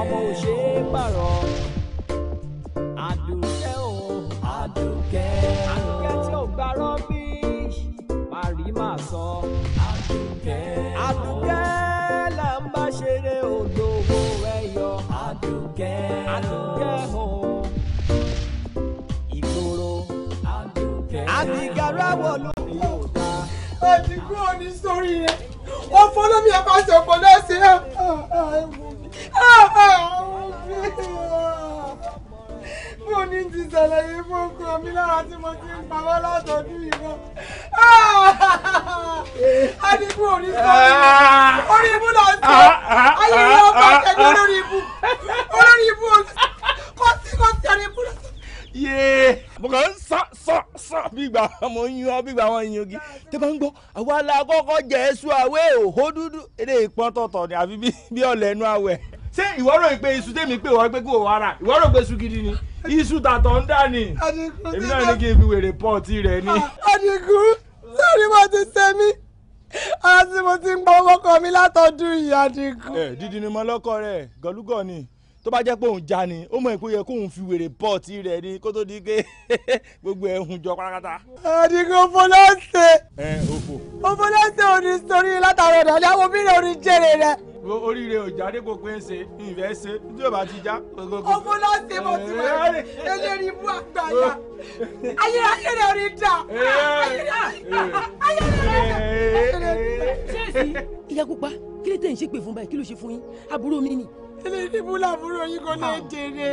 ọmọ ò ṣe é ìpọ́n la kọ́kọ́ jẹ́ èso àwẹ̀ òhó dúdú èdè ìpọ́n tọ̀tọ̀ ni àfi bí ọ̀lẹ̀ ẹnu àwẹ̀. ṣé ìwọ rò pé iṣu tèmi pé wọ́n pé kí wọ́n wára ìwọ rò pé iṣu gidi ni iṣu tàtọ̀ ń dà ní. èmi náà ní kí n fi wèrè pọ́ọ̀tì rẹ̀ ni. Àdìgún ah, sẹ́ni wọ́n ti sẹ́mi àti mo ti ń gbọ́ ọmọkọ mi látọ̀dún ìyá Àdìgún. ẹ dídì ni mo lọ́kọ rẹ̀ gọlúgọ ni tó bá jẹ́ pé òun já ni ó mọ̀ pé yẹ kóun fi wèrè pọ́ọ̀tì rẹ̀ ni kó tó di pé gbogbo ẹ̀ hun jọ pátákátá. àdìgún ọfọlọ́sẹ̀. ẹ òfò. ọfọlọ́sẹ̀ ò ní sórí látàrí ẹ̀dá ní àwọn obìnrin ò ní jèrè rẹ̀. oríire ò jáde pé ń ṣe ìfẹ́ ṣe tí ò bá ti já. ọfọlọ́sẹ̀ mo ti wá lẹ́yìn ibú àgbàyà ayé ayé rẹ̀ rí dà ayé rẹ̀ rí dà. ìyá pupa kí ló tẹ̀ ń ṣépè fún báyìí kí ló ṣe fún yín àbúrò mi ni eléyìí mú làbúrò yín kan lè jèrè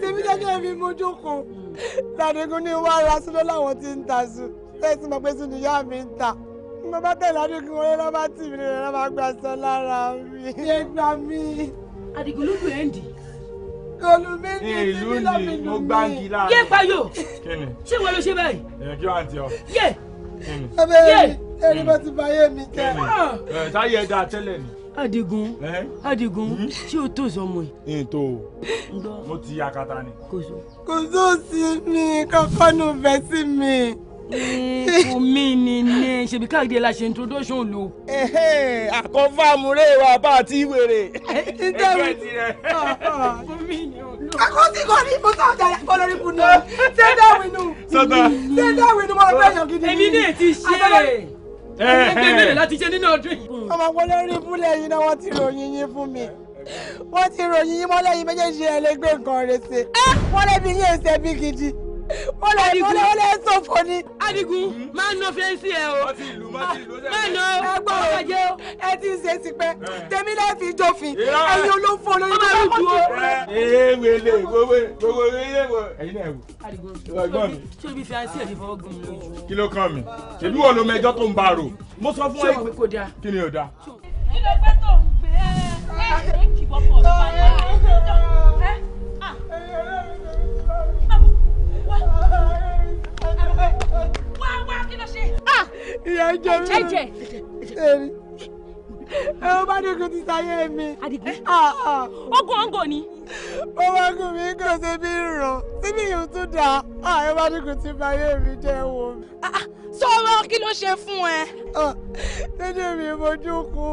tèmi gẹ́gẹ́ bí mo jókòó ládégún ní wàá ra sún láwọn tí ń ta sùn tẹ́sí mọ̀ pé sùn níyà mi ń ta mo bá tẹ̀lé adigun wọlé lọ́ba tì mí lọ́ba máa gba sọ lára mi. ẹ gbà mí. adigun ló gbé ẹ́ǹdì. kọlu méjì tí mi lọ mi lù mí. yé payo ṣé wọn ló ṣe báyìí. èèyàn kí wàá ti ẹni bó ti bá yé mi jẹ. táyé ẹ̀dá tẹ́lẹ̀ ni. Adigun Adigun hmm? ṣé o tó sọmọ yìí. n tó o mo ti akata ni. kò so. kò so sí mi kankan nù sí mi. omi ni ní ṣebí káàdì la ṣe introduction lo. àkọ́fà múre wa bá a ti wèrè. ẹgbẹ́ ti rẹ. omi ni o lò. ti kọ́ ní ibùsọ̀ ọ̀gá olórí kùnà ṣé dáwìn nù. sọ́tà ṣé mo lọ fẹ́ yàn gidi. èmi náà ti ṣe ẹgbẹ́ láti ṣe nínú ọdún yìí. ọmọ wọlé rí fúnlẹ̀ yìí náà wọ́n ti ròyìn yín fún mi wọ́n ti ròyìn yín mọ́lẹ̀ yìí méjèèjì ẹlẹgbẹ́ nǹkan rẹ̀ ṣe ah! wọ́n lẹ́bi yín ẹsẹ̀ bí gidi. Ole ole ole ó lè ó lè ó lè sọ fún ni. Adigun máa ná fẹ́ǹsì ẹ o máa ná ẹgbọ́n ọ̀rọ̀ ajé o. ẹ ti ń ṣe tipẹ́ eh. tèmi náà fi jófin ẹ̀yin olóńfò olóyún ló bá kọ́ sí. ee wele gbogbo gbogbo wele wo ẹ̀yin náà wò. Adigun tí o bí fẹ́ǹsì ẹ̀ ní fọwọ́ gùn mí lójú. kí ló kàn mí èmi wò ló mẹjọ tó ń bá a rò mo sọ fún ẹ kí ni ò dáa. kí ló gbé tó ń gbé ẹ ẹ ẹ kì bọ́ pọ̀ ní bàbá. ìyá jẹ mí. ẹ̀jẹ̀ ẹ̀rí ẹ o bá dẹ́kun ti sáyé mi. Àdìgún ah, ah. ogun ọ̀ngọ̀ ni. ó wá gùn mí kò ṣe bí rọ síbi yìí tún dà á ah, ẹ bá dẹ́kun ti sáyé mi jẹ́ wò mí. sọ̀rọ̀ kí ló ṣe fún ẹ. dédé mi mojú kú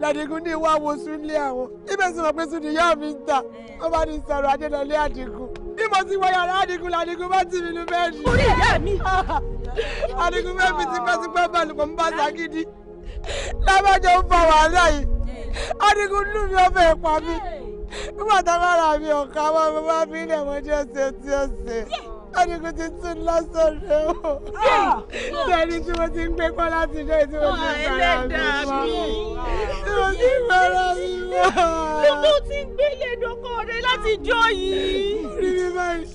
Ládìgún ní ìwà wo sún lé àwọn ibẹ̀ sì mọ̀ pé sùn ní yóò mi ń ó bá ní sọ̀rọ̀ adé Àdìgún bí mo ti wọ yàrá Adigun làdígun bá tì mí bẹ́ẹ̀ ni. orí ìyá mi. Adigun fẹ́ fi tipẹ́tipẹ́ bá lùpọ̀ mú bá ṣàgídí lábàjọ́ ń fa wàhálà yìí Adigun lù mí ọbẹ̀ pa mi nígbà tá a mi ọ̀ka wọn mo bá fi ilẹ̀ mọ́ jẹ́ ṣe tí ó ṣe adigun ti tún lásán rẹ o sẹni tí mo ti ń gbé kọ́ láti jọ tí mo ti gbára mi mọ́ tí mo ti gbára mi mọ́. bí mo ti gbélé dọ́kọ̀ rẹ láti jọ yìí. rí mi báyìí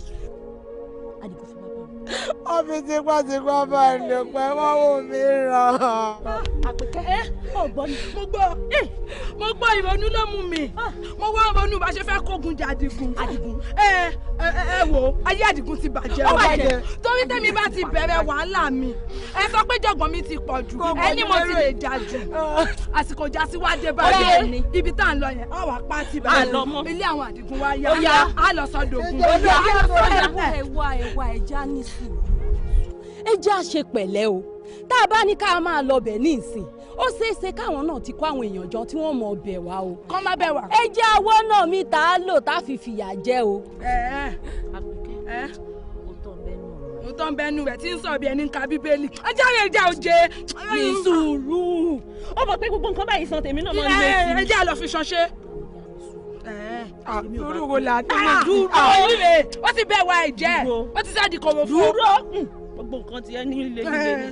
wọ́n fi tipátipá bá ẹni pẹ́ wọ́n wò mí ràn. àpèkẹ́ ẹ ọ̀gbọ́n ni. mo gbọ́ eh, mo gbọ́ ìrònú ló mú mi mo wá ronú bá ṣe fẹ́ kógun jà àdìgún. àdìgún. ẹ ẹ ẹ wo ayé àdìgún ti bàjẹ́ ó bàjẹ́ torí tẹ́mi bá ti bẹ̀rẹ̀ wàhálà mi ẹ sọ pé jọ̀gbọ́n mi ti pọ̀ jù ẹ ní mo ti lè jà jù ah. àsìkò ìjà sí wá dé báyìí ibi tá à ń lọ yẹn àwa pa ti bẹ̀rẹ̀ ilé àwọn àdìgún wa yá á lọ sọ́dọ̀ ògùn. ẹ wá ẹ wá ẹ já ní ẹ jẹ́ àṣepẹ̀lẹ́ o tá a bá ní ká máa lọ bẹ̀ ní ìsìn ó ṣeé ṣe káwọn náà ti kó àwọn èèyàn jọ tí wọ́n mọ ọbẹ̀ wá o. kọ́ má bẹ̀ wá. ẹ jẹ́ awọ́ náà mi tá a lò tá a fi fìyà jẹ o. ẹ ẹ àpèkẹ́ mo tán bẹ́ẹ̀ nu rẹ̀ tí ń sọ̀rọ̀ bí ẹni ń ka bíbélì ajá rẹ̀ já o jẹ. mi sùúrù ó mọ̀ pé gbogbo nǹkan báyìí san tèmi náà máa ń lé ẹ jẹ́ àlọ́ fi ṣanṣẹ́. Ah, dúró wo la tó lè ah, dúró. Ah. àwọn olùlé ó ti bẹ́ẹ̀ wá ìjẹ́ ó ti sáàdì kọ̀wọ́ fún. dúró mm. gbogbo nǹkan ti ẹ ní ilé ilé ni.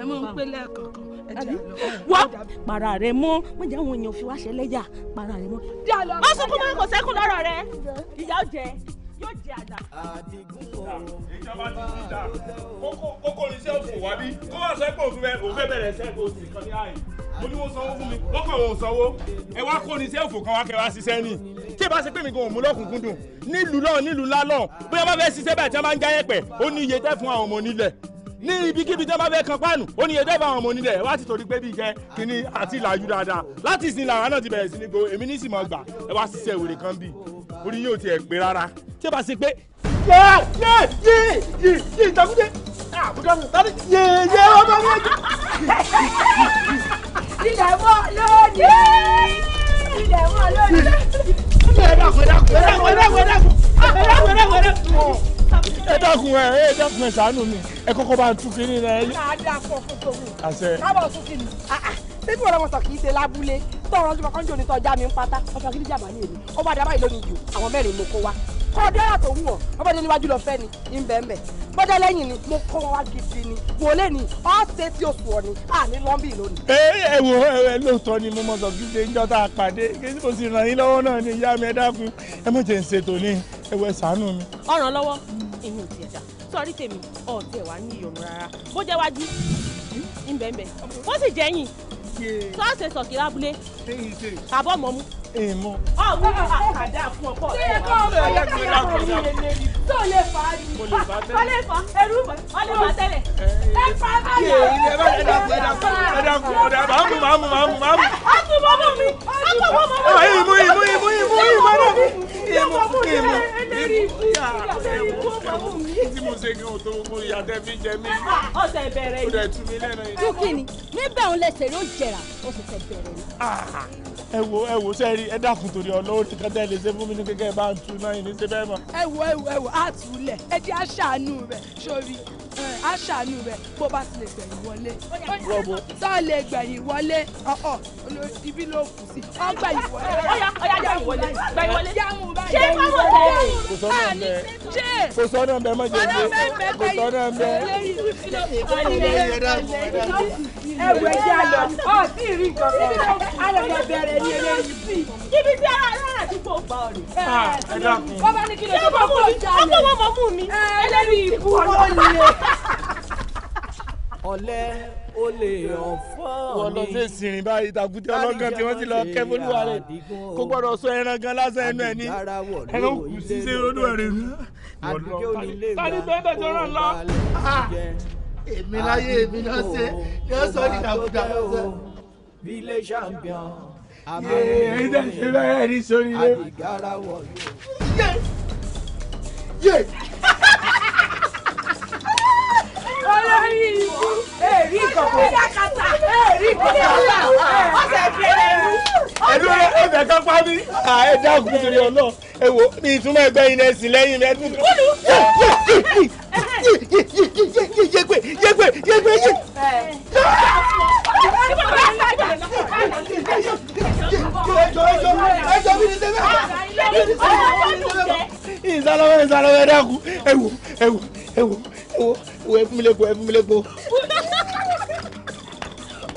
ẹ mọ̀ ń pé lẹ́ẹ̀kọ̀ọ̀kan ẹ jà lọ. wọ́n para rẹ̀ mọ́ wọ́n jẹ́ àwọn èèyàn fi wá ṣẹlẹ́yà para rẹ̀ mọ́. má sunkún mọ́ ìkọ̀sẹ́kùn lọ́rọ̀ rẹ̀ ìyá jẹ́ yóò jẹ àdá. ìjọba ti ti dà kókó iṣẹ́ oṣù wá bí kó wá sọ pé òun fẹ́ bẹ̀rẹ̀ iṣẹ́ oṣù kan ní àyè mo ní wọ́n sanwó fún mi wọ́n kàn wọ́n sanwó ẹ wá kó ní iṣẹ́ òfò kan wá kẹ́ wá ṣiṣẹ́ ni tí ẹ bá ṣe pé mi gan òun lọ́kùnkún dùn nílùú náà nílùú ńlá náà bóyá bá fẹ́ ṣiṣẹ́ báyìí tí wọ́n bá ń jáyẹ̀ pẹ̀ ó ní iye tẹ́ fún àwọn ọmọ nílẹ̀ ní ibikíbi tó bá fẹ́ kan páànù ó ní ẹjọ́ bá ọmọ onílẹ̀ wá ti torí pé bí jẹ́ kínní àti ìlàjú dáadáa láti ìsìn làwọn náà ti bẹ̀rẹ̀ sí ní go èmi ní sì mọ̀ gbà ẹ wá ṣiṣẹ́ ìwèrè kan bí orí yóò tiẹ̀ pé rárá tí bá ṣe pé. yé yé yé yé yé ìtàkùnjẹ àbújá ah, mi tani yé yé ọmọ mi. ilẹ̀ mọ́ lónìí ilẹ̀ mọ́ lónìí. ẹ dàgbẹ́ dàgbẹ́ dàgbẹ́ dàgbẹ́ dàgbẹ́ dàgbẹ́ dàgbẹ́ dàgbẹ́ ẹ dákun ẹ ẹ dákun ẹ ṣàánú mi ẹ kọ́kọ́ bá ń tún kínní náà. àdàpọ̀ fún tòun. àṣẹ. kábọ̀ tún ṣé bí ọ̀rọ̀ wọn sọ kì í ṣe lábúlé tọ̀rọ̀ ọdún kan jò ní tọ́já mi ń pátá ọ̀sán kìí jàmbá ní èmi ọba àdàbà ìlú nìyó àwọn mẹ́rin mo kó wa kọ́ dára tó wù ọ́ ọba jẹ́ níwájú lọ fẹ́ ni ńbẹ́ńbẹ́ bọ́dá lẹ́yìn ni mo kọ́ wa gidi ni wọlé ni ọ́ ṣe tí oṣù ọ̀ ni à ní lọ́ńbì lónìí. ẹ ẹ wo ẹ lóòótọ́ ni mo mọ sọ kí ṣe ń jọ́ tá a pàdé kí mo sì ràn yín lọ́wọ́ náà ni ìyá mi ẹ dákun ẹ mọ̀ jẹ́ ń ṣètò ní ẹwẹ́ ṣàánú mi. ọ̀ràn lọ́wọ́ èmi ò tiẹ̀ dá sọ́ọ́rí tèmi ọ̀ọ́dẹ̀ wà ní ìyọ̀nù rárá bó jẹ́ wájú ńbẹ̀ńbẹ̀ ó sì jẹ́yìn sọ́ọ̀sì sọ̀kì lábúlé àbọ̀ mọ̀mú. èèmọ̀. ọ̀hún ní àkàdá fún ọkọ rẹ̀. ṣé kò mọ̀ ẹ́ kí ọkọ mi lè lè rí. tó lè fà á rí. mo lè fà á tẹ́lẹ̀. wọ́n lè fà ẹrú wọ́n lè fà á tẹ́lẹ̀. ẹ fà á bá yà. ẹ bá ẹ dàkú ẹ dàkú ẹ dàkú ẹ dàkú màmú màmú màmú màmú. a tún bọ́ bọ́ mi a tún bọ́ bọ́ mi. ìmú ìmú ìmú ìmú ìmú mo fún ẹ wo ẹ wo ṣe ẹ dákun torí ọlọ́wọ́ nìkan tẹ́ lè ṣe fún mi ní kékeré bá ń tu náà yìí ní ṣe bẹ́ẹ̀ ẹ wo ẹ wo ẹ wo àtúlẹ̀ ẹ jẹ́ àṣàánú rẹ̀ sórí á ṣàánú rẹ bó bá ti lè gbẹ̀yìn wọlé tó lè gbẹ̀yìn wọlé ọ̀ọ́ ibi ló kù sí ọ̀ gbẹ̀yìn wọlé ọ̀yà ọ̀yà gbẹ̀yìn wọlé gbẹ̀yìn wọlé ṣé fáwọn ọ̀dọ́ kò sọ́nà ń bẹ kò sọ́nà ń bẹ má jẹ́ ṣe kò sọ́nà ń bẹ. ẹwù ẹjẹ alọ ọ sí ìrí nǹkan kan alọ lọ bẹ̀rẹ̀ ní eléyìí sí ibi tí ara rẹ àti kò bá ọ rè. ẹ dákun ṣé ọmọ mú mi ọmọ mọ mú mi ẹlẹ́rìí ikú ọlọ́ọ̀lẹ́ ọ̀lẹ́ o lè ọ̀fọ́ mi. wọ́n lọ báyìí ìtàkùtì ọlọ́gán tí wọ́n ti lọ kẹ́ fúlùwà rẹ̀ kó gbọ́dọ̀ sọ ẹran gan lásán ẹnu ẹ̀ ní ẹran kù sí ṣé olúwa rẹ̀ ní. tani bẹ́ẹ̀ tó rán lọ. Ah! èmi láyé èmi náà ṣe yóò sọ ní ìdàkúdà lọ́sẹ̀. village champion. yéé èyí tẹ̀ ṣe bẹ́ẹ̀ ní sórí rẹ̀. àdìgára wọ̀ yóò. yéé yéé. èrí ìkọ̀kọ̀ èrí ìkọ̀kọ̀ ọ̀sẹ̀ fi ẹ̀rú. ẹ̀rú rẹ̀ ó fẹ́ kán pa mí. ẹ dákun torí ọlọ́ ẹ wo mi ìtumọ̀ ẹgbẹ́ yín ẹ̀sìn lẹ́yìn rẹ̀ dùn. yẹgbẹ́ yẹgbẹ́ yẹgbẹ́ yẹ. ìsàlọ́wọ́ ìsàlọ́wọ́ ẹ dákun ẹ wo ẹ wo ẹ wo ẹ wo o ẹ fún mi lépo ẹ fún mi lépo.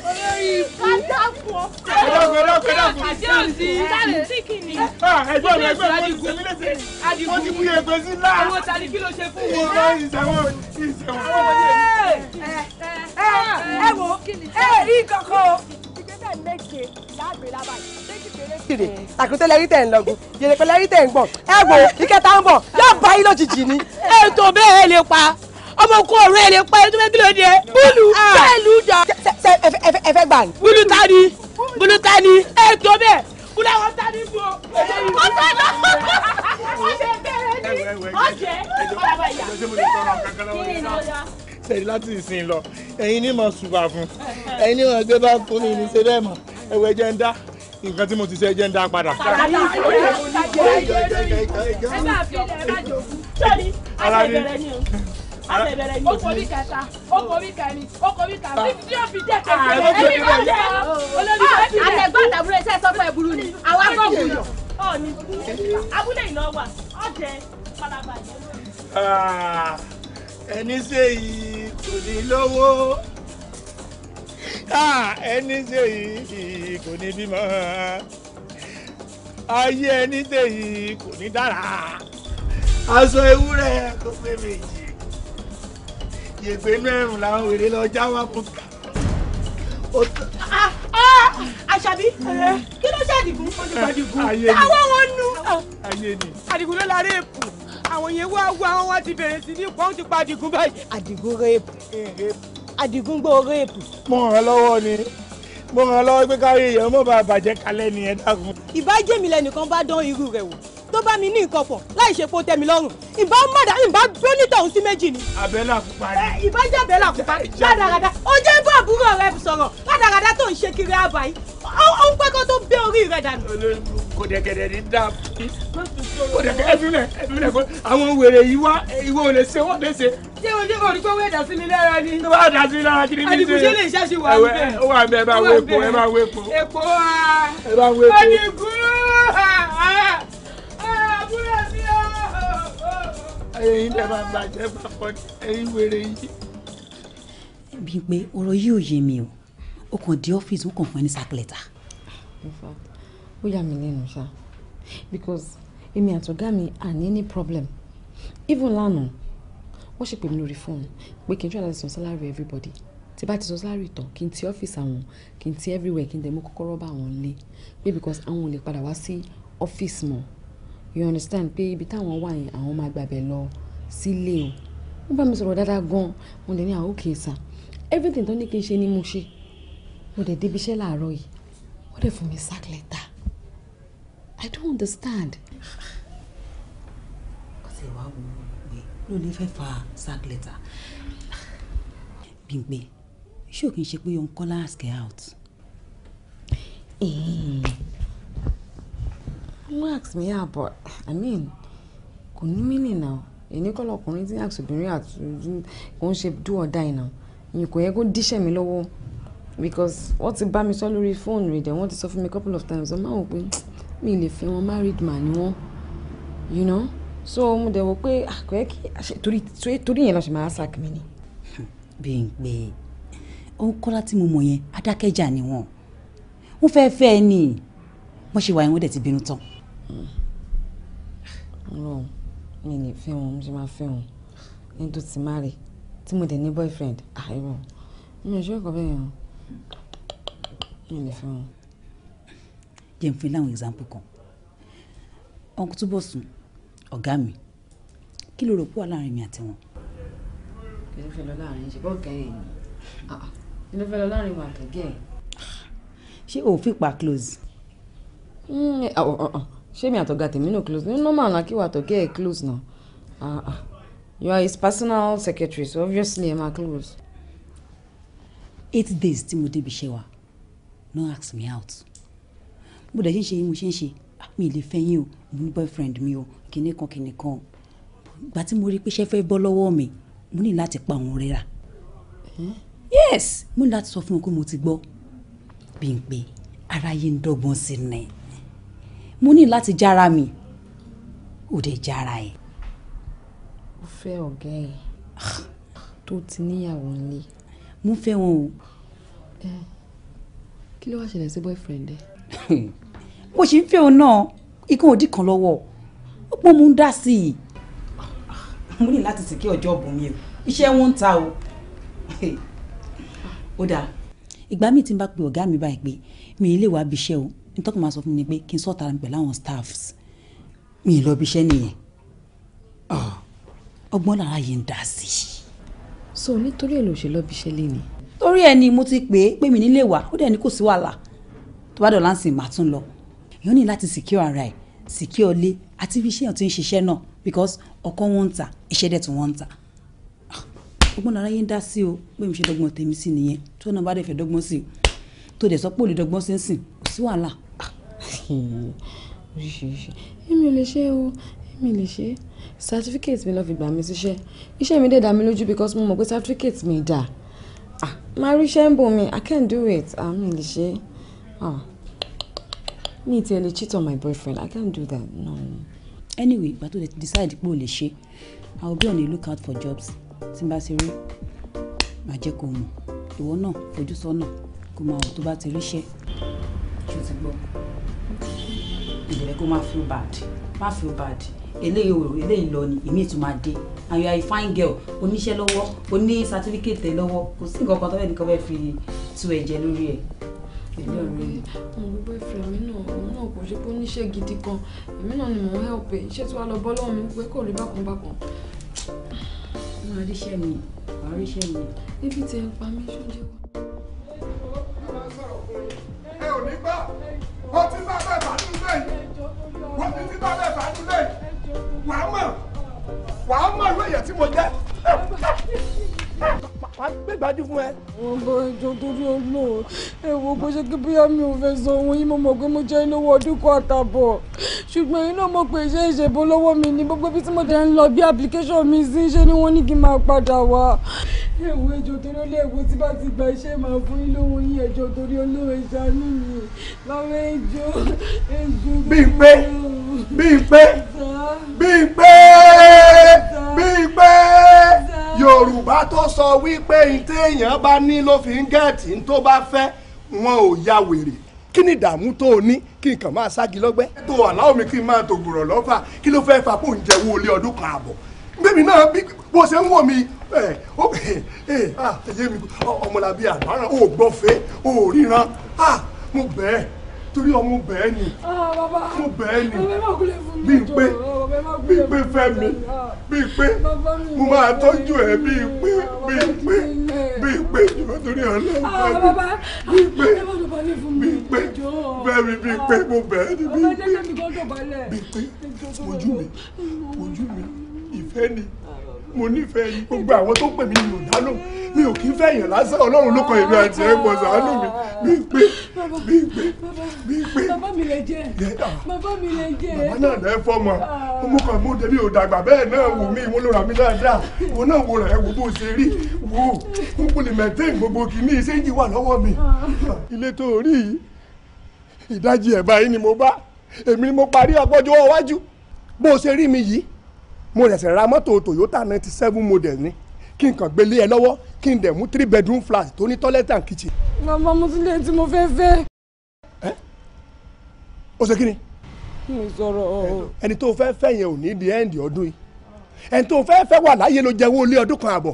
olórí ibú adáko adáko adáko adáko àdéhùnsí tíkìnì ẹgbẹ́ mi ẹgbẹ́ mi ọdún sẹ́mi lẹ́sẹ̀ ó ti mú iye gbèsè ńlá. àwọn tani kí ló ṣe fún mi. ìwọ ìṣẹ̀wọ̀n ìṣẹ̀wọ̀n ọmọdé mi. ẹ ẹ ẹ wo ẹ rí kankan o méje láàgbé lábàáyé méjì péré. kiri àkútẹ́lẹ̀ rí tẹ̀ ń lọ́gùn yèrèpẹ̀lẹ̀ rí tẹ̀ ń gbọ̀n ẹ wo ìkẹta ń bọ̀ yóò bá yín lójijì ni ètò bẹ́ẹ̀ lè pa ọmọ kó ọ̀rọ̀ ẹ̀ lè pa ẹ̀ tó fẹ́ kí ló dé. búlù bẹ́ẹ̀lù jọ. ṣe ẹ fẹ́ gbà ní. búlù ta ni búlù ta ni ẹ tó bẹ́ẹ̀ búlù àwọn ta ni bò. ọ̀sẹ̀ lọ ọ̀sẹ̀ bẹ̀rẹ̀ ni ọ̀sẹ̀ ọ̀làbàyà sẹ́yìn láti ìsìn lọ ẹ̀yin ní mọ̀ ṣùgbà fún ẹ̀yin ní mọ̀ ṣe bá kún ní ìṣe bẹ́ẹ̀ mọ̀ ẹ̀wẹ̀ jẹ́ ń dá nǹkan tí mo ti ṣe jẹ́ ń dá padà. ara ni abẹ̀bẹ̀rẹ̀ ni. oko bí kẹta oko bí kẹrin oko bí kẹrin bí yóò ẹni ṣe yìí kò ní lówó ah. ẹni ṣe yìí kò ní bímọ ayé ẹni ṣe yìí kò ní dára aṣọ ewúrẹ́ kò pé méjì yègbé inú ẹ̀rùn làwọn wèrè lọ já wá kú. Ah, ah, àṣàbí kí ló ṣe àdìgún olùgbàdìgún táwọn wọn nu àdìgún ló la réèpù àwọn yẹn wá wá wọn wá ti bẹ̀rẹ̀ sí ní pọ́n ti pa àdìgún báyìí. àdìgún réèpù àdìgún gbọ́ réèpù. mo ràn lọ́wọ́ ni mo ràn lọ́wọ́ pé káyé èèyàn mọ̀ bá bàjẹ́ kalẹ̀ nìyẹn dákun. ìbájẹ́mi lẹnìkan bá dán irú rẹ̀ wò tó bá mi ní nǹkan pọ̀ láì ṣe po tẹ́mi lọ́rùn ìbá mọ̀dà ìbá dúró nítòhún sí méjì ni. abẹ́là pupa rẹ. ìbá jẹ́ abẹ́là pupa rádaràda ó jẹ́ bọ́ àbúrò rẹ sọ̀rọ̀ rádaràda tó ń ṣe kiri àbá yìí ó ń pẹ́ kó tó bẹ́ orí rẹ dànù. kò dẹ̀gẹ̀dẹ̀ ní dá kò dẹ̀gẹ̀ kò àwọn wèrè yìí wá ìwọ ò lè ṣe wọ́n lè ṣe. ṣé o ní orí pé wọ́n dà sí mi lára ni. tó bá lára àbúrò mi o. ẹ̀yin lè máa bàjẹ́ papọ̀ ẹ̀yin wèrè yìí. bí pé ọ̀rọ̀ yìí ò yé mi o ó kàn dé ọ́fíìsì ó kàn fún ẹ ní sàkìlẹ̀tà. in fact ó yà mí lẹ́nu ṣá because èmi àtọ̀gá mi à ní ní problem even lánàá wọ́n ṣe pè mí lórí fóònù pé kí n try láti san salary everybody tí bá ti san salary tán kí n ti ọ́fíìsì àwọn kí n ti everywhere kí n dẹ̀ mú kọ́kọ́rọ́ bá àwọn lé pé because àwọn ò lè padà wá sí ọ́fíìsì mọ́ you understand pé ibi táwọn wà yẹn àwọn máa gbàbẹ̀ lọ sílé o wọ́n bá mi sọ̀rọ̀ dáadáa gan-an mo dẹ̀ ní àwọn òkè sà everything tó ní kí n ṣe ni mo ṣe mo dẹ̀ débi iṣẹ́ láàárọ̀ yìí wọ́n dẹ̀ fún mi sack letter i don't understand. ọ̀sẹ̀ wa wo pé ló ní fẹ́ fa sack letter Bímpé ṣé o kì í ṣe pé o ń kọ́ láàsì out. Mm wọ́n ask me out ah, but i mean kò ní mí nìyà èyí kọ́ lọkùnrin tí ask obìnrin àtúntò kò ń ṣe do or die now ìyẹn kò yẹ kó díṣẹ́ mi lọ́wọ́ because wọ́n ti bá mi sọ lórí fóònù rẹ̀ dẹ̀ wọ́n ti sọ fún mi couple of times ọmọ àwọn pé mi lè fẹ́ wọn married man ni wọ́n you know so mo dẹ̀ wò pé ah, kò yẹ kí torí yẹn lọ ṣe máa sack mi ni. bí n pé òun kọ́lá tí mo mọ̀ yẹn adákẹ́jà ni wọ́n wọ́n fẹ́ fẹ́ ẹ ní wọ́n ṣe wà yẹn wọ́n dẹ̀ ti bínú tán ọlọ́run mi lè fẹ́ wọn mo ṣe máa fẹ́ wọn ní tó ti marry tí mo dẹ̀ ní boyfriend àìrò ah, mi ò ṣe ọkọ bẹ́ẹ̀ yẹn mi lè fẹ́ wọn. jẹ́ n fún láwọn example kan ọkùnrin túbọ̀ sùn ọ̀gá mi kí ló rò pọ̀ láàrin mi àti wọn. kí ló fẹ́ lọ láàrin ṣe bọ́ọ̀ kẹ́yìn ni ah, ah. kí ló fẹ́ lọ láàrin wọn àtẹ̀gẹ́ ẹ̀. ṣé òfin pa close. Hmm, ṣé mi àtọ̀gá tèmi náà close ní normal na kí wà àtọ̀gá ẹ̀ close na ah, ah you are his personal secretary so obviously ẹ máa close. eight days tí mo débi ṣe wa no ask me out mo dẹ̀ ṣe ń ṣe yín mo ṣe ń ṣe ah, mi lè fẹ́ yín o mo boyfriend mi o kinní kan kinní kan ìgbà tí mo rí pé ṣẹ́ fẹ́ bọ́ lọ́wọ́ mi mo ní láti pa òun rẹ́ra yes mo ní láti sọ fún un pé mo ti gbọ́ bí n pé ara yín ń dọ́gbọ́n sí ni mo ní láti jára mi ò dé jára ẹ̀. ó fẹ́ ọ̀gá ẹ̀ tó ti níyàwó nílé. mo fẹ́ wọn o. kí ló wá ṣẹlẹ̀ sí boyfriend ẹ. bó ṣe ń fẹ́ òun náà ikán òdì kan lọ́wọ́ ó pọ́n mú un dá sí i. mo ní láti sìnkí ọjọ́ ọ̀bùn mi o iṣẹ́ wọn ń ta o. ó dáa. ìgbà míì tí n bá pe ọ̀gá mi báyìí pé mi ì lè bí iṣẹ́ o nítorí màá sọ fún mi pé kí n sọ̀tà mi pẹ̀lú àwọn staffs mi lọ bí iṣẹ́ nìyẹn ah, ọgbọ́n lára yìí ń dá sí so nítorí èlò òṣèlú ọbí iṣẹ́ lé ni. torí ẹ ni mo ti pè é pé mi nílé wà ó dẹ̀ ní kò sí wàhálà tó bá dọ̀la ń sìn màá tún lọ èèyàn ní láti secure ara ẹ̀ secure ilé àti ibi iṣẹ́ yẹn ti ń ṣiṣẹ́ náà because ọkọ wọn ń ta iṣẹ́ dẹ̀ tún wọn ń ta ah, ọgbọ́n lára yín dá sí o pé mi ṣe dọ́gbọ́n tèmi sí nìyẹn tó náà bá dẹ̀ fẹ́ dọ́gbọ́n sí i tó dẹ̀ sọ pé olùdọ́gbọ́n sí ń sìn kò sí wàhálà oríṣiríṣi èmi ò lè ṣe o èmi lè ṣe certificate mi lọ fi gbà mí síṣẹ́ iṣẹ́ mi dé dá mi lójú because mo mọ̀ pé certificate mi dà ah máa rí iṣẹ́ ń bò mí i can't do it ah mi lè ṣe ah mi ti ẹ lè cheat on my boyfriend i can't do that no. anyway ìgbà tó decide pé o lè ṣe i will be on the lookout for jobs tí n bá ti rí màá jẹ́ kó mọ̀ ìwọ náà fojú sọ́nà kó máa wò tó bá ti ríṣẹ́ ṣó ti gbọ́ ìdílé kó má feel bad má feel bad eléyìí òrò eléyìí lọ ni èmi ìtumọ̀ adé and you are a fine girl oníṣẹ́ lọ́wọ́ oní certificate lọ́wọ́ kò sí nǹkan kan tó fẹ́ nìkan fẹ́ fi tu ẹ̀jẹ̀ lórí ẹ̀. èmi rí àwọn boyfriend mi náà òun náà kò ṣe pé ó níṣẹ́ gidi kan èmi náà ni mò ń help ẹ̀ iṣẹ́ tí wàá lọ bọ́ lọ́wọ́ mi pé kò rí bákan bákan. máa ríṣẹ́ mi máa ríṣẹ́ mi. ebi ti ẹ̀ pa mí ṣoúnjẹ wa. ẹ ò ní gbà wọ́n bá bẹ́ẹ̀ bá nílé yìí wọ́n ti bá bẹ́ẹ̀ bá nílé yìí wàá mọ̀ wàá mọ̀ ìwé yẹn tí mo jẹ́ wàá gbé gbájú fún ẹ. ọgbọ ìjọ torí olóò ẹ wo ṣe kí bóyá mi ò fẹ́ sọ ohun yìí mo mọ̀ pé mo jẹ́ olówó ọdún kan àtàbọ̀ ṣùgbọ́n yìí náà mo pè ṣe ìṣèbó lọ́wọ́ mi ní gbogbo bí tí mo dẹ̀ ń lọ bí application mi sí ṣe ni wọ́n ní kí n máa padà wá. ẹ̀wọ̀ ẹjọ́ torí olóò tí bá ti gba iṣẹ́ máa fún yín lówó ẹjọ́ torí olóò ìṣàánú mi lọ́wọ́ ẹjọ́ ẹjọ́. Bímpé Bímpé Bímpé yorùbá tó sọ wípé n téèyàn bá ní ló fi ń gẹ̀ẹ́tì tó bá fẹ́ wọn ò ya wèrè kí ni ìdààmú tó o ní kí nǹkan máa sági lọ́gbẹ́. tó aláwọ̀ mi kí n máa tògbòrò lọ́fà kí ló fẹ́ẹ́ fapò ń jẹ́wọ́ olé ọdún kan àbọ̀ bẹ́ẹ̀ni náà bí bó ṣe ń wọ̀ mí ẹ̀ ó ẹ̀ ẹ̀yẹ́ ah, mi ọmọlàbí àgbáràn ò gbọ́fẹ́ ò ríran ah, mo bẹ́ẹ̀ torí ọmọ bẹ́ẹ̀ ni ah, mo bẹ́ẹ̀ ni bí pé bí pé fẹ́ mi bí pé mo máa tọ́jú ẹ bí pé ah, bí pé bí pé jùlọ torí ọlọ́run ah, bí pé bí pé fẹ́ mi bí pé mo bẹ́ẹ̀ ni bí pé bí pé ojú mi ojú mi ìfẹ́ ni mo nífẹ̀ẹ́ yín gbogbo àwọn tó pè mí mi ò mi ò kí fẹ́ lásán ọlọ́run ló kan èmi àti ẹ̀pọ̀ sàánú mi mi gbé mi gbé mi gbé. bàbá mi lè jẹ bàbá mi lè jẹ. bàbá náà lẹ fọmọ ọmọ kan mú débi òdàgbà bẹ́ẹ̀ náà wò mí ìwọ ló ra mi dáadáa ìwọ náà wo rẹ̀ wo bó ṣe rí wo n kò lè mẹ̀tẹ́ gbogbo kìíní iṣẹ́ yìí wà lọ́wọ́ mi. Ah. ilé tó rí yìí ìdajì ẹ̀ báyìí ni mo bá èmi ni mo parí ọgbọ́jọ́ wájú bó ṣe rí mi yìí mo rẹ̀sẹ̀ ra mọ́tò toyota ninety seven model ni kí n kàn gbélé ẹ lọ́wọ́ kí n dẹ̀ mú three bedroom flat tó ní toilet and kitchen. màmá mo tún lè tí mo fẹ́ fẹ́. ẹ o ṣe kí ni. mi sọ̀rọ̀. ẹni tó fẹ́ fẹ́ yẹn ò ní di ẹ́ǹdì ọdún yìí ẹni tó fẹ́ fẹ́ wà láyé ló jẹ́wọ́ ilé ọdún kan àbọ̀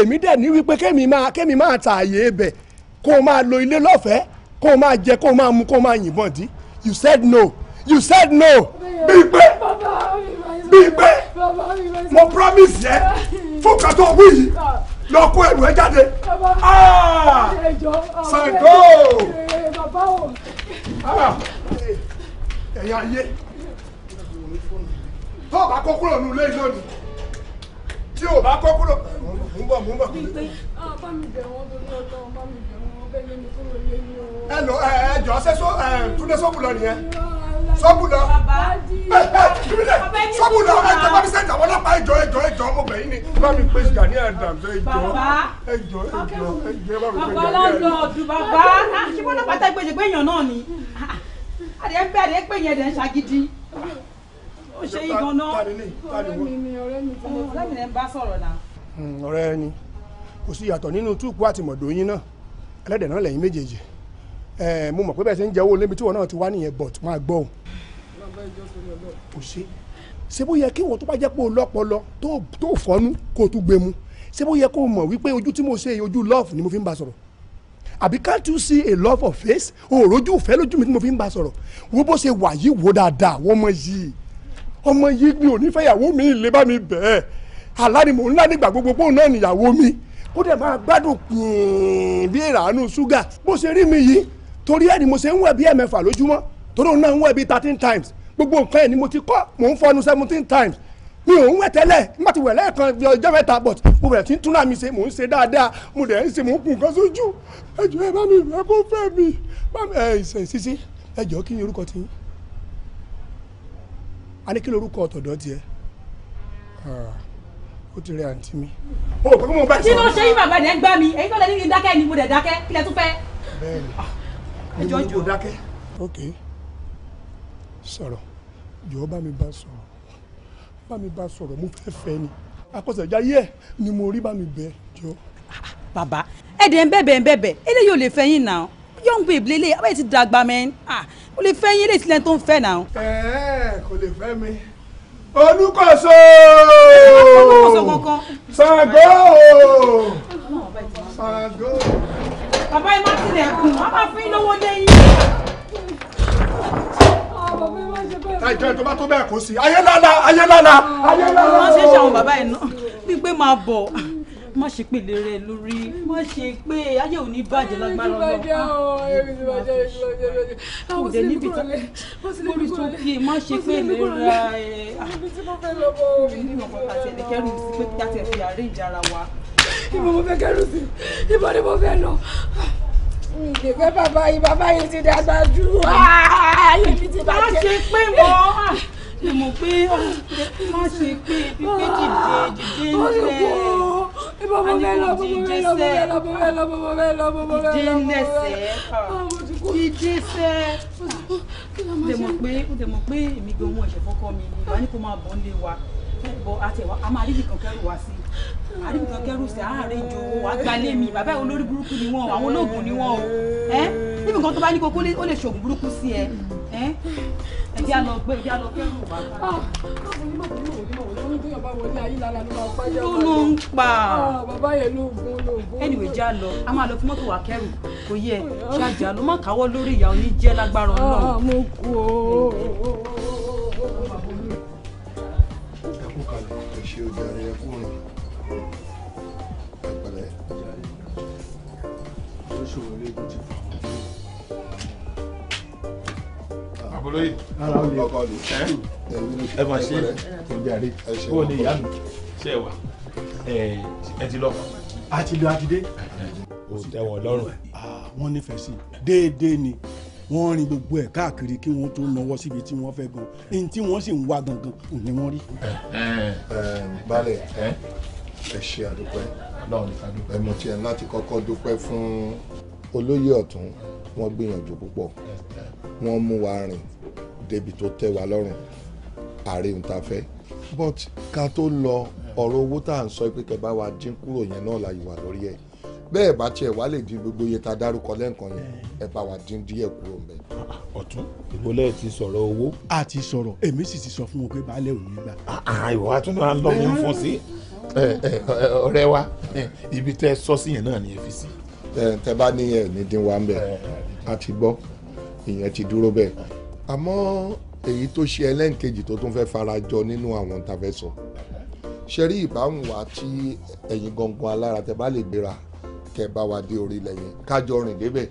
èmi dẹ̀ ní wípé kémi máa kémi máa ta àyè ibẹ̀ kó o máa lo ilé lọ́fẹ̀ẹ́ kó o máa jẹ kó o máa mu kó o máa yìnbọn dí you said no you said no. Bímpé Bímpé mo promise yẹ fún kàtó wí yìí lọ kó ẹrù ẹ jáde Ṣàngó ah! ah! ẹ̀yin ayé tó o bá kó kúrò nínú ilé yìí lónìí tí o bá kó kúrò mú bọ̀ mú bọ̀. bá mi bẹ̀ wọ́n torí ọlọ́run bá mi bẹ̀ wọ́n bẹ́ẹ̀ ni mi kúrò lé ní o. ẹ lọ ẹ ẹ jọ ṣẹ́ sọ ẹ túnde sọ́kù lọ nìyẹn sọ́ọ̀bù lọ sọ́ọ̀bù lọ ẹ jẹ́ bámi lápá ẹjọ́ ẹjọ́ ẹjọ́ ọmọbìnrin ni bámi pé sìgá ní Adams ẹjọ́ ẹjọ́ ẹjọ́ ẹjọ́ bámi ah, pé sìgá ní Adams. bàbá ṣé wọn lọ́pàá tẹ́ gbèsè pé náà ni àdéhùn pé àdéhùn pé yẹn dẹ̀ ń ṣagídí ó ṣe yí gan náà ọ̀rẹ́ mi ni ọ̀rẹ́ mi ti mọ̀ ọ̀rẹ́ mi ni ń bá sọ̀rọ̀ náà. Hmm, ọ̀rẹ́ ni kò sí ìyàtọ̀ nínú túùpù àtìmọ̀dó yín náà ẹlẹ́dẹ̀ náà lẹ́yìn méjèèjì mo mọ̀ pé bẹ́ẹ̀ ṣe ń jẹ́wọ́ lébi tí wọn náà ti wá nìyẹn but máa gbọ́ òun. kò ṣe ṣé bó yẹ kí wọn tó bá jẹ́ pé o lọ́pọlọ tó fọ́nú kó o tún gbé mu ṣé bó yẹ kó o mọ̀ wípé ojú tí mo ṣe ojú love ni mo fi ń bá sọ̀rọ̀ àbí can't you see a love of face òòròjú ìfẹ́ lójú mi tí mo fi ń bá sọ̀rọ̀ wo bó ṣe wà yìí wo dáadáa wọ́n mọ yìí ọmọ yìí mi ò ní fẹ́yàwó mi ìlé bá mi bẹ́ẹ̀ aláàdìmọ̀ ńlá nígbà gbogbo pé òun náà nìyàwó mi kó dẹ̀ máa gbádùn pín bí ìrànú ṣúgà bó ṣe rí mi yìí torí ẹ̀ ni mo ṣe ń wẹ̀ bí ẹ̀mẹ́fà lójúmọ́ torí òun náà ń wẹ̀ bí thirteen times gbogbo nǹkan ẹ̀ ni mo ti kọ́ mò ń fọnu seventeen times mi ò ń wẹ̀ tẹ́lẹ̀ nígbà tí wẹ̀ lẹ́ẹ̀kan ọjọ́ mẹ́ta but mo bẹ̀rẹ̀ sí ń túnra mi ṣe mò ń ṣe dáadáa mo dẹ̀ ń ṣe mò ń kùn kan sójú ẹjọ́ ẹ bá mi ẹ kó fẹ́ mi bá mi ẹ ìṣẹ̀ sísí ẹjọ́ kí ni orúkọ ti a ní kí ni orúkọ ọ̀tọ̀dọ̀ tiẹ̀ ó ti rẹ àǹtí mi. o kò kí mo bá ṣe. kí ló ṣe yín bàbá yẹn gbá mi èyí tó lè ní dákẹ́ ni mo dẹ̀ dákẹ́ kí lẹ tún fẹ́. bẹ́ẹ̀ni ẹjọ́ jù. ok sọ̀rọ̀ jọ̀ọ́ bá mi bá sọ̀rọ̀ bá mi bá sọ̀rọ̀ mo fẹ́ fẹ́ ni akọ́sẹ̀jáyé ẹ̀ ni mo rí bá mi bẹ̀ jọ. bàbá ẹ̀dẹ̀ ń bẹ̀bẹ̀ ń bẹ̀bẹ̀ eléyìí ò lè fẹ́ yín náà young babe lélẹ̀ abẹ́yẹ ti dàgbà mẹ́rin ah, ó lè fẹ́ yín eléyìí tilẹ̀ tó ń fẹ́ náà. ẹ̀ẹ́ kò lè fẹ́ mi olùkọ́sọ Ṣàngó Ṣàngó bàbá ẹ má tilẹ̀kùn wọ́n máa fún yín lówó lẹ́yìn. ẹjọ ẹ tó bá tó bẹ́ẹ̀ kó sí ayé lọ́la ayé lọ́la ayé lọ́la. wọ́n ṣe ṣàwọn bàbá ẹ̀ náà wípé máa bọ̀ má ṣe pé lérè lórí má ṣe pé ayé ò ní bàjẹ́ lágbára ọlọ́run. kò dé níbi tó lórí tó kí má ṣe pé lérè ẹ̀. níbi tí mo fẹ́ lọ bọ̀ ọ́ mi. níbi tí mo fẹ́ lọ bọ̀ ọ́ mi. níbi tí mo fẹ́ lọ bọ̀ ọ́ mi ibo mo fẹ́ kẹ́rù sí ibo ni mo fẹ́ lọ ìdè fẹ́ bàbá yìí bàbá il ti dàgbà jù ah, ayé mi ti bàjẹ́. má ṣe pé wọ́n ṣe mọ̀ pé ah, má ṣe pé ibi pé dìde dìde ńlẹ̀ ah, ibo mo fẹ́ lọ mo fẹ́ lọ mo fẹ́ lọ mo fẹ́ lọ mo fẹ́ lọ mo fẹ́ lọ dìde ńlẹ̀ sẹ́ dìde sẹ́ dẹ̀ mọ̀ pé dẹ̀ mọ̀ pé èmi gan ohun ẹ̀ṣẹ̀ fọ́kọ́ mi ni ìwà ní kó máa bọ̀ ń lé wa àti ẹ̀wà a máa rí nìkan kẹ́rù wá sí i àríbìkan kẹrù sí ìjọ owó àgbálẹ̀ mi bàbá ẹ̀ olórí burúkú ni wọ́n àwọn olóògùn ni wọ́n o ẹ́ níbi kan tó bá ní kókó ó lè ṣoògùn burúkú sí ẹ ẹ́ ẹ̀jẹ̀ á gbé ẹ̀jẹ̀ á lọ kẹrù ah, ah, bàbá yẹn ló gun ló gun. anyway jẹ́ á a máa lọ fi mọ́tò wá kẹrù kò yẹ ṣáàjà ah. ló má káwọ́ lórí ìyá oníjẹ́ lágbára ọlọ́run. mo kalẹ̀ ẹ ṣe ọjà rẹ ẹ kú olóyè wọ́n nífẹ̀ẹ́ sí déédéé ni wọ́n rin gbogbo ẹ̀ káàkiri kí wọ́n tó náwó síbi tí wọ́n fẹ́ gan ní tí wọ́n sì ń wá gangan ò ní wọ́n rí. balẹ̀ ẹ ṣe àdúpẹ́ Ọlọ́run nìkan dúpẹ́ ẹ mọ̀ tiẹ̀ láti kọ́kọ́ dúpẹ́ fún olóyè ọ̀tún wọ́n gbìyànjú púpọ̀ wọ́n mú wa rìn débi tó tẹ́ wa lọ́rùn àárín ta fẹ́ but ká tó lọ ọ̀rọ̀ owó tá à ń sọ pé kẹ́ bá wa dín kúrò yẹn náà la ìwà lórí ẹ̀ bẹ́ẹ̀ bá tiẹ̀ wá lè dín gbogbo iye tá dárúkọ lẹ́ǹkan yẹn ẹ bá wa dín díẹ̀ kúrò ńbẹ̀. ọ̀tún ìbólẹ̀ ti sọ̀rọ̀ owó. a ti sọ̀rọ̀ èmi sì ti sọ fún wọn pé baálé ò ní gbà. ìwà àtúntò à ń lọ mú fún sí ọ̀rẹ́ wa ibi tẹ́ sọ sí yẹn náà ni ẹ fi sí. tẹ́ bá ní ẹ ní dín wa ń bẹ a ti gbọ́ ìyẹn ti dúró bẹ́ẹ̀ àmọ́ èyí tó ṣe ẹlẹ́ǹkejì tó tún fẹ́ farajọ nínú àwọn tá a fẹ́ sọ ṣe rí ìbámu wa tí ẹ̀yin gangan alára tẹ́ bá lè gbéra kẹ́ bá wa dé orílẹ̀ yẹn kájọ rìn débẹ̀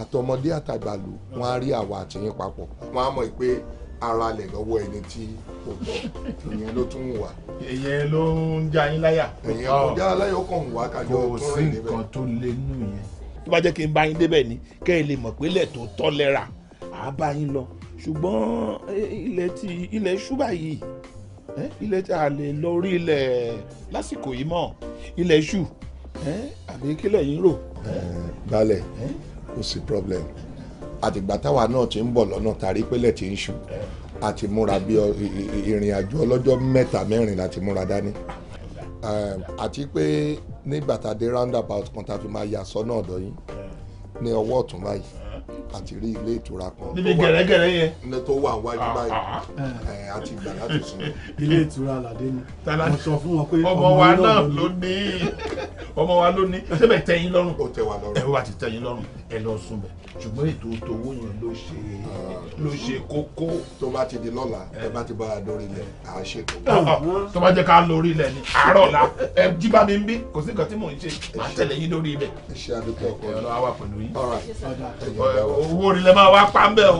àtọmọdé àtàgbàlù wọn á rí àwa àtìyín papọ̀ wọn á mọ̀ pé ara lẹ̀ lọ́wọ́ ẹni tí o bọ̀ ìyẹn ló tún wà. ìyẹn ló ń já yín láyà. ìyẹn kò já láyà ó kàn wá kájọ tó rìn débẹ̀. kò sí nǹkan tó lé nù yẹn. tó bá jẹ́ kí n bá yín débẹ̀ ni kẹ́ ẹ lè mọ̀ pé lẹ̀ tó tọ́ lẹ́ra àá bá yín lọ ṣùgbọ́n ilẹ̀ ti ilẹ̀ ṣúgbà yìí ilẹ̀ tí a lè lọ rí ilẹ̀ lásìkò yìí mọ́ ilẹ̀ ṣù àbí kílẹ̀ yín rò. balẹ̀ kò sí problem àtìgbà táwa náà ti ń bọ̀ lọ́nà tàrí pélé ti ń ṣù àti múra bí ìrìn àjò ọlọ́jọ́ mẹ́ta mẹ́rin láti múra dání àti pé nígbà tá a dé roundabout kan tá a fi máa yà sọ́nà ọ̀dọ̀ yín ní ọwọ́ ọ̀tún báyìí àti rí ilé ìtura kan. níbi gẹ̀rẹ́gẹ̀rẹ́ yẹn. ní tó wà wájú ah, báyìí àti ah, ah. gbà láti sùn. ilé ìtura aládé ni mo sọ fún wọn pé ọmọ wa náà ló ní ọmọ wa ló ní síbẹ̀ tẹ́yìn lọ́rùn. o tẹ́ wa lọ́rùn. ẹ wá ti tẹ́yìn lọ́rùn ẹ lọ sùn bẹ̀ ṣùgbọ́n ètò tówó yẹn ló ṣe ló ṣe kókó. tó bá ti di lọ́la eh. ẹ bá ti bá a lórí ilẹ̀ à á ṣètò. tó bá jẹ́ ká lórí ilẹ̀ ni àárọ̀ la ẹ jí bá mi ń bí kò sí nǹkan tí mò ń ṣe àtẹlẹ́yìn lórí ibẹ̀. ẹ ṣe àdúgbò ọkọ ọlọ́wà pẹ̀lú yín owó orí lẹ máa wá pa ń bẹ o.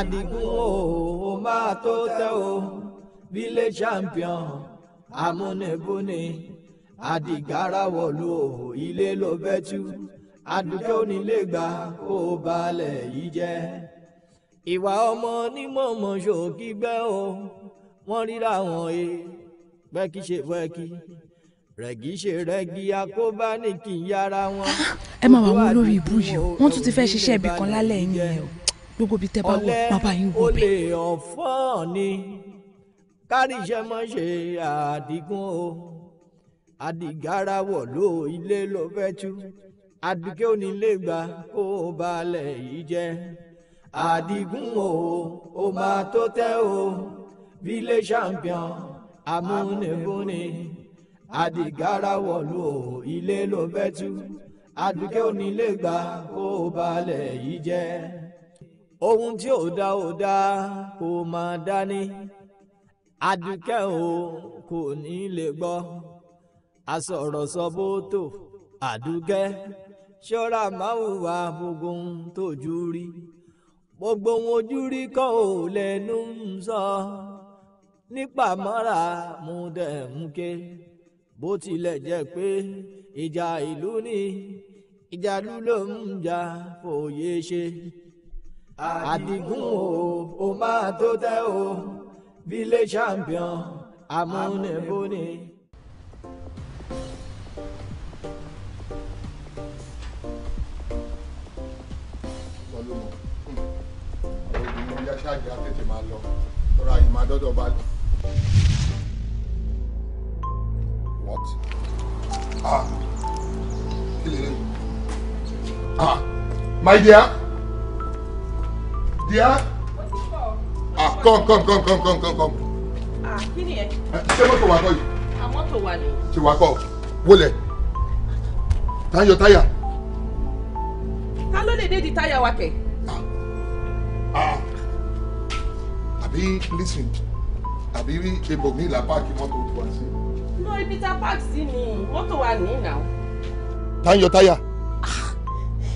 Adigun o oh, máa tó tẹ́ o village champion amúnibúni Àdìgárá wọ̀lú o ilé ló fẹ́ tú Àdùkẹ́ kó balẹ̀ yìí jẹ́ ìwà ọmọ onímọ̀ọ́mọ̀ ṣòkí gbẹ́ o wọ́n ríra wọn e bẹ́ẹ̀kì ṣe bẹ́ẹ̀kì rẹ̀gí ṣe rẹ̀gí akóbá ní kì í yára wọn. Ah, ẹ máa wà wọn lórí ìbú yìí oh, wọ́n tún ti fẹ́ ṣiṣẹ́ ibì kan lálẹ́ yín yẹn o gbogbo ibi tẹ́ bá wọ bàbá yín wọ bẹ́ẹ̀. olè ọ̀fọ́ ni kárí iṣẹ́ mọ́ ṣe àdìgún o àdìgára wọ̀ ló ilé ló fẹ́ tú àdìgẹ́ ò ní gbà kó o balẹ̀ yìí jẹ́ àdìgún o ó máa tó tẹ́ o village champion amúnibúni àdìgára wọ̀ ló ilé ló fẹ́ tú àdìgẹ́ ò ní gbà kó o balẹ̀ yìí jẹ́ ohun tí ò dá ò dá kò máa dání adùkẹ́ o kò ní lè gbọ́ asọ̀rọ̀sọ bó tò àdùkẹ́ ṣọ́ra máa hùwà gbogbo ohun tó jú rí gbogbo ohun ojú rí kọ́ ò lẹ́nu ń sọ nípa mọ́ra mo dẹ̀ mú ké bó tilẹ̀ jẹ́ pé ìjà ìlú ni ìjà ló ń jà fòye ṣe. Àdìgún o ò máa tó tẹ́ o village champion amúnibóni. what ah ah my dear. Dear. Ah, come, come, come, come, come, come, come. Ah, kí ni ẹ? Ṣé mọ́tò wà kọ́ yìí? À ah, mọ́tò wà ní. Ṣé wà kọ́? Wọlé. Táyọ̀ táyà. Ta ló lè dé di táyà wa kẹ̀? Ah. Ah. Àbí listen, àbí ebòmí là páàkì to tó wá sí. Lọ ibi tá páàkì sí ni mọ́tò wà ní ìnà. Táyọ̀ táyà.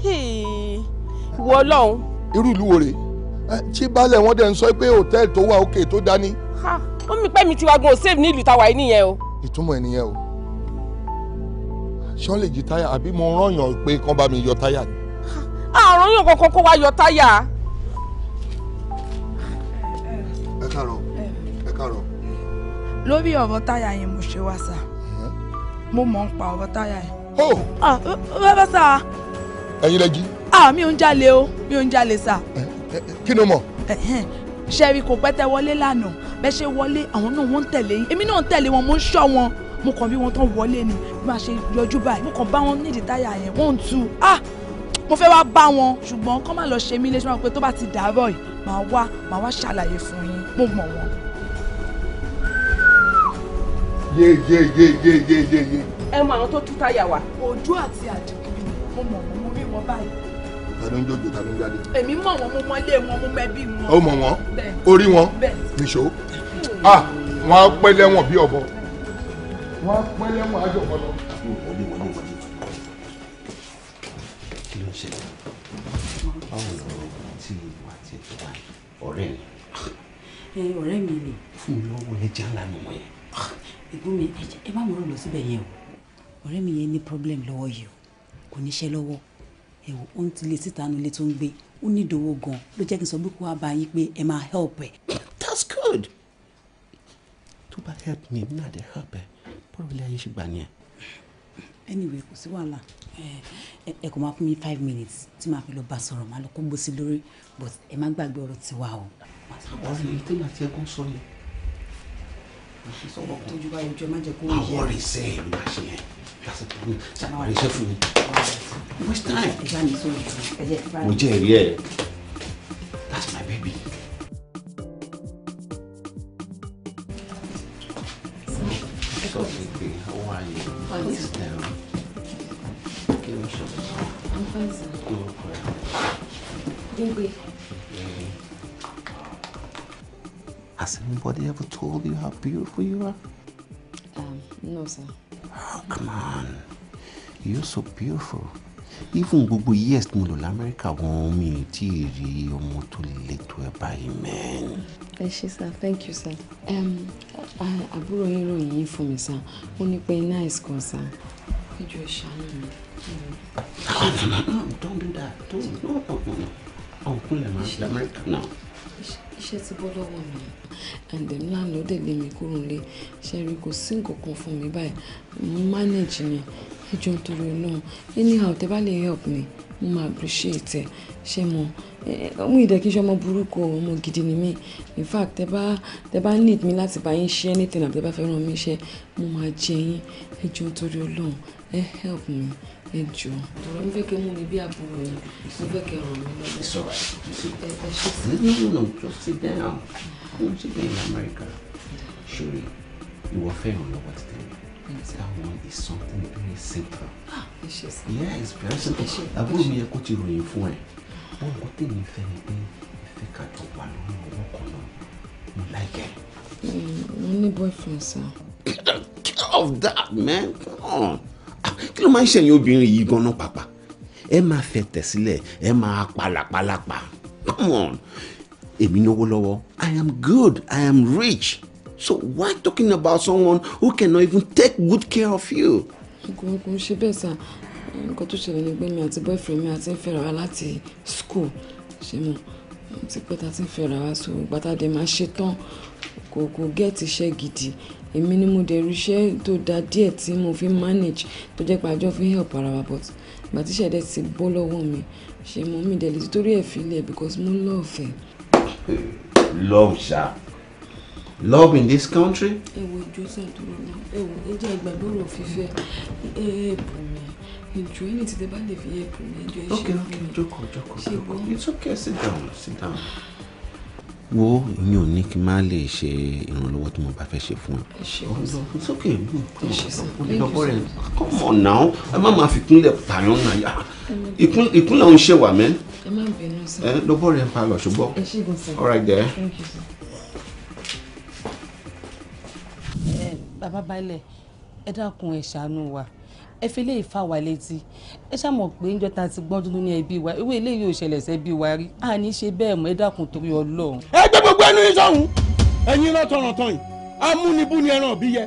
Ìwọ Ọlọ́run. Irú ìlú wo rèé? Eh, tí balẹ̀ wọn dẹ̀ ń sọ pé hòtẹ́ẹ̀lì tó wà òkè tó dání. ó mi pẹ́ mi ti wá gan o save nílùú táwa yìí nìyẹn o. ìtumọ̀ ẹ̀ nìyẹn o ṣọ́n lè jí táyà àbí mo rányàn pé kán bá mi yọ táyà ni. àrùn yàn kankan kó wá yọ táyà. ẹ káàárọ̀ ẹ káàárọ̀. lórí ọ̀rọ̀ táyà yẹn mo ṣe wá sá mo mọ̀ ń pa ọ̀rọ̀ táyà yẹn. ó rẹ́rẹ́ sá. ẹ̀yin lẹ jí. Ah, mi ò ń jalè o mi ò ń jalè sá kí ló mọ̀. ṣẹ́rí kò pẹ́ tẹ wọlé lánàá bẹ́ẹ̀ ṣe wọlé àwọn náà wọ́n ń tẹ̀lé yín èmi náà ń tẹ̀lé wọn mo ń ṣọ́ wọn mo kàn bí wọn tán wọlé ni bí wọ́n ṣe yọjú báyìí mo kàn bá wọn nídìí táyà yẹn wọ́n ń tu ah mo fẹ́ wá bá wọn ṣùgbọ́n kọ́ máa lọ ṣe mí léṣe máa pé tó bá ti dàárọ̀ yìí màá wá màá wá ṣàlàyé fún yín mo mọ̀ wọn. yé yé yé yé yé yé. ẹ mọ àwọn tó tú táyà wa. òjò àti àdìgún mo mọ̀ wọn mo rí wọn báyìí ta ń jòjò ta ń jáde. èmi mọ̀ wọn mo mọ ilé wọn mo mọ wọn. ó mọ wọn orí wọn nìṣó ah wọn á pẹ́ lẹ́wọ̀n bí ọ̀bọ wọn á pẹ́ lẹ́wọ̀n àjọ kan lọ. mi ni. fún mi lọ́wọ́ ẹ jẹ́ ńlá nìwọ̀n yẹn. ẹ̀gbọ́n mi ẹ bá wọn lọ síbẹ̀ yẹn o ọ̀rẹ́ mi yẹn ní problem lọ́wọ́ yìí o kò níṣẹ́ lọ́wọ́ ẹ wò ó ń síta nílé tó ń gbé ó ní ìdòwò gan ló jẹ́ kí n sọ pé kó bá yín pé ẹ máa help ẹ. that's good tó bá help me mi náà dé help ẹ bọ́dọ̀ ilé ayé ṣe gbà nìyẹn. anyway kò sí wàhálà ẹ kò máa fún mi five minutes tí màá fi lọ bá sọ̀rọ̀ màá lọ kó gbó sí lórí but ẹ má gbàgbé ọ̀rọ̀ tiwa o. ọ̀rọ̀ yìí tẹ́lẹ̀ àti ẹ̀kọ́ sọ yẹn. sọ̀rọ̀ tójú báyọ̀ ojú ẹ má jẹ́ kó yẹ. àwọn ọ̀rẹ́ sẹ́yìn ló máa ṣe yẹn sábà ríṣẹ́ fún mi waste time mo jẹ́ ẹ̀rí ẹ̀ that's my baby. So, baby, how are you? Fine. Please tell me. Give me I'm fine, sir. Go for it. Has anybody ever told you how beautiful you are? Um, no, sir oh, come on you're so beautiful even gbogbo years mo lò lamẹ́ríkà wọn mi ò tí ì rí ọmọ tó le tó ẹ báyìí mẹ́rin. ẹ ṣe sir thank you sir àbúrò yín ròyìn yín fún mi sir ó ní pé iná ìsìnkàn sir ẹjọ ìṣàánú mi. don't do that don't no no no ọ̀nkúnlẹ̀ máa lamẹ́ríkà náà. iṣẹ́ ti bọ́ lọ́wọ́ mi and then landlord dẹ̀ lé mi kúrò nílé ṣẹ́rí kò sí nǹkan kan fún mi báyìí mo manage ni ẹjọ́ nítorí ọlọ́run anyhow tẹ bá lè help me. mo máa appreciate ẹ ṣé mo ọmọ ìdẹ́kí ṣe ọmọ burúkú ọmọ gidi ni mí in fact tẹ bá tẹ bá need mi láti bá yín ṣe anything àbí tẹ bá fẹ́ ràn mí ṣe mo máa jẹ yín ẹjọ́ nítorí ọlọ́run ẹ help me. ẹ jọ ọ̀rọ̀ ń fẹ́ kí mú mi bí àbúrò yẹn mo fẹ́ kẹ́ ràn mí lọ́wọ́. ẹ ṣe sí. no no no just sit down kò ń ṣe bẹ́ẹ̀ ní Amẹ́ríkà ṣòro ìwọ fẹ́ràn lọ́wọ́ ti tẹ̀lé that one is something very simple. Yeah, it's very simple àbúrò mi yẹ kó ti ròyìn fún ẹ bọ́n kó You think ni pé ìfẹ́ ká jọ wà lórí ọwọ́ kan náà mo láìkẹ́. mo ní boyfriend sir. get out of that man come on ah, kí ló máa ń ṣẹ̀yìn obìnrin yìí gan-an pàpà ẹ máa fẹ́ tẹ̀ sílẹ̀ ẹ máa palàpalàpà come on èmi náwó lọ́wọ́ i am good i am rich so why talking about someone who cannot even take good care of you. gungun ṣe bẹ́ẹ̀ sá nǹkan tó ṣẹlẹ̀ nígbẹ́ mi àti boyfriend mi àti ń fẹ́ra wa láti school ṣe mọ̀ ti pẹ́ ta ti ń fẹ́ra wa so gbàtàdé máa ṣe tán kò kò gẹ́ẹ̀tì iṣẹ́ gidi èmi ni mo dẹ̀ rí iṣẹ́ tó da díẹ̀ tí mo fi manage tó jẹ́ pé àjọ fi help ara wa but gbàtíṣẹ́ dẹ̀ ti bọ́ lọ́wọ́ mi ṣe mọ̀ mi dẹ̀ lè torí ẹ̀ fi lẹ̀ because mo lọ́ọ̀fẹ́ love ṣá love in this country. ewo ìjọsẹ ìdúró náà ewo ẹjẹ ìgbàgbọrọ fífẹ ẹẹbù mi ìjọ ẹni tí tẹ bá lè fi ẹẹbù mi ẹjọ ẹ mi. okay okay jókòó jókòó jókòó it's okay sit down sit down wo ìyẹn ò ní kí n má lè ṣe ìrànlọ́wọ́ tí mo bá fẹ́ ṣe fún ẹ. it's okay rẹ come on now ẹ má máa fi ìkúnlẹ̀ pààyàn náà yá ìkúnlẹ̀ òun ṣe wà mẹ́. ẹ má bínú ń pa lọ ṣùgbọ́n all right there. bàbá balẹ̀ ẹ dákun ẹ ṣàánú wa ẹ fi lè fa wà létí ẹ ṣàmọ̀ pé ń jọta ti gbọ́n dúdú ní ẹbí wa ewé ilé yóò ṣẹlẹ̀ sẹ́bí wa rí a ní ṣe bẹ́ẹ̀ mọ́ ẹ dákun torí Ọlọ́run. ẹ gbé gbogbo ẹnu yín sọ́hún ẹ̀yin náà yìí amúnibú ni ẹran òbí yẹ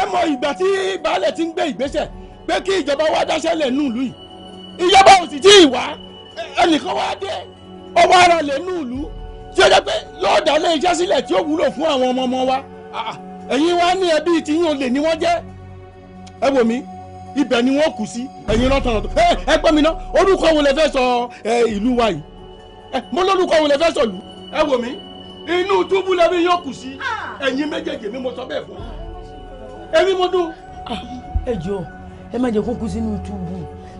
ẹ mọ ìgbà tí baálẹ̀ ti ń gbé ìgbésẹ̀ pé kí ìjọba wá dáṣẹ́ lẹ̀ nù ìlú yìí ìjọba ò sì tí ì wá ẹnìkan wá dé ọwọ́ ara lẹ̀ nù ìlú tí ó jẹ́ pé yóò lé iṣẹ́ sílẹ̀ tí ó wúlò fún àwọn ọmọ ọmọ wa ẹ̀yin wá ní ẹbí tiyín olè ni wọ́n jẹ́ ẹ wò mí ibẹ̀ ni wọ́n kù sí ẹ̀yin lọ́tọ̀nà tó ẹ gbọ́ mi ná orúkọ wo lẹ fẹ́ sọ ìlú wa yìí mo lórúkọ wo lẹ fẹ́ sọ lù ẹ wò mí inú túbú lẹ́bí yóò kù sí ah. ẹ̀yin méjèèjì mi mo sọ bẹ́ẹ̀ fún ẹ̀mí mo dún. Ah, ẹ jọ ẹ má jẹ kó kú sínú túbú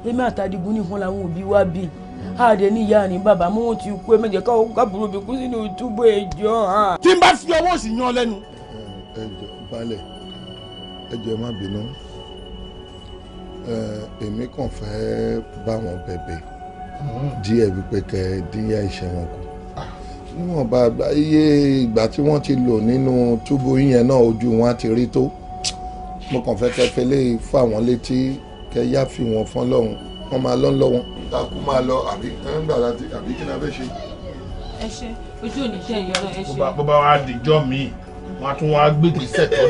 èmi àtàdìgún nìkan làwọn òbí wa bí àdé ní ìyá ni bàbá mú ti kú ẹ má jẹ káwọn kábùrò bí kú sínú túbú ẹ jọ. tí n bá fi ọwọ́ sí yan lẹ́nu. ẹ jọ balẹ̀ ẹ jọ ẹ má bínú Eh, èmi kàn fẹ́ bá wọn bẹ̀bẹ̀ hmm. díẹ̀ wípé kẹ́ díyà iṣẹ́ wọn kù níwọ̀n bá iye ìgbà tí wọ́n ti lò nínú túbú yẹn náà ojú wọn ti rí tó mo kàn fẹ́ kẹ́ fẹ́lẹ́ fà wọ́n létí kẹ́ yá fi wọn fọ́n lọ́hùn wọ́n máa lọ́ lọ́wọ́. takú máa lọ àbí nígbà láti àbí kí ni a fẹ́ ṣe. ẹ ṣe ojú ò ní jẹ́ ìyọ́rọ̀ ẹ ṣe. bó bá wàá dijọ́ mi-ín wọn á tún wá gbé ìgbésẹ̀ tó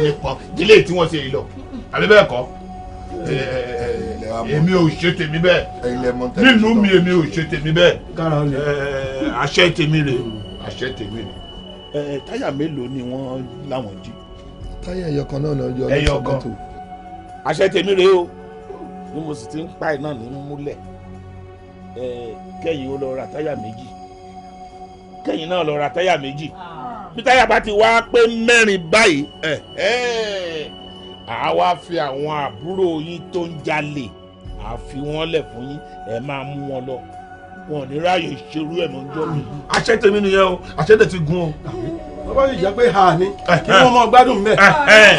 ilé tí wọ́n ṣe yìí lọ àbí bẹ́ẹ̀ kọ́ èmi ò ṣe tèmi bẹ́ẹ̀ nílùú mi èmi ò ṣe tèmi bẹ́ẹ̀ eh, àṣẹ tèmi rè àṣẹ tèmi rè. Eh, táyà mélòó ni wọ́n láwọn jí. táyà ẹyọkan náà lọ yọ lọ́sọ̀ mọ́tò. àṣẹ tèmi rè o ni mo sì ti ń pa iná ní múlẹ̀ eh, kẹ́yìn ó lọ ra táyà méjì kẹ́yìn náà lọ ra táyà méjì bí táyà bá ti wá pé mẹ́rin báyìí àá wá fi àwọn àbúrò yín tó ń jalè àá fi wọ́n lẹ̀ fún yín ẹ máa mú wọn lọ wọn ò ní ráàyè ìṣerú ẹ̀ mọ́ ń jọ́ mi. àṣẹ tèmi nìyẹn o àṣẹ tẹ̀ ti gun o. bàbá yìí jẹ́ pé ha ni kí wọ́n mọ gbádùn mẹ́. Eh, eh,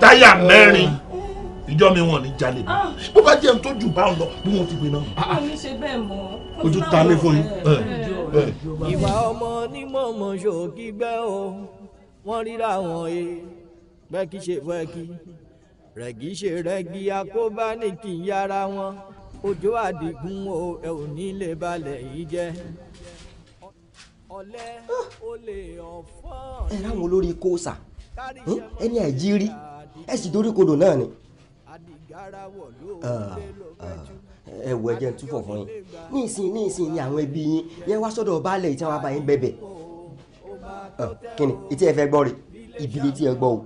táyà mẹ́rin ìjọ mi wọn ò jalè mọ́ ah. bó bá jẹun tó jù bá ń lọ bí wọ́n ti gbé náà. ojú ta mi fún yín. Eh, ìwà ọmọ onímọ̀ ọmọ ṣòkí gbẹ́ o wọ́n ríra wọn he bẹ́ẹ̀kì ṣe bẹ́ẹ̀kì rẹ̀gì ṣe rẹ̀gì àkóbá ní kì í yára wọn ọjọ́ àdìgún o ẹ ò ní lè balẹ̀ yìí jẹ́. ọ̀lẹ o lè ọ̀fọ́. kóòsà ẹni àìjírí ẹ sì dorí kodò náà ni. Ah, ah. ẹ wọ ẹjẹ túfọ̀ fún yín ní ìsìn ní ìsìn ni àwọn ẹbí yín yẹn wá sọ́dọ̀ baálẹ̀ ìtàn wa bá yín bẹ̀bẹ̀ ah, kí ni etí ẹ fẹ́ gbọ́ rè ìbílẹ̀ tí ẹ gbọ́ o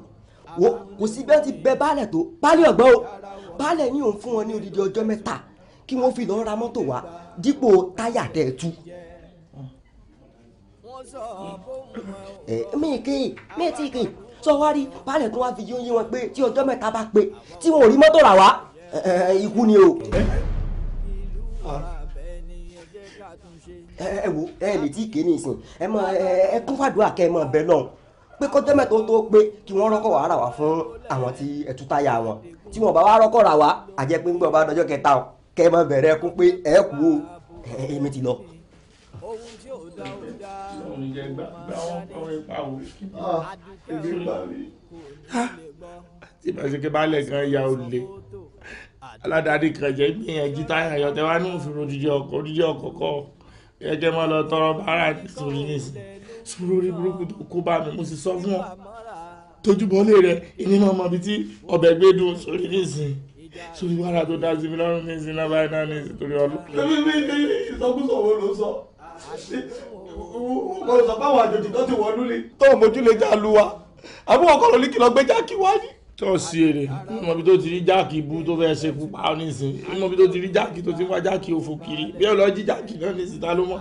wo kò sí bẹ́ẹ̀ ti bẹ baálẹ̀ tó baálẹ̀ ọ̀gbọ́n o baálẹ̀ ní òun fún wọn ní odidi ọjọ́ mẹ́ta kí wọ́n fi lọ́ọ́ ra mọ́tò wá dípò táyà tẹ̀ tú. ẹ mi kì í mi ti kì í sọ wá rí baálẹ̀ tó wá fi yóò yé wọn pé tí ọjọ́ mẹ́ta bá pé tí wọn ò rí mọ́tò rà wá ikú ni o. ẹ wo ẹ lè tí kì í ẹ mọ ẹ kún fàdúrà kẹ ẹ mọ bẹ náà pé kọ́tẹ́mẹ̀ tó tó pé kí wọ́n rọ́kọ̀ wàá rà wá fún àwọn tí ẹ̀tú táyà wọn tí wọn bá wá rọ́kọ̀ rà wá àjẹpé ńgbọ́ bá dọjọ́ kẹta o kẹ́ ẹ máa bẹ̀rẹ̀ ẹkún pé ẹ kú o èmi ti lọ. tí màsíkè bá lẹ̀ kan ya ò le aládàáni kan jẹ́ gbìyànjú táyà yọtẹ wá ní òfin òdìjẹ́ ọkọ̀ òdìjẹ́ ọkọ̀ kọ́ ẹ̀jẹ̀ mọ́ lọ tọrọ bàárà nítorí nísìnyí sọ̀rọ̀ orí burúkú tó kó bá mi mo sì sọ fún ọ tójúbọlé rẹ ìní máa mọ ibi tí ọbẹ̀ gbé dùn sórí nísìnyí sórí wàhálà tó dá sí mi lọ́rùn nísìnyí náà báyìí náà nísìnyí torí ọlọ́run. ẹbí mi ní ìsọkúsọ wo ló sọ mo sọ fáwọn àjòjì tó ti wọnú ni. tó o mójú lè já lu wa àbí wọn kọ́ ló ní kí lọ gbé jákì wá ní. tọ́sí èrè mímọ bí tó ti rí jákì bú tó fẹ́ ṣe pupa nísìnyí mímọ bí tó ti rí jákì tó ti fa jákì òfò kiri bí ọlọ́jì jákì náà nísìnyí ta ló mọ̀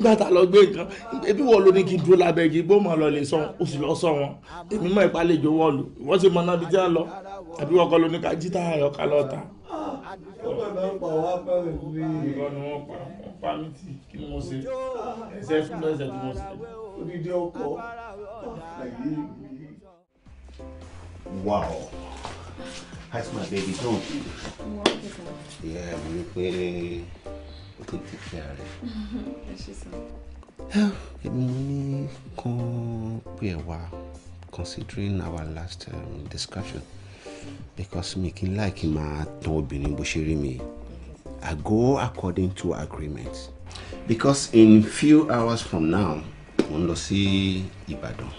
nígbà tá a lọ gbé nǹkan ebi wọ́n ló ní kí dúró lábẹ́ igi bó mọ̀ lọ lè sọ o sì lọ sọ wọn èmi mọ̀ ìpàlejò wọ́ọ̀lù wọ́n sì mọ náà bí tí a lọ àbí wọ́n kọ́ ló ní ká jí táyà yọ ká lọ́ta. ọgbà náà pa wá pẹ́rẹ́ bí. ìbọn ni wọ́n pa wọ́n pa mí wow that's my baby don't. yeah mo ó tètè fi ààrẹ. ẹ mo ní kan pé ẹ wá considering our last um, discussion because mi kì í láìkí máa tan obìnrin bó ṣe rí mi I go according to agreement because in few hours from now mo ń lọ sí Ìbàdàn.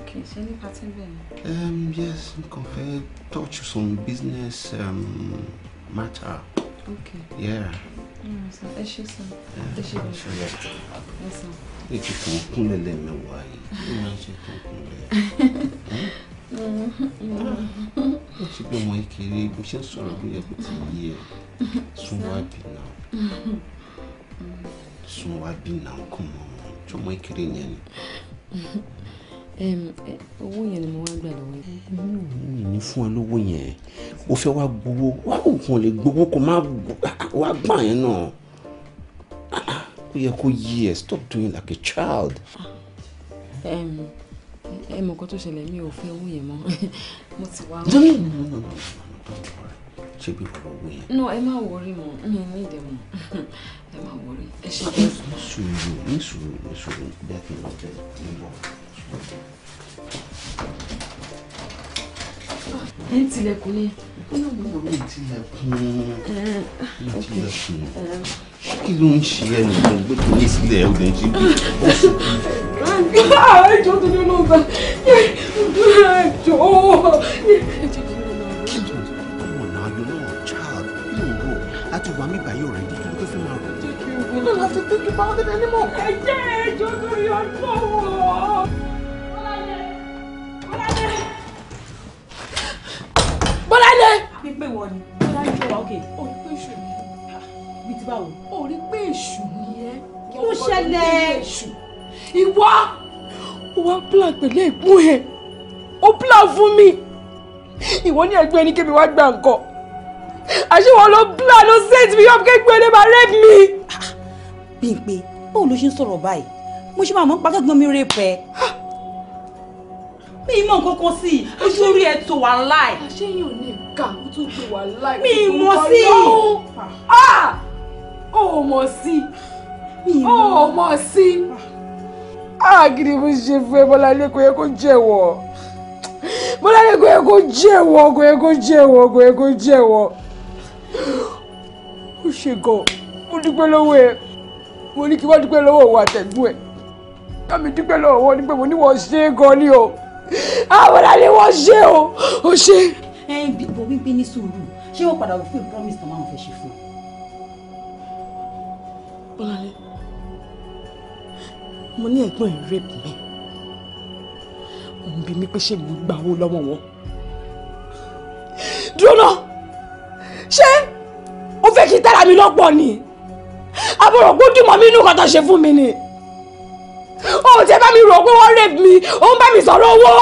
Okay, ṣe ní pàtí bẹ́ẹ̀. Um, yes, n kàn fẹ́ touch some business um, matter. Okay. Yeah ẹ ṣe sàn ẹ ṣe bẹ̀rẹ̀ ṣe ẹ ẹ ti fún kúnlẹ̀ lẹ́mẹ̀wá ẹ máa ń ọmọ ìkéré bó ṣe ń sọ̀rọ̀ ló yẹ ti yé ẹ sún wá bì náà sún wá bì náà kọ́ mọ́ ọmọ ìkéré yẹn ni owó yẹn ni mo wá gbà lọ́wọ́ yẹn. mi ò ní fún ẹ lówó yẹn o fẹ́ wá gbowó wá oògùn lè gbowó kó má wá gbà yẹn náà ó yẹ kó yí ẹ stop doing like a child. ẹ mọ̀ kó tó ṣẹlẹ̀ mi ò fẹ́ owó yẹn mọ́ mo ti wá. ṣé bí wọ́n owó yẹn. no ẹ má wọrí mọ́ mi ní ìdẹ̀mọ̀ ẹ má wọrí ẹ ṣe. ní sùúrù ní sùúrù ní sùúrù bẹ́ẹ̀ kí n lọ bẹ́ẹ̀ ń bọ̀ ẹ ń tilẹ̀kùn ni. mi ì tilẹ̀kùn mi ì tilẹ̀kùn kí ló ń ṣe ah, ẹ nìkan gbé tó ní sílẹ̀ ẹ̀ ọ̀dẹ̀ jí bí. ẹjọ́ tó ní ló ń bá ẹjọ́ láti wà mí báyìí ọ̀rẹ́ yìí kí ló fi máa rò. you don't have to think about it anymore. ẹ jẹ́ ẹjọ́ lórí ọjọ́ wọ̀. bọ́lá lé. àfi pé wọ ni bọ́lá ń jọ wa ok ó rí pé èṣù ni bí ti báwo. ó rí pé èṣù ni ẹ. kí ló ṣẹlẹ̀. ìwọ wọ́n plan pẹ̀lú ẹ̀gbọ́n ẹ̀ ó plan fún mi ìwọ ní ẹ̀gbọ́n ẹni wá gba nǹkan àṣé wọn ló plan ló set me up kégbọ́n ẹni máa rape mi. Bímpé báwo ló ṣe ń sọ̀rọ̀ báyìí mo ṣe máa mọ̀ ń mi rape ẹ mi mọ nǹkan kan sí i ojú orí ẹ tó wà láì. àṣeyàn ní ìka ó tún tó wà láì. mi mọ sí i. Ah! Ah! ó mọ sí i. ó mọ sí i. àgìrì ah, mo ṣe fún ẹ bọ́lá ilé kò yẹ kó jẹ́wọ́ bọ́lá ilé kò yẹ kó jẹ́wọ́ kò yẹ kó jẹ́wọ́ kò yẹ kó jẹ́wọ́. ó ṣe gan mo dúpẹ́ lọ́wọ́ ẹ mo ní kí wọ́n dúpẹ́ lọ́wọ́ òun àtẹ̀gbọ́n ẹ̀ ká mi dúpẹ́ lọ́wọ́ wọn ní pé mo ní wọ́n ṣe é gan ni o àwọn ah, àlè wọ́n ṣe o ò ṣe. ẹ ẹ bíbọ wípé ní sùúrù ṣé wọ́n padà wọ fún promise tó máa ń fẹ́ ṣe fún un. bọ́láńlé mo ní ẹ̀gbọ́n ẹ̀ rape mi òun bí mi pé ṣé mo gbà owó lọ́wọ́ wọn. dúró náà ṣé o fẹ́ kí tára mi lọ́pọ̀ ni àbúrò gbódùmọ̀ mi inú kan tó ṣe fún mi ni. Oh, jẹ́ bá mi rò pé wọ́n rape mi ó ń bá mi sọ̀rọ̀ owó.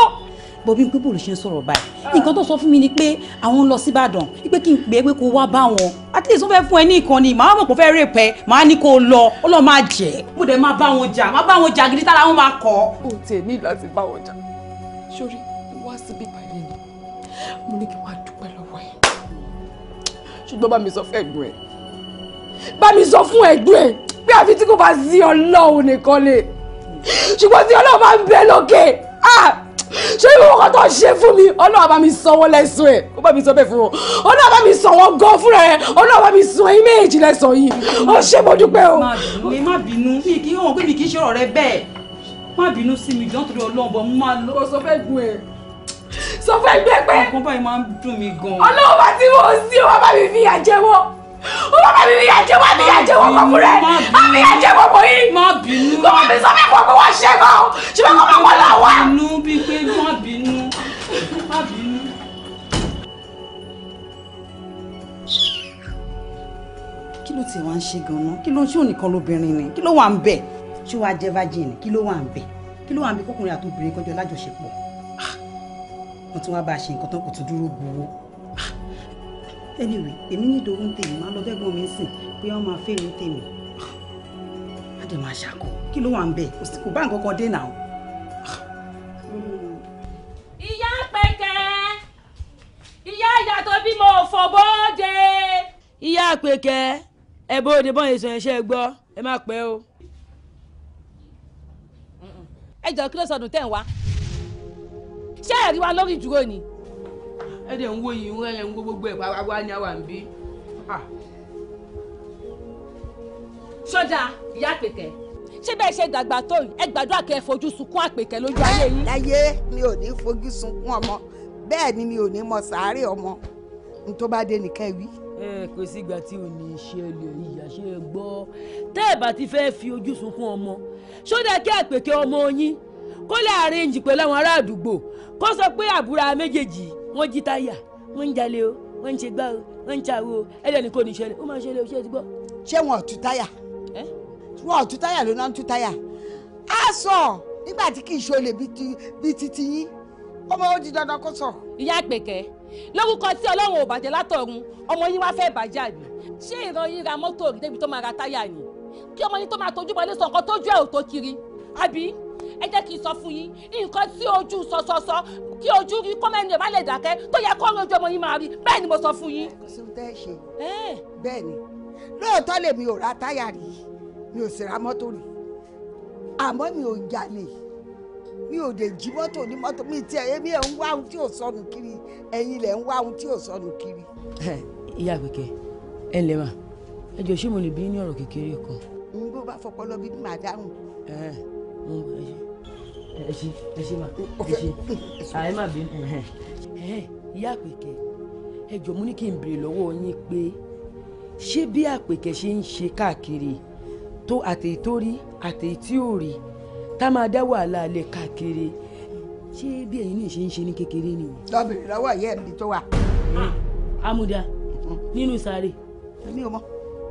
bọ̀bí pé bòlù ṣe ń sọ̀rọ̀ báyìí nǹkan tó sọ fún mi ni pé àwọn ń lọ síbàdàn pé kí n pè é pé kó wá bá wọn at least wọ́n fẹ́ fún ẹ ní ìkànnì màá mọ̀ pé fẹ́ rape ẹ màá ní kó lọ ó ma máa jẹ́ mo dẹ̀ máa bá wọn jà máa bá wọn jà gidi tára wọn máa kọ́. o tiẹ̀ ní láti bá wọn jà sórí wá síbí báyìí ni mo ní kí wàá dúpẹ́ lọ́wọ́ ẹ̀ ṣùgbọ́n bá mi sọ fún ẹ̀gbọ́n ẹ̀ bá mi sọ fún ẹ̀gbọ́n ẹ̀ pé àfi tí kò bá sí ọlọ́run nìkan lè ṣùgbọ́n tí ọlọ́run bá ń bẹ lókè ṣé ìwọ kan tó ṣe fún mi ọlọ́run bá mi sanwó lẹ́sùn ẹ̀ ó bá mi sọ bẹ́ẹ̀ fún wọn ọlọ́run bá mi sanwó gan fúnra ẹ̀ ọlọ́run bá mi sun ẹ̀yìn méjì lẹ́sàn yìí ó ṣe mo dúpẹ́ o. má bínú mi kì í hàn pé mi kì í ṣe ọ̀rọ̀ rẹ bẹ́ẹ̀ má bínú sí mi jọ́ntorí ọlọ́run bọ̀ mo máa lọ. kò sọ fẹ́ gun ẹ̀ sọ fẹ́ gbẹ́pẹ́. ọkàn báyìí máa ń dùn mí gan. ọlọ́run bá ti wọ́n sí ọ Owó bá mi níyà jẹ́ wọ́n níyà jẹ́ wọ́n kọ́kọ́ rẹ̀. Á I'm jẹ́ gbogbo yìí. Má bínú. Gbogbo mi sọ fẹ́ kọ́kọ́ wá ṣẹ́ gan. Ṣé bá kọ́kọ́ to là wá? Má bínú bíi pé má bínú. Má bínú. Kí ló tiẹ̀ wá ń ṣe gan-an? Kí ló ń ṣe ònìkan lóbìnrin ni? Kí ló wà ń bẹ̀? Ṣé wàá jẹ́ virgin? Kí ló wà ń bẹ̀? Kí ló wà ń bẹ̀ kókùnrin àtòbìnrin kọjọ lájọṣepọ̀? Ah, wọ́n tún wá bá a ṣe nǹkan tó kò tún dúró gbowó anyway èmi ní ìdòwú ń tèmi máa lọ bẹ́gbọ́n mi sìn pé wọ́n máa fèrè tèmi má dẹ̀ máa ṣàkó kí ló wà ń bẹ̀ kò bá nǹkan kan dé nà ó. ìyá pẹkẹ ìyá ìyá tó bímọ òfò bóde. ìyá pẹkẹ ẹ bóde bọ́n èso ẹ̀ṣẹ́ gbọ́ ẹ má pẹ́ o. ẹ jọ kí ló sọdún tẹ̀ ń wá ṣé ẹ̀rí wa lórí ìdúró ni ẹ dẹ̀ ń wo yìí ń rẹ́lẹ̀ ń wo gbogbo ẹ̀ wá ní àwa ń bí. sọ́jà ìyá àpèkẹ́ ṣé bẹ́ẹ̀ ṣe dàgbà tó yìí ẹ gbàdúrà kẹ́ ẹ fojú sunkún àpèkẹ́ lójú ayé yín. láyé mi ò ní fojú sunkún ọmọ bẹ́ẹ̀ ni mi ò ní mọ sàárè ọmọ n tó bá dé nìkan wí. ẹ kò sí ìgbà tí ò ní ṣẹlẹ̀ ìyá ṣe é gbọ́ tẹ́ ẹ bá ti fẹ́ fi ojú sunkún ọmọ ṣódà kí àpèkẹ́ ọmọ yín kó lè arrange pẹ̀lú àwọn ará àdúgbò kó sọ pé àbúrò méjèèjì wọ́n jí táyà wọ́n ń jalè o wọ́n ń ṣe gbá o wọ́n ń ṣàwo ẹlẹ́ni kò ní ṣẹlẹ̀ ó máa ṣẹlẹ̀ o ṣé ti gbọ́. ṣé wọn ò tú táyà wọn ò tú táyà ló náà ń tú táyà á sọ nígbà tí kì í ṣe olè bíi titi yín ọmọ ó di dandan kó sọ. ìyá àpèkẹ́ lórúkọ tí ọlọ́run ò bàjẹ́ látọ̀run ọmọ yín wá fẹ́ bàjẹ́ àbí ṣé ìran yín ra mọ́tò débi tó máa ra táyà ni kí ọmọ yín tó máa tójú bọ ilé sọ̀kan tójú ẹ̀ ò tó kiri àbí ẹ jẹ́ kí n sọ fún yín nǹkan tí ojú sọsọsọ kí ojú rí kọ́mẹ́ni má lè dákẹ́ tó yẹ kó ojú ọmọ yín máa rí bẹ́ẹ̀ ni mo sọ fún yín. kò sí ohun tẹ́ ẹ ṣe bẹ́ẹ̀ ni lóòótọ́ lèmi ò ra táyà rí mi ò sì ra mọ́tò rí àmọ́ mi ò jalè mi ò dé jí mọ́tò ní mọ́tò mi tiẹ̀ èmi ẹ̀ ń wá ohun tí ò sọnù kiri ẹ̀yin lẹ̀ ń wá ohun tí ò sọnù kiri. ìyá àpèkẹ́ ẹ ǹlẹ́ mà ẹ jọ ṣé mo lè bí ní ọ̀rọ̀ kékeré kan. n bó bá fọpọlọ bí màá dáhùn. ẹ ẹ mo ń bá ẹ ṣe ẹ ṣe ẹ ṣe ma ẹ ṣe àyè má bí. ìyá àpèkẹ́ ẹ jọ mú ní kí n béèrè lọ́wọ́ yín pé ṣé bí àpèkẹ́ ṣe ń ṣe káàkiri tó àtèyí tó rí àtèyí tí ò rí tá máa dá wàhálà lẹ̀ káàkiri ṣé bí ẹ̀yin náà ṣe ń ṣe ní kékeré nìyẹn. lọ́bìnrin lọ́wọ́ ìyá ẹ̀ mi tó wà. Ah, amúdá nínú sáré. èmi ò mọ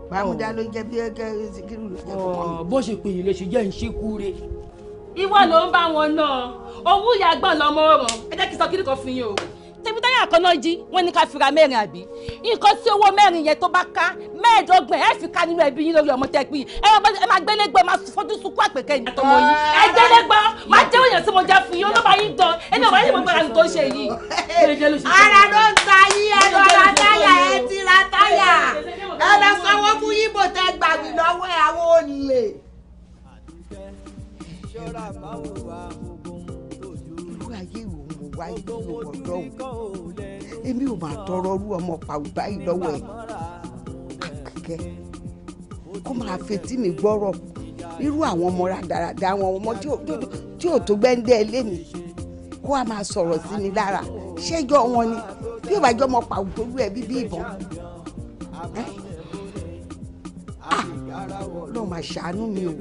bàmúdá oh. ló jẹ bí ẹgẹ sikiru ló jẹ fún mi. Oh, bó ṣe pè yín lè ṣe jẹ́ ń ṣe ìwọ ló ń bá wọn náà owó ìyàgbọ́n lọmọ ọ̀ràn ẹ jẹ́ kí n sọ kíni kan fún yín o tẹ̀mítáyà kan náà jí wọ́n ní ká fira mẹ́rin àbí nǹkan tí owó mẹ́rin yẹn tó bá ká mẹ́ẹ̀ẹ́dọ́gbọ̀n ẹ fi ká nínú ẹbí yín lórí ọmọ tẹ́ pé ẹ máa gbélégbé máa fojú sunkún àpèkẹ́ yìí àtọmọ yìí ẹ gbélégbé máa jẹ́ òyìn tí mo jẹ́ fún yín olóba yín dán ẹni ọ̀bá yín mo gbára nǹkan ṣe yìí. ara ló ń ta yín ẹ lọ ra táyà ẹ ti ra táyà ẹ lọ sanwó fún yíbo tẹ gbàgbì lọ́wọ́ àwọn olè ṣọ́ra báwo wà gbogbo ojú. irú ayé ìwò mo wá ìlú ọ̀dọ́ o èmi ò máa tọrọ ọrú ọmọ pàwọ́ báyìí lọ́wọ́ ẹ̀ kó máa fetí mi gbọ́rọ̀ irú àwọn ọmọ rádaràda àwọn ọmọ tí ò tó gbẹ́ndẹ́ ilé mi kó a máa sọ̀rọ̀ sí mi lára ṣẹ́jọ́ wọn ni bí ìwà ìjọ́ ọmọ pàwọ́ tó lú ẹ bíbí ìbọn lọ́ọ́ máa ṣàánú mi o.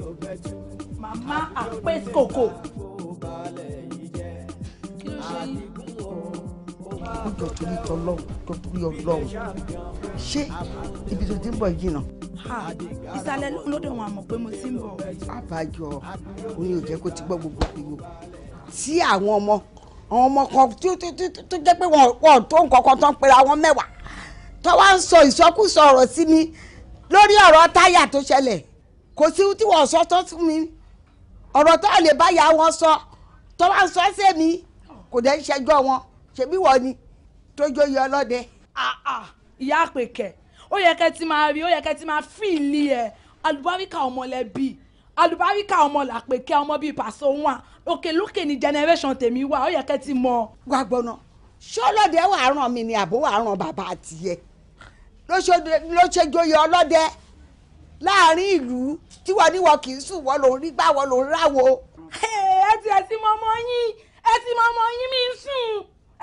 Mama, màmá àpèkòkò. kí ló ṣe yín. ọjọ́ torí tọ́lọ́ tó kúrí ọlọ́run ṣé ibi tó ti ń bọ̀ yìí náà. ìsàlẹ̀ lọ́dọ̀ wọn àmọ̀ pé mo ti ń bọ̀. àbájọ oyin ò jẹ́ kó ti gbọ́ gbogbo ìwò tí àwọn ọmọ àwọn ọmọ kan tó jẹ́ pé wọ́n tó nǹkan kan tó ń pera wọn mẹ́wàá tó wá ń sọ ìsọkúsọ ọ̀rọ̀ sí mi lórí ọ̀rọ̀ táyà tó ṣẹlẹ̀ kò sí tí wọ́n sọ tó fún mi ọ̀rọ̀ tó lè bá ya wọn sọ tó bá ń sọ ẹsẹ̀ mi kò dẹ́ ń ṣẹjọ́ wọn ṣèbí wọ ni tó jóye ọlọ́dẹ. ìyá àpèkẹ́ ó yẹ kẹ́ ti máa rí ó yẹ kẹ́ ti máa fi ìlí ẹ̀ alùbáríkà ọmọlẹ́bí alùbáríkà ọmọ làpèkẹ́ ọmọ bíi pàṣẹ òun à òkè lókè ní generation tèmi wà ó yẹ kẹ́ ti mọ̀. gbàgbọ́nà ṣé ọlọ́dẹ wàá ràn mí ni àbó wàá ràn bàbá àtìyẹ ló ṣe jóye ọlọ́dẹ láàrin ìlú tí wọ́n ní wọn kì í sùn wọ́n lòún rí gbá wọ́n lòún ráwo. ẹ ti ẹ ti mọ ọmọ yín ẹ ti mọ ọmọ yín mi sùn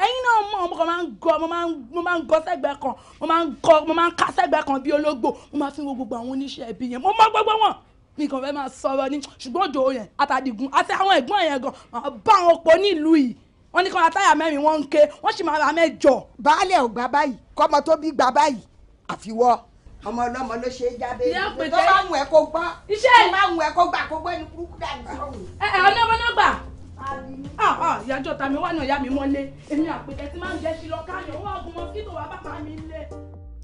ẹ̀yin náà mọ ọmọ kan máa ń gọ mo máa ń mo máa ń gọ sẹ́gbẹ̀ kan mo máa ń gọ mo máa ń ká sẹ́gbẹ̀ kan bí ológbò mo máa fi wo gbogbo àwọn oníṣẹ́ ẹbí yẹn mo mọ gbogbo wọn mi kàn fẹ́ máa sọ̀rọ̀ ni ṣùgbọ́n òjò yẹn àtàdìgún àti àwọn ẹ̀gbọ́n yẹn gan máa bá àwọn òpó nílùú yìí wọ́n ní kí wọ́n atáyà mẹ́rin wọ́n ń ké wọ́n sì máa ra mẹ́jọ. baálé ò gbà báyìí kọ́mọ tó bí gbà báyìí àfiwọ́ ọmọ ọlọ́mọ ló ṣe é jáde tó bá mú ẹ kó gbọ́ tó bá mú ẹ kó gbà kó gbọ́ ẹni burúkú dàbí sọ̀rọ̀. ẹ ẹ ọlọ́mọdé gbà ìyájọ́ tàmí wà náà yá mi mọ́lé èmi àpèkẹ́ tí máa ń jẹ́ sí lọ káyọ̀ wọ́n ọ̀gùn mọ́ wà bàbá mi lé.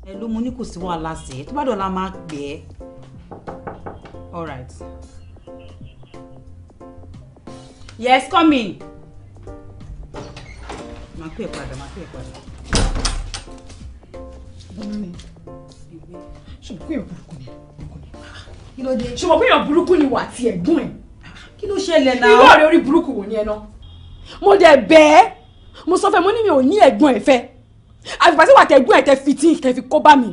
ẹ ló mu ní kò sí wàhálà sí tó bá dọ̀la máa gbé ẹ. E. all right. yes come in. máa pè é padà máa pè é padà gbé ṣùgbọ́n pé èèyàn burúkú ni kí ló dé ṣùgbọ́n pé èèyàn burúkú ni wà á ti ẹ̀gbọ́n ẹ̀ kí ló ṣẹlẹ̀ náà irú ọ̀rẹ́ orí burúkú wò ni ẹ ná mo dẹ̀ bẹ́ẹ̀ mo sọ fẹ́ mo ní mi ò ní ẹ̀gbọ́n ẹ̀ fẹ́ àfipá sí wà tẹ̀gbọ́n ẹ̀ tẹ fi tí tẹ fi kó bá mi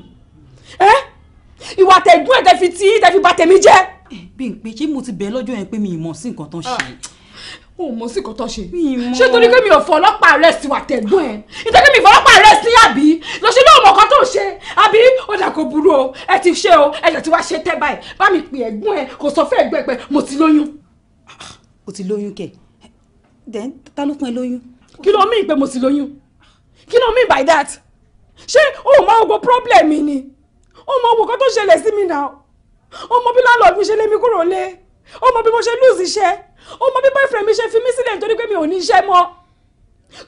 ẹ́ ìwà tẹ̀gbọ́n ẹ̀ tẹ fi tí tẹ fi bà tèmi jẹ́. bí n pe ṣé mo ti bẹ̀ lọ́jọ́ yẹn pé mi ì mọ̀ sí nǹkan tán ṣe ah o mọ̀ sí nǹkan tó ṣe ṣé torí pé mi ò fọ ọlọ́pàá arrest wà tẹ̀gbọ́n ẹ̀ nítorí mi ò fọ ọlọ́pàá arrest ní àbí lọ́sẹ̀ ló mọ̀ kan tó ṣe àbí ó dà kó burú o ẹ ti ṣe o ẹ jẹ̀ tí wàá ṣe tẹ́ báyìí bá mi pè ẹ̀gbọ́n ẹ kò sọ fún ẹ̀gbọ́n mo ti lóyún. o ti lóyún kẹ then ta ló fún ẹ lóyún. kí ló mìíràn pé mo ti lóyún kí ló mìíràn by that ṣé o mọ ogbó problem mi ni o mọ ogbó kan tó ṣẹlẹ̀ sí mi náà o mọ bí láńlọ́ọ̀dù mi ṣe lé mi kúrò lé lose iṣẹ́ o mọ bí boyfriend mi ṣe fi mí sílẹ̀ nítorí pé mi ò ní iṣẹ́ mọ́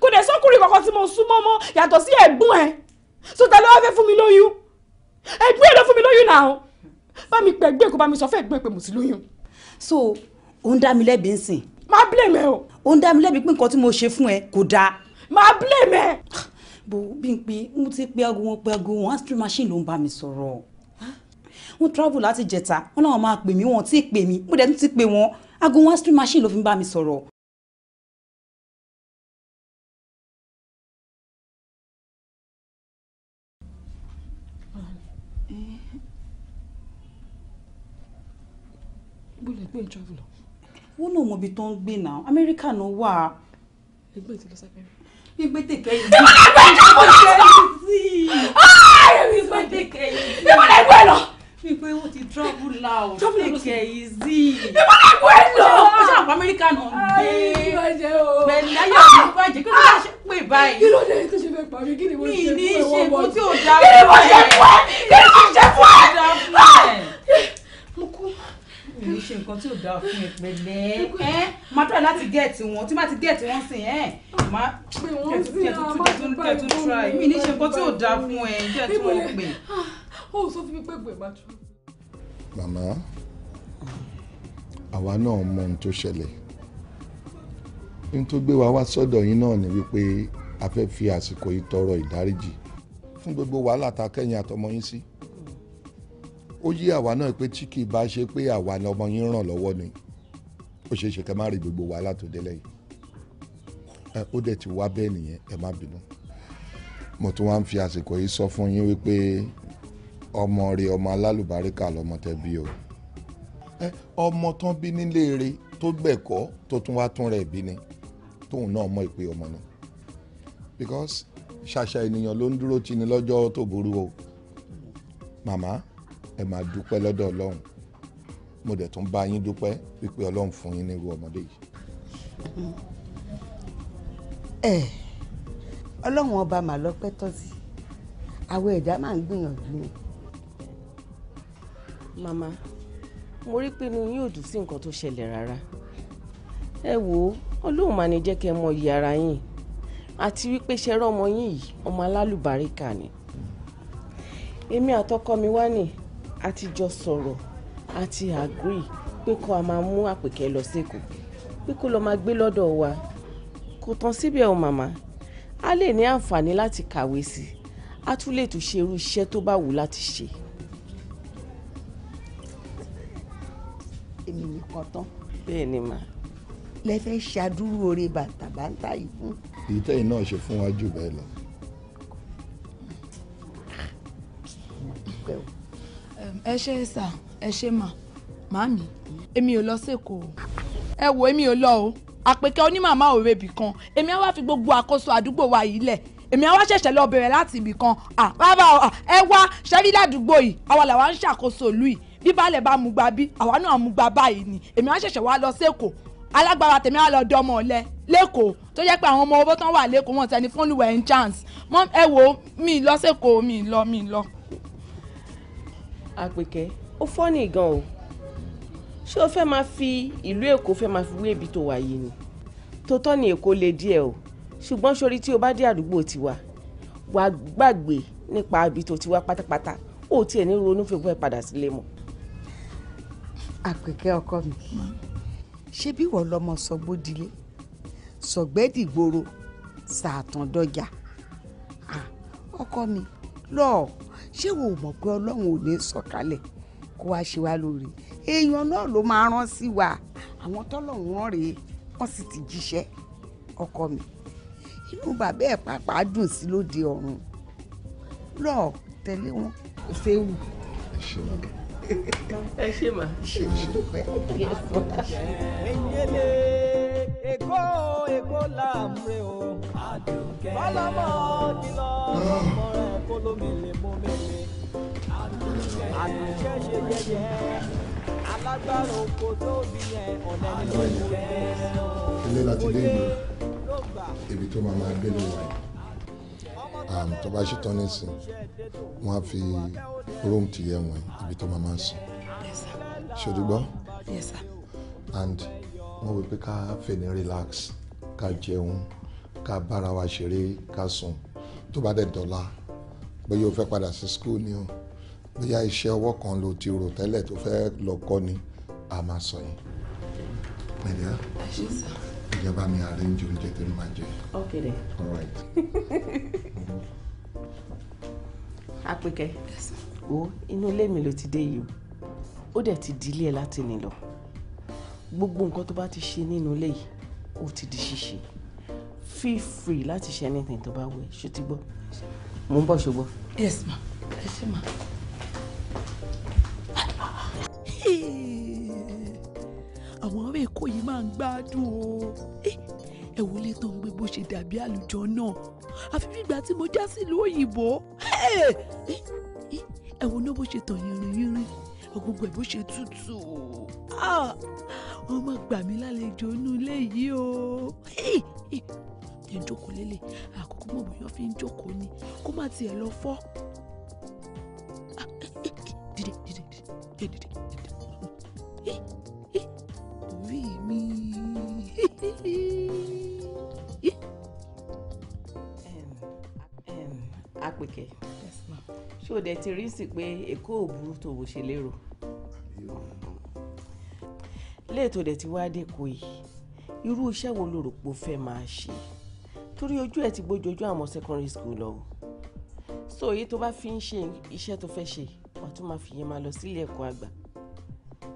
kò dẹ̀ sọ́kùnrin kankan tí mo súnmọ́ mọ́ yàtọ̀ sí ẹ̀gbọ́n ẹ̀ sọta ló wá fẹ́ fún mi lóyún ẹ̀gbọ́n ẹ̀ ló fún mi lóyún náà bá mi pẹ̀ gbé kó bá mi sọ fẹ́ ẹ̀gbọ́n ẹ̀ pé mo ti lóyún. so ó ń dá mi lẹ́bi ń sìn. blame ẹ o. ó ń dá mi lẹ́bi pé nǹkan tí mo ṣe fún ẹ kò dáa. máa blame ẹ. bó bí n pe mo ti pe aago wọn pe aago wọn astro machine ló ń bá mi sọ̀rọ̀ wọ́n travel láti jẹ̀ta wọ́n náà máa pè mí wọ́n ti pè mí mo dẹ̀ tún ti pè wọ́n aago one street machine ló fi ń bá mi sọ̀rọ̀ bólú ẹgbẹ́ travel lọ. wọ́n náà mọ ibi tó ń gbé náà amẹ́ríkà náà wà. ẹgbẹ́ ti lọ sábẹ́rẹ́. gbígbé tèkẹ́ yìí. ìwọ lẹgbẹ́ lọ. ìwọ lẹgbẹ́ lọ bíi pé ó ti trouble loud take it easy. ìbọn náà kú ẹ lọ. ó ṣe àpò amẹ́ríkà náà gbé bẹ̀ẹ̀ni ayé ọ̀dùn kó ẹ̀jẹ̀ kí ló ah! ah! ṣe pé báyìí. kí ló dé tó ṣe fẹ́ pa kí ni mo ṣe fún ẹ wọ́n kí ni mo ṣe fún ẹ kí ni mo ṣe fún ẹ. Ah! mo kú. èmi ṣe nǹkan tí ò dá fún ẹ pẹ̀lẹ́. ẹ máa tọ́ láti gẹ̀ẹ́tì wọn tí máa ti gẹ̀ẹ́tì wọn sìn ẹ̀ ó sọ fún mi pé gbé máa tú. màmá àwa náà mọ ohun tó ṣẹlẹ̀ ohun tó gbé wa wá sọ́dọ̀ yín náà ni wípé a fẹ́ fi àsìkò yìí tọrọ ìdáríjì fún gbogbo wàhálà ta kẹ́yìn àtọmọ yín sí ó yí àwa náà pé tí kì í bá ṣe pé àwa ni ọmọ yín ni ó ṣeé ṣe ká má rí gbogbo wàhálà tó délẹ̀ yìí ẹ ó ti wá bẹ́ẹ̀ nìyẹn ẹ má bínú mo tún wá ń fi àsìkò yìí sọ fún yín wípé ọmọ rẹ ọmọ alálùbáríkà lọmọ tẹ bí o ọmọ tán bí nílé rẹ tó gbẹ̀kọ́ tó tún wá tún rẹ̀ bí ni tóun náà mọ̀ ìpè ọmọ ni because ṣàṣà ènìyàn ló ń dúró tì ní lọ́jọ́ tó burú o màmá ẹ máa dúpẹ́ lọ́dọ̀ ọlọ́run mo dẹ̀ tún bá yín dúpẹ́ wípé ọlọ́run fún yín nírú ọmọdé yìí. ẹ ọlọ́run ọba màlọ́pẹ́ tọ́sí àwọn ẹ̀dá máa ń gbìyànjú ni. Mama, mo rí pé inú yín ò dùn sí nǹkan tó ṣẹlẹ̀ rárá ẹ wò ó ọlọ́run máa ní jẹ́ kẹ́ ẹ mọ iyì ara yín àti wípé ṣẹrọ ọmọ yín yìí ọmọ alálùbáríkà ni èmi àtọkọ mi wá ní àtijọ́ sọ̀rọ̀ àti agree pé kó a máa mú àpèkẹ́ lọ sẹ́kọ̀ọ́ pé kó lọ máa gbé lọ́dọ̀ wa kò tán síbẹ̀ o màmá a lè ní àǹfààní láti kàwé sí i a tún lè tún ṣe irú iṣẹ́ tó bá wù láti ṣe. èmi nìkan tán. bẹ́ẹ̀ ni mà. lẹ fẹ́ ṣàdúró oore bàtà bàtà yìí fún. èyí tẹ́yìn náà ṣe fún wa jù bẹ́ẹ̀ lọ. ẹ ṣe é sà ẹ ṣe mà màmí èmi ò lọ sẹ́kọ̀ọ́ ẹ wò èmi ò lọ o àpèkẹ́ onímàmá òwe bì kan èmi á wá fi gbogbo àkóso àdúgbò wa yìí lẹ̀ èmi á wá ṣẹ̀ṣẹ̀ lọ bẹ̀rẹ̀ láti ibì kan rárá ẹ wá ṣẹ́rí ládùúgbò yìí àwa làwa ń ṣàkóso ìlú yìí bí baálẹ̀ bá mú gba bí àwa náà mú gba báyìí ni èmi á ṣẹ̀ṣẹ̀ wá lọ sẹ́kọ̀ọ́ alágbára tèmi á lọ dọ́mọ ọ̀lẹ lẹ́kọ̀ọ́ tó jẹ́ pé àwọn ọmọ owó tán wà lẹ́kọ̀ọ́ wọn tẹni fún lùwẹ̀ ń chance mọ ẹ wo mi lọ sẹ́kọ̀ọ́ mi lọ mi lọ. àpèkẹ́ ó fọ́nì gan o ṣé o fẹ́ máa fi ìlú èkó fẹ́ máa fi wé ibi tó wà yìí ni tó tọ́ ni èkó le díẹ̀ o ṣùgbọ́n sori tí o bá dé àdúgbò tiwa wàá gbàgbé nípa ibi tó ti wá pátápátá ó tiẹ̀ ní ronú fèkú ẹ̀ padà sílé mọ́ àpèkẹ́ ọkọ mi ṣé bí wọ́n lọ́mọ sọgbódilé sọ̀gbẹ́dìgboro sàtàndọ́jà ọkọ mi lọ́ọ̀ ṣé wo mọ̀ pé ọlọ́run ò ní sọ̀kalẹ̀ kó wá ṣe wá lórí èèyàn náà ló máa rán sí wa àwọn tọ́lọ́run rán rèé wọ́n sì ti jíṣẹ́ ọkọ mi inú bàbá ẹ̀ pàápàá dùn sí lóde ọ̀run lọ́ọ̀ tẹ̀lé wọn kò séwu. ẹ ṣe lọ́gẹ̀ẹ́ ẹ ṣe mà. ìyẹlẹ èkó èkó làmúre o bọ́lọ́mọ ti lọ ọmọ rẹ kó ló mele mú mele àtúnṣe ṣe yẹyẹ alágbára oko tó bí yẹn ọ̀nà ẹni ló ń bẹ́ẹ̀. ilé láti dé ìlú ibi tó máa máa gbé ló wà yìí tó bá ṣe tán nísìn wọ́n á fi róòmù ti yẹ wọ̀nyí ibi tó máa máa sùn ṣòdúgbọ́ and wọ́n wí pé ká fèèní relax ká jẹun ká bára wa ṣeré ká sùn tó bá dẹ̀ dọ̀la bóyá o fẹ́ padà sí school ni o bóyá iṣẹ́ ọwọ́ kan lo ti rò tẹ́lẹ̀ tó fẹ́ lọ kọ́ ni a máa sọ yẹn. Ẹ ẹ̀jẹ̀ bá mi arrange oúnjẹ tó ní máa jẹ. okay then. all right. apẹkẹ wo inú ilé mi ló ti dé yìí ó dẹ̀ ti di ilé ẹ láti nì lọ gbogbo nǹkan tó bá ti ṣe nínú ilé yìí ó ti di ṣíṣe feel free láti ṣe anything tó bá wù ẹ́ ṣó ti gbọ́ mo ń bọ̀ ṣùgbọ́. yes ma Yes ṣe ma. àwọn ará èkó yìí máa ń gbádùn o eh, ẹ wo ilé tó ń gbé bó ṣe dàbí àlùjọ náà àfi fìgbà tí mo já sílùú òyìnbó eh, eh, ẹ wo náà bó ṣe tàn yìnrìn yìnrìn gbogbo ẹ bó ṣe tútù ah, wọn máa gbà mí lálejò inú ilé yìí o ẹ ń jókòó lélẹ̀ àkókò mọ̀ bóyá fi ń jókòó ni kó má tiẹ̀ lọ fọ́ ah, dìde dìde dìde dìde dìde orí mi. apèkẹ́ ṣé o dẹ̀ ti rí sí pé èkó ò burú tó wò ṣe lérò léètò dẹ̀ ti wá dẹ́kọ̀ yìí irú iṣẹ́ wo lo rò pé o fẹ́ máa ṣe torí ojú ẹ̀ ti gbójoojú àwọn secondary school lọ so èyí tó bá fi ń ṣe iṣẹ́ tó fẹ́ ṣe wàá tún máa fi yẹn máa lọ sílé ẹ̀kọ́ àgbà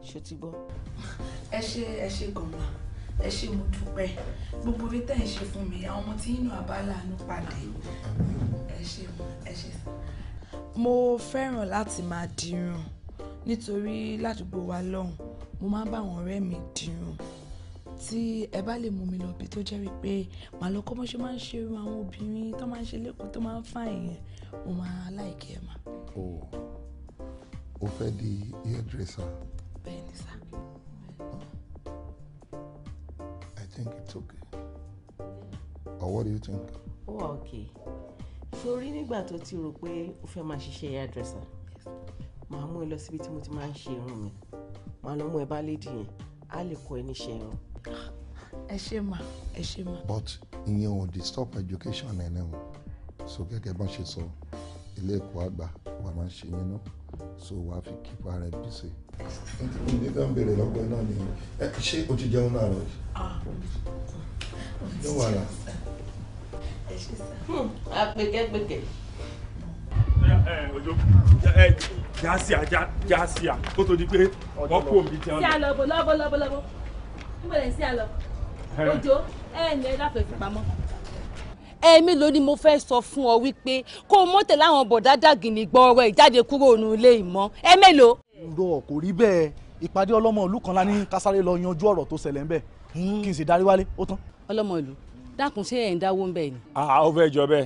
ṣó ti gbọ́ ẹ ṣe ẹ ṣe gànmà ẹ ṣe mo dúpẹ́ gbogbo orí tẹ́ ẹ ṣe fún mi àwọn ọmọ tí inú àbáláàánú pàdé ẹ ṣe ẹ ṣe. mo fẹ́ràn láti máa dirun nítorí ládùúgbò wa lọ́hùn mo máa ń bá àwọn ọ̀rẹ́ mi dirun tí ẹ bá lè mú mi lọ bí tó jẹ́ wípé màá lọ kọ́ bó ṣe máa ń ṣe irun àwọn obìnrin tó máa ń ṣe lẹ́kọ̀ọ́ tó máa ń fà yẹn mo máa láìkẹ́ ẹ̀ mà. o oh, fẹ́ di hairdresser. okay or what do you think. ó wà òkè sórí nígbà tó ti rò pé o fẹ́ máa ṣiṣẹ́ hairdresser màá mú ẹ lọ síbi tí mo ti máa ń ṣe irun mi màá lọ mú ẹ bá lédi yẹn á lè kọ́ ẹ níṣẹ́ irun. ẹ ṣe mà ẹ ṣe mà. but ìyẹn ò di stop education ẹ̀ náà so gẹ́gẹ́ bá ṣe sọ ilé ẹ̀kọ́ àgbà wà máa ṣe yẹn náà so wàá fi keep ara ẹ busy. ǹjẹ́ ká ń béèrè lọ́pọ̀ iná ni ṣé o ti jẹun láàárọ̀ yìí. ló wà lá. apẹkẹpẹkẹ. jásíà jásíà kó tó di pé wọ́n kó omi jẹun. sí àlọ́ bọ̀ lọ́bọ̀ lọ́bọ̀ lọ́bọ̀ ń bẹ̀rẹ̀ sí àlọ́ òjò ẹ̀ ẹ̀ ní ẹ láfẹ̀ẹ́ fi pamọ́ ẹ̀mí ló ní mo fẹ́ sọ fún ọ wípé kó o mọ́tẹ̀ láwọn bọ̀dá dàgìnì gbọ́ọ̀rọ̀ ìjáde kúrò nù ilé ìmọ̀ ẹ mélòó. irọ́ kò rí bẹ́ẹ̀ ìpàdé ọlọ́mọ ìlú kan la ní kásáré lọ yanjú ọ̀rọ̀ tó ṣẹlẹ̀ ńbẹ̀ hmm. kí n sì darí wálé ó tán. ọlọ́mọ ìlú dákun ṣé ẹ̀ ń dáwó ń bẹ̀ ni. a ó fẹ́ jọ bẹ́ẹ̀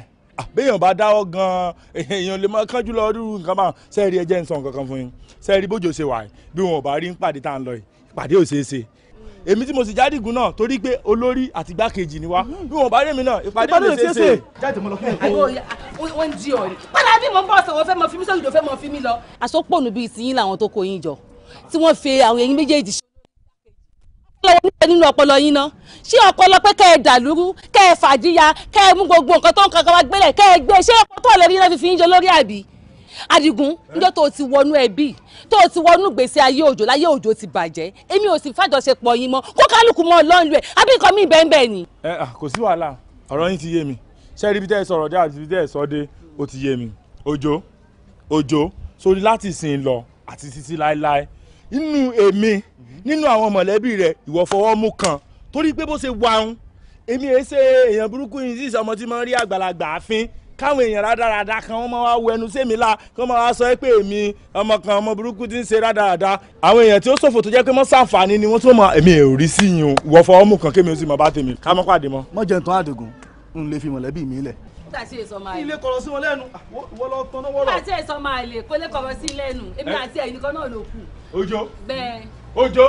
béèyàn bá dáwọ́ gan-an èèyàn lè máa kánjú lọ rírun nǹkan máa sẹ́ẹ̀rí ẹjẹ́ ń sọ nǹkan kan fún yín sẹ́ẹ̀rí bójú ṣe wà bí wọn ò bá rí pàdé tá à ń lọ yìí ìpàdé ò ṣeé ṣe èmi tí mo sì jádìgún náà torí pé olórí àti igbákejì ni wa bí wọn bá rí mi náà ìpàdé lè ṣe é ṣe. jáde mo lọ fún ẹ. wọ́n ń di ọ̀rẹ́ pálá bí mo ń bọ̀ sọ̀rọ̀ fẹ́ mọ fi mí sọ́yìn ló fẹ́ mọ fi mí lọ. àsopọ̀nù bíi tiyín làwọn tó kó yín jọ tí wọ́n fi àwọn ẹ̀yìn méjèèjì ṣe. ọpọlọ oníṣẹ́ nínú ọpọlọ yín ná ṣé ọpọlọ pé kẹ́ ẹ dàlúrú kẹ́ ẹ fàjíya kẹ́ ẹ mú gbogbo nǹkan tó ń kankan wá gbélẹ̀ kẹ́ ẹ gbé ṣé ọpọlọ tó Adigun eh? níjọ́ tó o ti wọnú ẹbí tó o ti wọnú gbèsè ayé òjò láyé òjò ti bàjẹ́ èmi ò sì fàjọṣepọ̀ yín mọ́ kó kálukú mọ́ ọlọ́ọ̀lù ẹ̀ àbí nǹkan mi bẹ́ẹ̀ bẹ́ẹ̀ ni. ẹ eh, ah, kò sí wàhálà ọ̀rọ̀ yín ti yé mi ṣé ibi tẹ́ ẹ sọ̀rọ̀ dé àti ibi tẹ́ ẹ sọ dé ó ti yé mi òjò òjò sórí láti ìsìn lọ àti títí láéláé nínú èmi nínú àwọn mọ̀lẹ́bí rẹ̀ ìwọ fọwọ́ mú kan torí pé bó ṣe wà ń èmi èé ṣe èèyàn burúkú yìí sí ìsọmọ tí mo ń rí àgbàlagbà àfin káwọn èèyàn rádaràda kan wọ́n máa wá wẹnu sẹ́mi la kí wọ́n máa wá sọ pé èmi ọmọ kan ọmọ burúkú ti ń ṣe rádaràda àwọn èèyàn tí ó ṣòfò tó jẹ́ pé wọ́n ṣàǹfààní ni wọ́n tún mọ èmi ò rí sí yín o wọ́n fọ ọmú kan kémi ó sì mọ bá tèmi ká mọ́ pàdé mọ́. mọ jẹ nǹkan àdìgún n lè fi mọ̀lẹ́bí mi lẹ̀. ilé kọ̀rọ̀ sí wọn lẹ́nu wọ́n lọ tán náà wọ́n lọ. àti ẹ̀sọ́ máa lè kólé kọ̀rọ̀ sí lẹ́nu èmi àti ẹ̀yìn kan náà ló kù. ojo bẹ́ẹ̀ ojo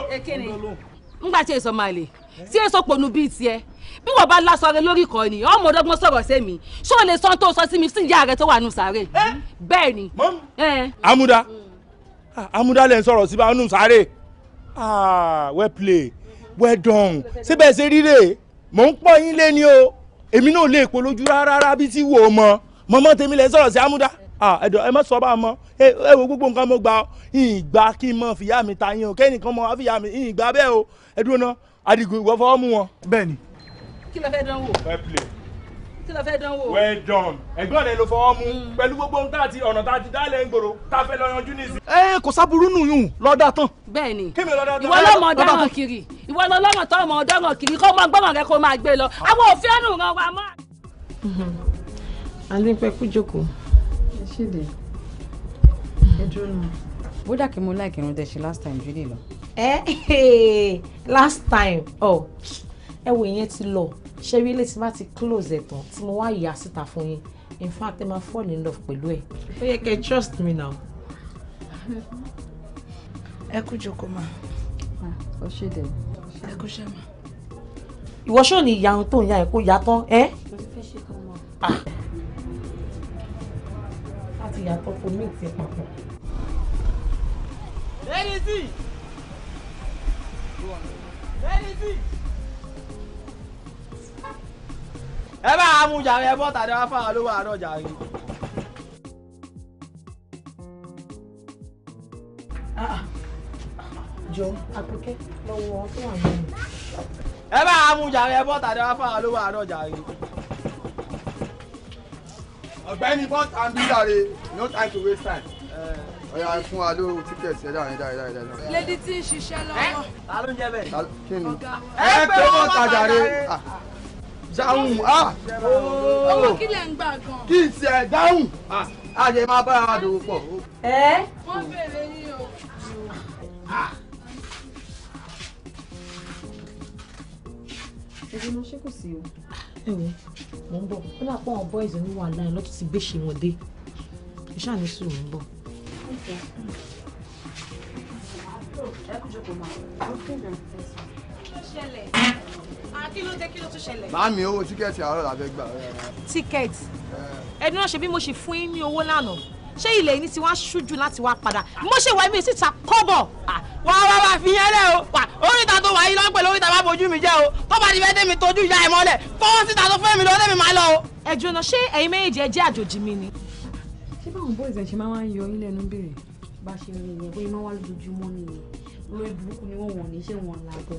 ngbà tí èso máa lè tí èso ponu bíi tiẹ̀ bí wọ́n bá lásọ rẹ lórí kọ ni ọmọ ọdọ́gbọ́n sọ̀rọ̀ sí mi ṣé lè sọ tó sọ sí mi sí ìyá rẹ tó wà nù sáré. Eh? bẹ́ẹ̀ ni. amúdá amúdá lè sọ̀rọ̀ sí bá nù sáré ah, well played well done síbẹ̀ ṣe ríre mò ń pọ̀ yín lé ni o èmi náà lè polójú rárá bí tí wò ó mọ mọ́mọ́ tèmi lè sọ̀rọ̀ sí amúdá ah, ẹ má sọ bá mọ́ ẹ wo gbogbo nǹkan mo gba ìgbà kí n mọ fìyà mi ta yín o kẹ́nìkan mọ àfìyà mi ìgbà bẹ́ẹ̀ o ẹ dúró ná Adigun ìwọ mú wọn. bẹ́ẹ̀ni kí ló fẹ́ dánwò. well played. kí ló fẹ́ dánwò. well done. ẹ̀gbọ́n rẹ̀ ló fọwọ́ mú hmm. pẹ̀lú gbogbo ohun tá a ti ọ̀nà tá a ti dálẹ̀ ń gbòòrò tá a fẹ́ lọ yanjú nìyí. ẹ kò sábúrú nùyún lọ́dà tán. bẹ́ẹ̀ni ìwọ lọmọ dáràn kiri ìwọ lọmọ tó ọmọ dáràn kiri kó ọmọ gbọmọ rẹ kó máa gbé lọ ah. àwọn òfin ọ̀nù ràn wá mọ́. àdínpẹ́ kú jókòó ẹ ṣèdè ẹ dúró náà bódà kí mo láìkí irun tẹ ṣe last time jùlẹ lọ. ẹ eh, last time ọ oh, ẹ wo ìyẹn ti lọ ṣé rí ilé tí bá ti close ẹ̀ tán tí mo wá yà síta fún yín in fact ẹ máa fall in love pẹ̀lú ẹ̀. ó yẹ kẹ́ trust me now. ẹ kú jókòó ma. ọ ṣe dẹ. ẹ kú ṣe ma. ìwọ ṣó ni ìyanu tó ń ya ẹ kó ya tán ẹ. láti yàtọ̀ fún mi ti papọ̀. Ready, see? Ready, see? ẹ bá a mú jàre ẹ bọ́ tàdé wá fáwọn olówó àárọ̀ jàre. Ah, jọ àpèké lọ́wọ́ tó wà nínú. ẹ bá a mú jàre ẹ bọ́ tàdé wá fáwọn olówó àárọ̀ jàre. ọ̀gbẹ́ni bọ́ọ̀tà ń bí jàre no time to waste time eh. ọ̀yà fún wa ló tíkẹ̀tì ẹ̀dá rẹ̀ dáadáa dáadáa. lady tí ń ṣiṣẹ́ lọ́wọ́. Eh? ta ló ń jẹ bẹ́ẹ̀. kí ni. ẹ pé wọ́n tajà re dáhùn á. Ah. owó kí lẹ̀ ń gbà gan. kí n tiẹ̀ dáhùn àyè ah, máa bá ara dòwò pọ̀. ẹ. wọ́n bèrè yín o. ìgbìmọ̀ ah. ṣé kò sí o. ẹ mò ń bọ̀ ó dà pọ̀ àwọn boys ní wàhálà yẹn lọ́tún ti gbé ṣe wọn dé iṣẹ́ àní sùn ń bọ̀. ẹ kú jókòó máa ń bọ̀ ó kéde ẹ̀ ń tẹ̀sán. Ah, kílódé kí ló tún ṣẹlẹ̀. màámi owó tíkẹ́ẹ̀tì àárọ̀ làbẹ́ gbà. tíkẹ́ẹ̀tì ẹni náà ṣe bí mo ṣe fún yín ní owó lánàá ṣé ilẹ̀ yìí ni tiwa ṣújú láti wá padà mo ṣe wà mí síta kọ́bọ̀ wà wà wà fi yẹn lẹ o oríta tó wà yìí lọ́n pẹ̀lú oríta bá bojú mi jẹ́ o tó bá ti fẹ́ dé mi tójú ìyá ẹ̀ mọ́lẹ̀ fọwọ́ síta tó fẹ́ mi lọ́dẹ́ mi máa lọ o. ẹ jóná ṣé ẹ̀yin méjèèjì ẹ jẹ́ àjòjì mi ni. ṣé báwọn bóyá ìṣẹ̀ máa ń yọ ilé ẹnu bèrè bá ṣe rìn yẹn bóyá máa wá lójoojúmọ́ nìyẹn lórí burúkú ni wọ́n wọ̀n ní ṣé wọ́n làgọ̀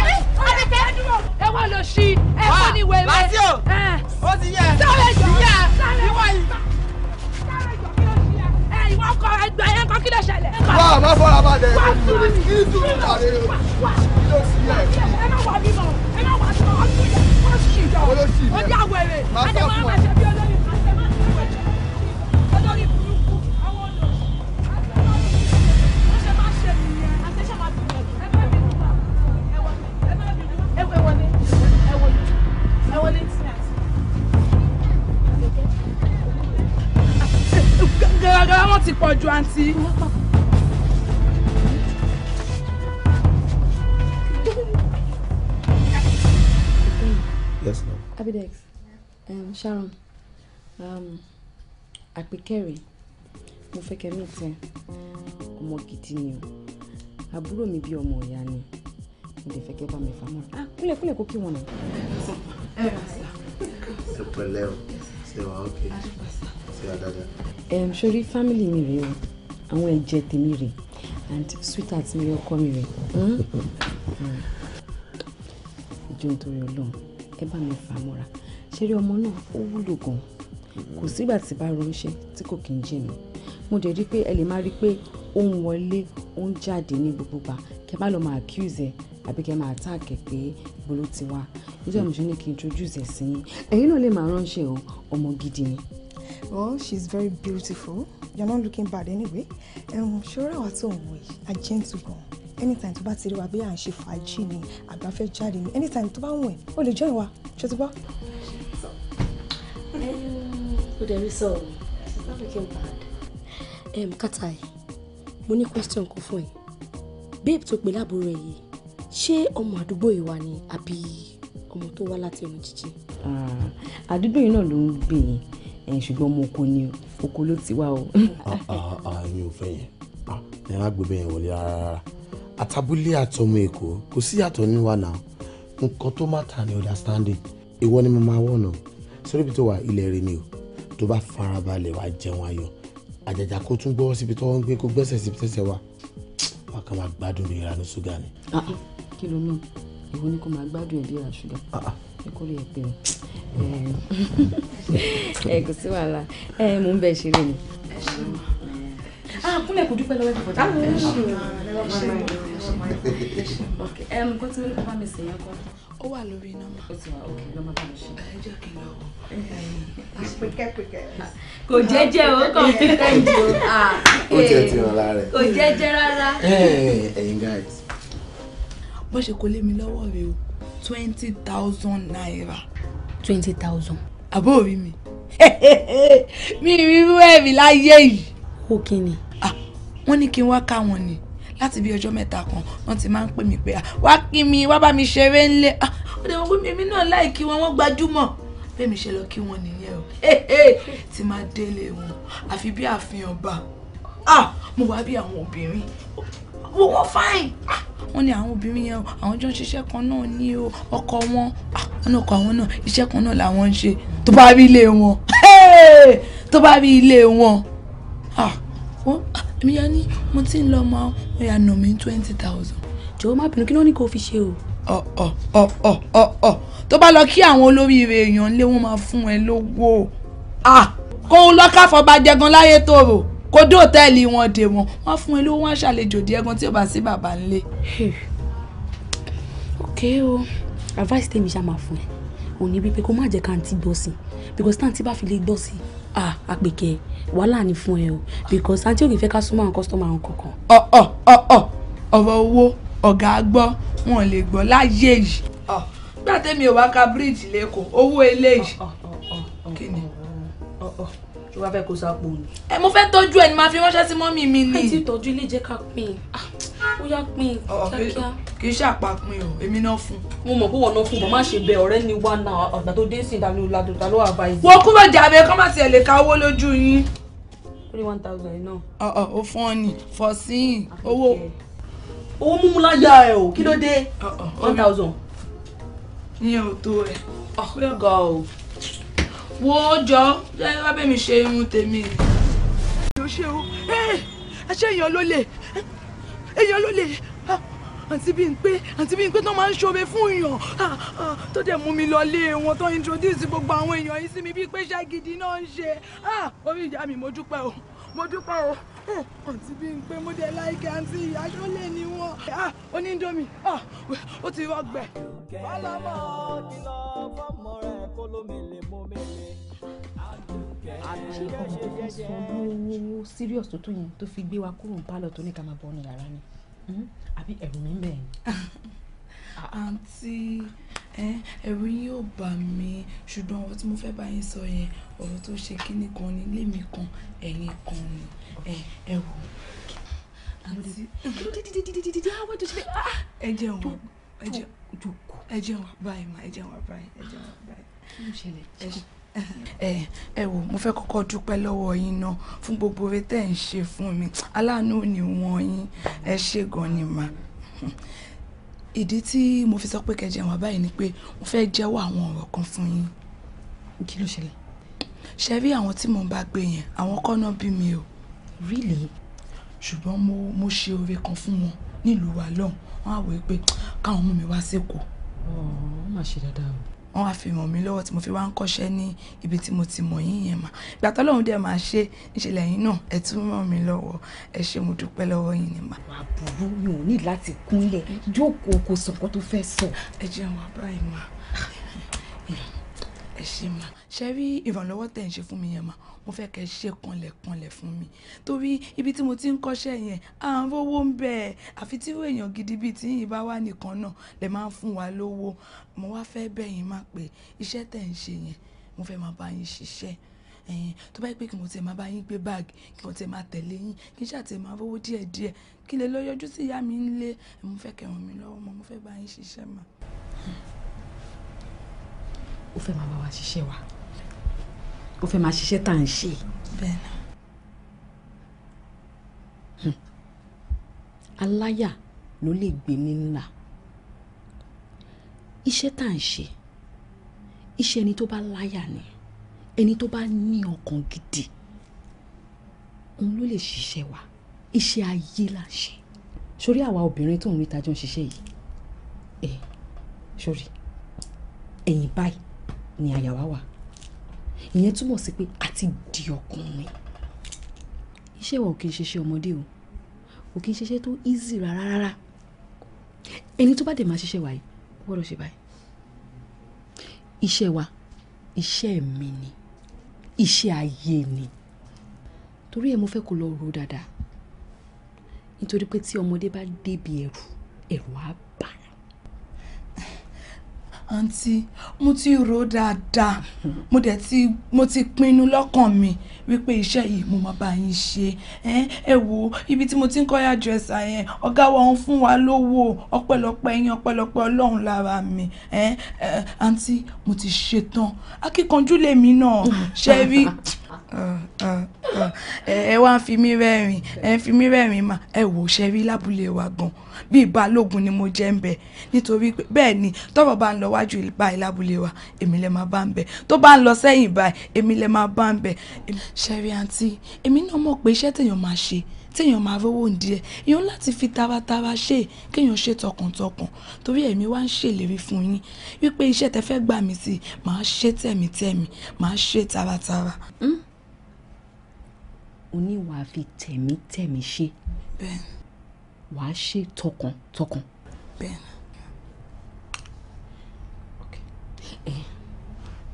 ẹ wọ́n lọ sí ẹ wọ́n ní wẹ́wẹ́. lásìkò ó ti yẹ sáré jọ yíyá ìwọ yìí. ìwọ kọ ẹgbẹ ẹ kọ kí ló ṣẹlẹ̀. wà á má fọlá balẹ̀ kí ni tún ní àlè o kí ló sì yẹ. ẹ má wà bímọ ẹ má wà bímọ ọdún yẹn wọ́n sì ṣì jọ ọjà wẹ̀rẹ̀ àdèmọ́ àmàṣẹ́bí dáadáa wọn ti pọ̀ ju àǹtí. yes ma'am. abidex um, sharon um, àpékẹ́rì mo fẹ́ kẹ́ mi tẹ ọmọ gidi ni o àbúrò mi bíi ọmọ ìyá ni mo lè fẹ́ kẹ́ bá mi fà mọ́ ah kúlẹ̀ kúlẹ̀ kó kí wọn nà. ẹ pẹ̀lẹ́ o ṣe wà ókè ṣe wà dáadáa um, sori family mi rèé o àwọn ẹ̀jẹ̀ tèmi rèé and sweetheart mi ọkọ mi rèé hmm? hmm. ìjọ nítorí Ọlọ́run ẹ bá mi fà á mọ́ra ṣeré ọmọ náà ó wúlò gan kò sígbà tí bá ránṣẹ́ tí kò kí ń jẹ mi mo dẹ̀ rí pé ẹ lè má rí pé ó ń wọlé ó ń jáde ní gbogbo gbà kẹ má lọ máa accuse ẹ àbí kẹ máa attack ẹ pé ibo ló ti wá nítorí àmì ṣe ní kí n introduce ẹ sí yín ẹ̀yin náà lè máa ránṣẹ́ o ọmọ gidi ni. Well, she's very beautiful. You're not looking bad anyway. Um, ṣọ́ra wa tó ń a gentle girl. Anytime to bá ti rí and she à ń ṣe fàájì ni, àgbà anytime to buy ń Oh, the joy, join wa, ṣe ti gbọ́. Ó dẹ̀ she's not looking bad. Um, Katai, mo question kan Babe tó pè láàbúrò She yìí, ṣé ọmọ àdúgbò yìí wà ni àbí ọmọ tó wá láti ẹnu jíjìn? Ah, àdúgbò yìí náà ló ẹ̀yìn ṣùgbọ́n ọmọ oko ni oko ló ti wá o. Ah, ah, ah, mi ò fẹ́ yẹn ẹ má gbé bẹ́ẹ̀ wọlé rárá àtàbúlé àtọmọ èkó kò sí yàtọ̀ ní wa náà nǹkan tó má ta ni understanding ìwọ ni mo máa wọ̀nà sórí ibi tó wà ilẹ̀ rẹ ni o tó bá farabalẹ̀ wá jẹun ayọ̀ àjàjà kó tún gbọ́ síbi tó ń gbé kó gbẹ́sẹ̀ síbi tẹ́sẹ̀ wa wà á kàn máa gbádùn ìlera ní ṣúgà ni. kí ló náà ìwọ ni kò máa gbádùn ìlera ṣúgà kó lè pè é kò sí wàhálà mò ń bẹ ṣeré ni. Ah, kúnlẹ̀ kò dúpẹ́ lọ́wọ́ ìfọ̀tà ló ń ṣe nǹkan tí wọ́n bá mi sè yẹn kọ́. ó wà lórí iná ma. ó ti wà òkè lọ́mọ bá mi ṣe. ẹ jẹ́ kí n lọ wọ. pẹ̀kẹ́pẹ̀kẹ́. kò jẹ́jẹ́ o kàn fi tẹ́jú o. Ah, ó tiẹ̀ ti hàn eh, lára ẹ̀. kò jẹ́jẹ́ rárá. ẹ̀yin eh, eh, guys. bó ṣe kò lé mi lọ́wọ́ rẹ o twenty thousand naira. twenty thousand. àbó rí mi mi rí irú ẹ̀rí láyé yìí. ó kí ni. wọ́n ní kí n wá ká wọn ni láti bí ọjọ́ mẹ́ta kan wọ́n ti máa ń pè mí pé wá kí mi wá bá mi ṣeré ńlẹ̀ ó dẹ̀ wọ́n pé èmi náà láìkí wọn wọ́n gbajúmọ̀ bẹ́ẹ̀ mi ṣe lọ kí wọn nìyẹn o ti máa délé wọn àfi bí àfihàn bá mo wá bí àwọn obìnrin wo wọn fine. Ah, wọ́n ní àwọn obìnrin yẹn àwọn jọ ń ṣiṣẹ́ kan náà ní ọkọ wọn ah, ọ̀nà ọkọ àwọn náà iṣẹ́ kan náà làwọn ń ṣe tó bá rí ilé wọn tó bá rí ilé wọn ah, èmi yẹn ní mo ti ń lọ ọmọ wọn yà nà mí twenty thousand. jọ̀wọ́ má bínú kí ló ní kó fi ṣe o. ọ ọ ọ ọ ọ ọ tó bá lọ kí àwọn olóríire èèyàn lé wọn máa fún ẹ lówó kó lọ́kàfọ́ bá jẹ gan láyé tòrò kó dé òtẹ́ẹ̀lì wọn dè wọn wọn fún mi lówó wọn ṣàlejò díẹ̀ gan tí ò bá sí bàbá ńlé. ok o advice tèmi ṣá máa fún ẹ ò ní wípé kó má jẹ́ káàntì gbọ́ sí because táǹtì bá fi lè gbọ́ sí àpèkẹ́ wàhálà ni fún ẹ o because àǹtí ò kì í fẹ́ ká súnmọ́ àwọn kọ́sítọ́mù àwọn kankan. ọ ọ ọ ọ ọ̀rọ̀ owó ọ̀gá gbọ́ wọn lè gbọ́ láyé yìí gbàtẹ́mi ò wá ka bíríìjì lẹ́kọ̀ọ́ owó eléyìí kí ni ṣé wàá fẹ́ kó sápò ni. ẹ mo fẹ́ tọ́jú ẹ ni màá fi ránṣẹ́ sí mọ́mì mi ni. àìsí ìtọ́jú ilé jẹ́ ká pín ó yá pín kíákíá. kì í ṣàpapín o èmi náà fún. mo mọ̀ pé wọ́n náà fún mọ̀ má ṣe bẹ ọ̀rẹ́ ni wà náà ọ̀gbà tó dé sí ìdánilò ládùúgbà ló wà báyìí. wọ́n kúrò jàre kọ́ má tiẹ̀ lè ka owó lójú yín. three one thousand náà. ọ̀ọ̀ o fún ọ ní fọ́sìn owó. owó múmú láyà ẹ o kí ló dé. one thousand. ìyẹn ò tó ẹ. ọ̀pẹ́ wo jọ jẹ́ wá bẹ́ẹ̀ mi ṣe irun tèmi. yóò ṣe o ẹ eh, ṣe èèyàn ló lè èèyàn ló lè ah, àǹtí bíi pé àǹtí bíi pé tó máa ń ṣoore fún èèyàn ah, ah, tó dẹ̀ mú mi lọlé wọn tó introduce gbogbo àwọn èèyàn yìí sí mi bíi pé iṣẹ́ gidi náà ń ṣe orí ìyá mi mo dúpẹ́ o mo dúpẹ́ o eh, àǹtí bíi pé mo dẹ̀ láìka àǹtí ìyá ṣọlẹ̀ ni wọn onídọ́mì ó ti rọgbẹ̀. kẹ́lẹ́ kìlọ̀ fọ́mọ rẹ̀ kó lómi ṣé ọmọ tó fi san owó serious tó tó yẹn tó fi gbé wa kúrò ń pálọ̀ tó ní ká máa bọ́ ọ́nà yàrá ni hmm? àbí ẹ̀rù mi ń bẹ̀ ni. àǹtí ẹ̀rù yín ò bà mí ṣùgbọ́n ọ̀rọ̀ tí mo fẹ́ bá yín sọ yẹn ọ̀rọ̀ tó ṣe kíní kan ni ilé mi kan ẹ̀yìn kan ni ẹ̀rù àǹtí. Ah, ah! ẹ jẹun ẹ jẹun ẹ jẹun báyìí ma ẹ jẹun báyìí ẹ jẹun báyìí. kí ló ṣẹlẹ̀ jẹun ẹ ẹ wo. mo fẹ́ kọ́kọ́ dúpẹ́ lọ́wọ́ yín náà fún gbogbo oore tẹ́ ń ṣe fún mi aláàánú ni wọ́n yín ẹ ṣe gan ni mà ìdí tí mo fi sọ pé kẹjẹ wà báyìí ni pé mo fẹ́ jẹ́wọ́ àwọn ọ̀rọ̀ kan fún yín kí ló ṣẹlẹ̀ ṣe rí àwọn tí mò ń bá gbé yẹn àwọn kọ́ náà bí mi o really ṣùgbọ́n mo mo ṣe oore kan fún wọn nílùú wa lọ́hùn wọn á wòye pé káwọn mú mi wá sẹ́kọ̀ọ́. ọ̀ ọ́ mà ṣe dáadáa o wọ́n wá fi mọ̀ mí lọ́wọ́ tí mo fi wá ń kọ́ṣẹ́ ní ibi tí mo ti mọ̀ yín yẹn mà ìgbà tọ́lọ́run dẹ̀ máa ṣe ìṣẹ̀lẹ̀ yín náà ẹ tún ràn mí lọ́wọ́ ẹ ṣé mo dúpẹ́ lọ́wọ́ yín ni mà. wà á burú mi ò ní láti kúnlẹ̀ jókòó kò sọ nǹkan tó fẹ́ sọ. ẹ jẹ́ àwọn àbúrò yìí ẹ ṣé mà ṣe rí ìrànlọ́wọ́ tẹ̀ ń ṣe fún mi yẹn mà mo fẹ́ kẹ́ ṣe kanlẹ̀kanlẹ̀ fún mi torí ibi tí mo ti ń kọ́ṣẹ́ yẹn à ń rówó ń bẹ̀ ẹ́ àfi tí irú èèyàn gidi bíi tí yìnyín bá wà nìkan náà lè máa ń fún wa lówó mo wá fẹ́ bẹ̀ yín má pé iṣẹ́ tẹ̀ ń ṣe yẹn mo fẹ́ máa bá yín ṣiṣẹ́ ẹyin tó bá yẹ pé kí mo tiẹ̀ máa bá yín gbé báàgì kí mo tiẹ̀ máa tẹ̀lé yín kí n ṣáà tiẹ̀ máa rówó díẹ̀díẹ̀ kí lè lọ yọjú sí ìyá mi ńlé mo fẹ́ kẹ́ ràn mí lọ́wọ́ mo fẹ́ bá yín ṣiṣẹ́ mà. ó fẹ́ máa bá wa ṣiṣẹ́ wa ó fẹ́ máa ṣiṣẹ́ tá à ń ṣe. aláyà ló lè gbé ní ńlá iṣẹ́ tá à ń ṣe iṣẹ́ ẹni tó bá láyà ni ẹni tó bá ní ọkàn gidi òun ló lè ṣiṣẹ́ wa iṣẹ́ ayé là ń ṣe sórí àwa obìnrin tó ń rí tajọ́ ń ṣiṣẹ́ yìí ẹ sórí ẹ̀yìn báyìí ni àyà wa wà ìyẹn túmọ̀ sí pé a ti di ọkùnrin iṣẹ́ wa ò kì í ṣeṣẹ́ ọmọdé o ò kì í ṣeṣẹ́ tó easy rárá rárá ẹni tó bá dẹ̀ máa ṣiṣẹ́ wa yìí kó gbọ́dọ̀ ṣe báyìí iṣẹ́ wa iṣẹ́ mi ni iṣẹ́ ayé ni torí ẹ mo fẹ́ kó lọ ro dáadáa nítorí pé tí ọmọdé bá débi ẹrù ẹrù á àǹtí mo ti rò ó dáadáa mo dẹ̀ ti mo ti pinnu lọ́kàn mi wípé iṣẹ́ yìí mo máa bá yín ṣe ẹ wo ibi tí mo ti ń kọ́ yá dírẹ́sà yẹn ọ̀gá wa ń fún wa lówó ọpẹ́lọpẹ́ yín ọpẹ́lọpẹ́ ọlọ́run lára mi àǹtí mo ti ṣetán akíkanjú lèmi náà ṣe rí. Ah, ah, ah ẹ wá ń fi mí rẹ́rìn ẹ ń fi mí rẹ́rìn mà ẹ wò ṣe rí lábúlé wa gan bíi balógun ni mo jẹ́ ń bẹ nítorí pé bẹ́ẹ̀ ni tọ́rọ̀ bá ń lọ wájú báyìí lábúlé wa èmi lẹ máa bá ń bẹ tó bá ń lọ sẹ́yìn báyìí èmi lẹ máa bá ń bẹ. ṣẹ̀rí àǹtí èmi náà mọ̀ pé iṣẹ́ tèèyàn máa ṣe téèyàn máa rówó díẹ̀ èèyàn láti fi taratara ṣe kéèyàn ṣe tọkàntọkàn torí èmi wá ń ṣèlérí fún yín wípé iṣẹ́ tẹ fẹ́ gbà mí sí màá ṣe tẹ̀mítẹ̀mí màá ṣe taratara. Hmm? òní wàá fi tẹ̀mítẹ̀mí ṣe wàá ṣe tọkàntọkàn.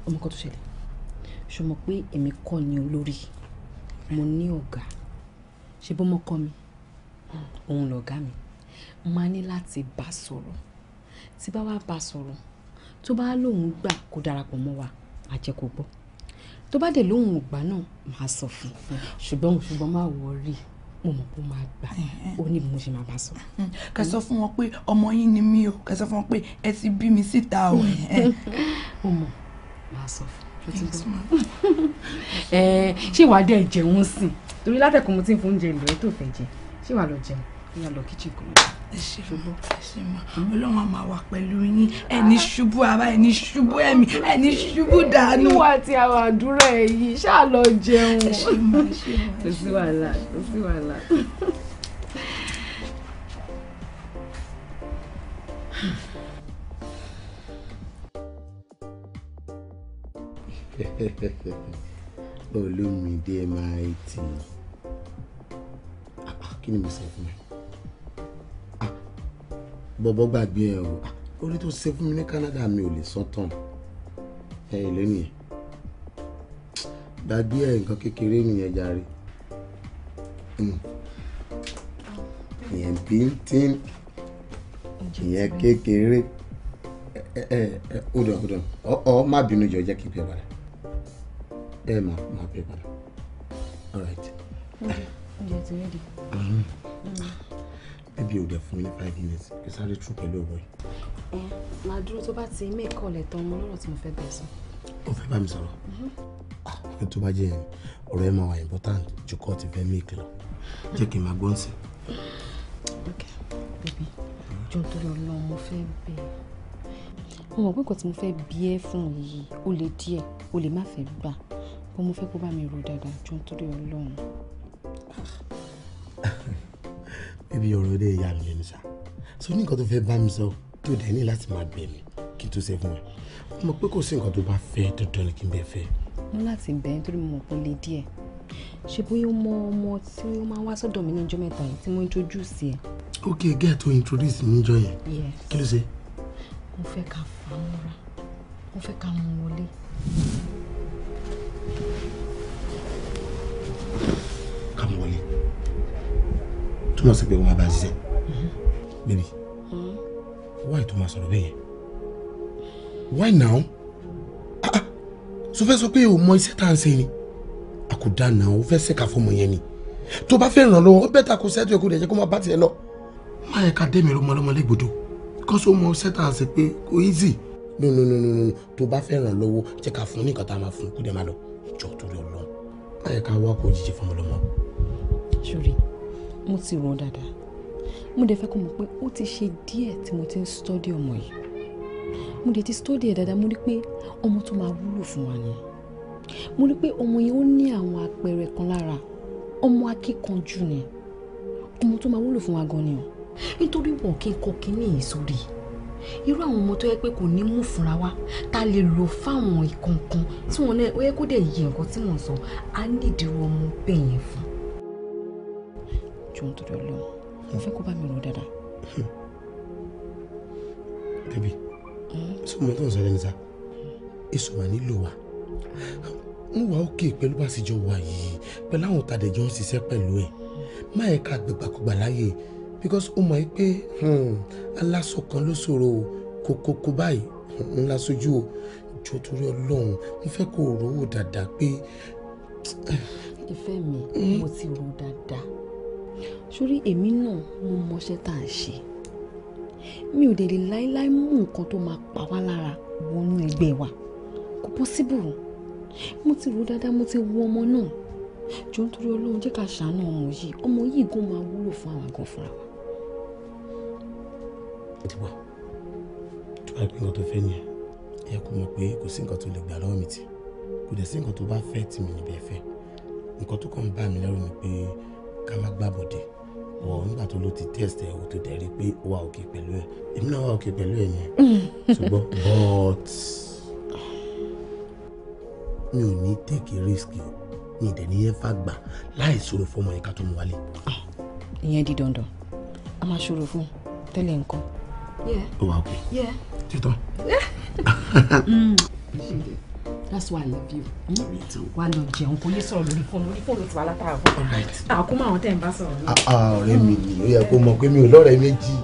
ọmọ kan tó ṣẹlẹ̀ ṣe mọ̀ pé èmi kọ́ ni olórí mo ní ọ̀gá ṣe bó mọ́ kọ́ mi òun lọ̀gá mi máa ní láti bá sọ̀rọ̀ tí bá wá bá sọ̀rọ̀ tó bá lóun gbà kó darapọ̀ mọ́ wa àjẹkò gbọ́ tó bá dẹ̀ lóhùn ògbà náà máa sọ fún un ṣùgbọ́n ṣùgbọ́n má wọrí mo mọ̀ pé ó máa gbà ó ní bí mo ṣe máa bá sọ. kẹ sọ fún wọn pé ọmọ yín ni mí o kẹ sọ fún wọn pé ẹ ti bí mi síta o. ó mọ̀ máa sọ fún ṣé wàá dẹ̀ jẹun sìn torí látẹ̀kùn mo ti ń fún oúnjẹ ìlú ẹ̀ tó fẹ́ jẹ ṣé wàá lọ jẹun ó lọ kíchìn kò ṣùgbọ́n ṣe mọ ọlọ́run á máa wà pẹ̀lú yín ẹni ṣubú ara ẹni ṣubú ẹ̀mí ẹni ṣubú dànù. ìwà àti àwọn àdúrà ẹ yìí ṣáà lọ jẹun. ẹ ṣe mọ ẹ ṣe wàhálà kò sí wàhálà. olómìnira mi ah, ah, kí ni mo sọ fún ẹ bọ́bọ́ gbàgbé ẹ o orí ah, tó ṣe fún mi ní Canada mi ò lè sọ tán ẹ ẹ lẹ́nu yẹn gbàgbé ẹ nǹkan kékeré nìyẹn jàre hmm. ìyẹn bíntín ìyẹn kékeré ẹ ẹ ẹ hold on hold on ọ ọ má bínú jọ jẹ́ kí n pè padà ẹ má má pè padà all right. ǹjẹ́ ti rẹ́dì ẹbí ò dẹ̀ fún mi five minutes kí sáré tún pẹ̀lú ọ̀rọ̀ yìí. ẹ máa dúró tó bá ti mí ìkọlẹ̀ tán mo lọ́rọ̀ tí mo fẹ́ bẹ̀ sọ. o fẹ́ bá mi sọ̀rọ̀ mhm. ah, tó bá jẹ́ ọ̀rọ̀ ẹ̀ máa wà important ju kọ́ ti fẹ́ mí ìkìlọ̀ jẹ́ kí n máa gbọ́n sí. ok baby jọ torí Ọlọ́run mo fẹ́ bẹ̀ mo mọ̀ pé nǹkan tí mo fẹ́ bí ẹ fún yìí ó le díẹ̀ ó lè má fẹ́ gbà bó mo fẹ́ kó bá mi rò dáadáa jọ torí Ọlọ́run. bíbí ọ̀rọ̀ dé ìyá mi lẹ́nu sá so ní nǹkan tó fẹ́ bá mi sọ tó dẹ̀ ní láti máa bẹ̀ mí kí n tó ṣe fún ẹ mo mọ̀ pé kò sí nǹkan tó bá fẹ́ dandan ni kí n bẹ̀ fẹ́. mo láti bẹ̀ ẹ́ nítorí mo mọ̀ pé ó le díẹ̀ ṣe bóyá ó mọ ọmọ tí ó máa wá sọ́dọ̀ mi ní ọjọ́ mẹ́ta yìí tí mo introduce ẹ. ok gẹ́ẹ̀ tó introduce mi níjọ yẹn kí ló ṣe. mo fẹ́ ká fà á mọ́ra mo fẹ́ ká mú wọlé. ká mú wọlé túmọ̀ sí pé wọ́n máa bá ṣiṣẹ́ mm-hmm. bébì mm-hmm. why tó máa sọ̀rọ̀ bẹ́yẹn why now ah, ah so fẹ́ sọ pé o mọ iṣẹ́ tá à ń ṣe ni a dá náà o fẹ́ ṣèkà fọmọ yẹn ni tó bá fẹ́ ràn lọ́wọ́ ó bẹ́ẹ̀ ta kó sẹ́tù ẹ̀kú rẹ̀ jẹ́ kó máa bá tiẹ̀ lọ má yẹ ká dẹ́mi lọ́mọ lọ́mọ lẹ́gbọ̀dọ̀ kọ́sọ́ mọ iṣẹ́ tá à ń ṣe pé kò easy no no no no no tó bá fẹ́ ràn lọ́wọ́ jẹ́ ká fún ní nǹkan tá a máa fún kó dẹ̀ máa lọ ìjọ tó lọ má yẹ ká wá kó jíjẹ fọmọ lọ́mọ. sori mo ti rò dáadáa mo dẹ̀ fẹ́ kó mọ̀ pé ó ti ṣe díẹ̀ tí mo ti ń study ọmọ yìí mo dẹ̀ ti study ẹ̀ dáadáa mo rí pé ọmọ tó máa wúlò fún wa nìyẹn mo rí pé ọmọ yẹn ó ní àwọn àpẹẹrẹ kan lára ọmọ akíkanjú ni ọmọ tó máa wúlò fún wa gan ni o nítorí wọn kì í kọ kínní yìí sórí irú àwọn ọmọ tó yẹ pé kò ní mú fúnra wa ta lè lò fáwọn ìkọ̀ọ̀kan tí wọn náà ó yẹ kó dẹ̀ yẹ nǹkan tí mò sọ á nídìí ọmọ bẹ́ẹ̀ yẹn fún jọ̀ọ́ nítorí Ọlọ́run mo fẹ́ kó bá mi rò dáadáa. bébì sọ ma tó ń sọ lẹ́nu sá èso mà nílò wa mo wà ókè pẹ̀lú bá a sì jọ wà yìí pẹ̀lú àwọn tàdéjọ́ ń ṣiṣẹ́ pẹ̀lú ẹ̀ má yẹ ká gbẹgbàkúgbà láàyè because ó mọ̀ ẹ́ pé hmm, aláṣọ kan ló ṣòro kókókó báyìí ńlá sójú o jọ ọlọ́run mo fẹ́ kó o rówó dáadáa pé. ìfẹ́ mi hmm? mo ti rò dáadáa sórí èmi náà mo mọṣẹ́ tá à ń ṣe mi ò dẹ̀ lè láíláí mú nǹkan tó máa pa wá lára wọnú ẹgbẹ́ wa kò possible mo ti rò dáadáa mo ti wo ọmọ náà jọ nítorí ọlọ́run jẹ́ ká ṣàánú ọmọ yìí ọmọ yìí gan máa wúlò fún àwọn àgàn fúnra wa. dìbò tó bá gbé nǹkan tó fẹ́ nìyẹn ẹ kò mọ̀ pé kò sí nǹkan tó lè gbà lọ́wọ́ mi tì kò dẹ̀ sí nǹkan tó bá fẹ́ tì mí níbẹ̀ fẹ́ nǹkan tó kàn ń bà mí lẹ́rù ni pé ká má gbàbọ̀dé wọ nígbà tó ló ti test ẹ o tó dẹ̀ rí pé ó wà òkè pẹ̀lú ẹ èmi náà wà òkè pẹ̀lú ẹ yẹn ṣùgbọ́n but mi ò ní take a risk o mi dẹ̀ ní ẹ̀fà gbà láì ṣòro fọmọ yẹn ká tó mú wálé. Ah, ìyẹn di dandan a máa ṣòro fún tẹ́lẹ̀ nǹkan. ó wà òkè títọ́. Mm that's why i love you. Hmm? wà á lọ jẹun kò yé sọ̀rọ̀ lórí fóònù lórí fóònù tí wàá látàrà fún mi. àkómọ àwọn tẹ̀ ń bá sọ̀rọ̀ náà. Ah, ah, ọ̀rẹ́ mi ni ó yẹ kó mọ̀ pé mi ò lọ́rẹ̀ẹ́ méjì.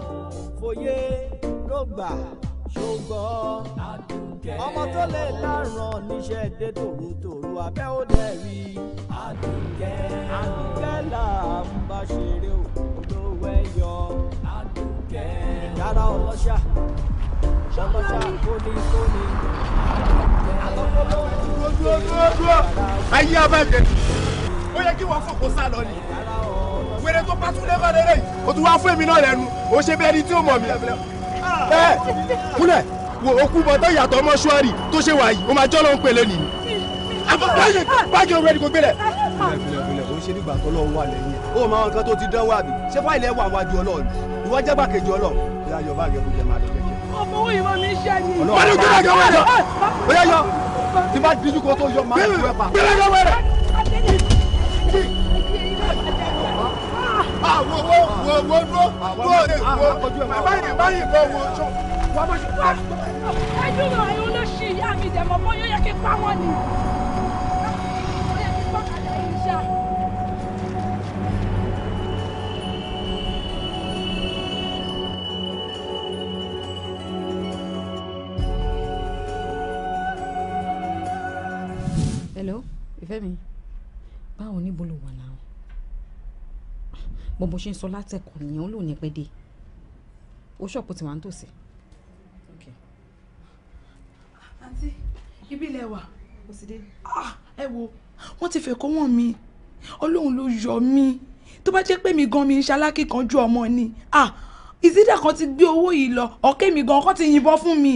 fòye ló gbà ṣùgbọ́n ọmọ tó lè láràn níṣẹ́ dé tòrótòró abẹ́ ó dẹ̀ rí Àdùkẹ́ Àdùkẹ́ là ń bá ṣeré olówó ẹ̀yọ Àdùkẹ́ yàrá ọlọ́ṣà ọlọ́ṣà kóníkóní ayé abájẹ ó yẹ kí wọn fọkọ sá lọ ni wẹrẹ tó pàtó lẹ́fà lẹ́rẹ́ yìí o tún wá fún èmi náà lẹ́nu o ṣe bẹ́ẹ̀ ni tí o mọ̀ mi. ẹ kúnlẹ̀ wo okú bọ́tọ̀ ìyàtọ̀ mọ́ṣúárì tó ṣe wà yìí o máa jọ́ ló ń pèlè nìyí. àbọ̀ báyìí báyìí ni kò gbélẹ̀. o ṣe nígbà tó lọ́wọ́ wà lẹ́yìn o mọ àwọn nǹkan tó ti dánwò àbí ṣé fáìlì ẹ̀ wà wájú ọlọ́ọ̀ni ìwọ́jẹ́gbàkejì ọlọ́ọ̀ ọmọ owó yìí wọn ní yọ tí bá díjú kó tó yọ máa ń wẹ́ pa. gbẹ́rẹ́ gẹ́wẹ́ rẹ̀. wo wo wo wo wo wo wo báyìí báyìí kò wo sọ. ẹjú lọ ẹ̀yin olóṣì ìyá mi dẹ̀ mọ́ bóyá yẹ kí pa wọ́n ni. ó yẹ kí n gbọ́kànlá yìí ìfẹ́ mi báwo níbo ló wà náà bọ́n bó ṣe ń sọ látẹ̀kọ̀ nìyẹn ó lò ní pẹ́ẹ́dẹ́ ó ṣọ̀pù tí wàá ń tòsí. àǹtí ibi ilẹ̀ wà ó sì dé. Ah, ẹ wo wọ́n ti fẹ́ kó wọ́n mi ọlọ́run ló yọ mí tó bá jẹ́ pé mi gan mi ń ṣalákì kan ju ọmọ ni ah, ìsídà kan ti gbé owó yìí lọ ọ̀kẹ́ mi gan kan ti yìnbọn fún mi.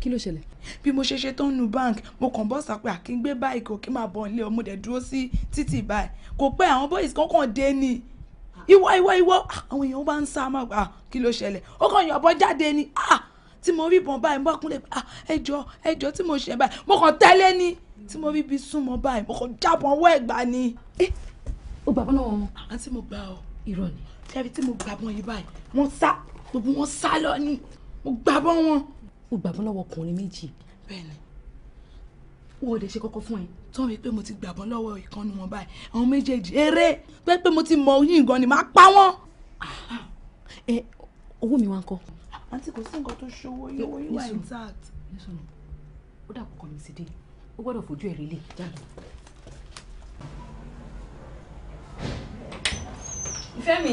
kí ló ṣẹlẹ̀ bí mo ṣe ṣe tó ń nu bank mo kàn bọ́ sápẹ́ àkíngbé báyìí kò kí máa bọ̀ nílé ọmọ dẹ̀ dúró sí títì báyìí kò pẹ́ àwọn boys kankan dé ni ìwọ ìwọ ìwọ ah, àwọn èèyàn bá ń sá máa ah, gbà kí ló ṣẹlẹ̀ ó kàn yọ̀bọ jáde ni ah, tí mo rí ìbọn báyìí mo bá kúnlẹ̀ ẹjọ́ ẹjọ́ tí mo ṣe báyìí mo kàn tẹ́lẹ̀ ni tí mo rí ibi súnmọ́ báyìí mo kàn jábọ̀ ọwọ́ ẹ̀gbà ni. Eh, ó gbà bọ́n náà wọn. àwọn tí mo gbà ọ ìrọ̀ tí mo gbà bọ́n yìí báyìí wọ́n sá gbogbo wọn sá lọ ni mo gbà bọ́n wọn o gbàgbọ́n lọ́wọ́ ọkùnrin méjì. bẹ́ẹ̀ni wo de ṣe kọ́kọ́ fún ẹ tán mi pé mo ti gbàgbọ́n lọ́wọ́ ìkànnì wọn báyìí àwọn méjèèjì eré pé pé mo ti mọ oyin gan ni màá pa wọ́n. ẹ ah, ah. eh, owó mi wá ń kọ́. àǹtí kò sí nǹkan tó ṣòwò yìí owó yìí wà intact. ó dà kọ́kọ́ mi sí dé o gbọ́dọ̀ fojú ẹ̀ rí lè jáde. ìfẹ́ mi.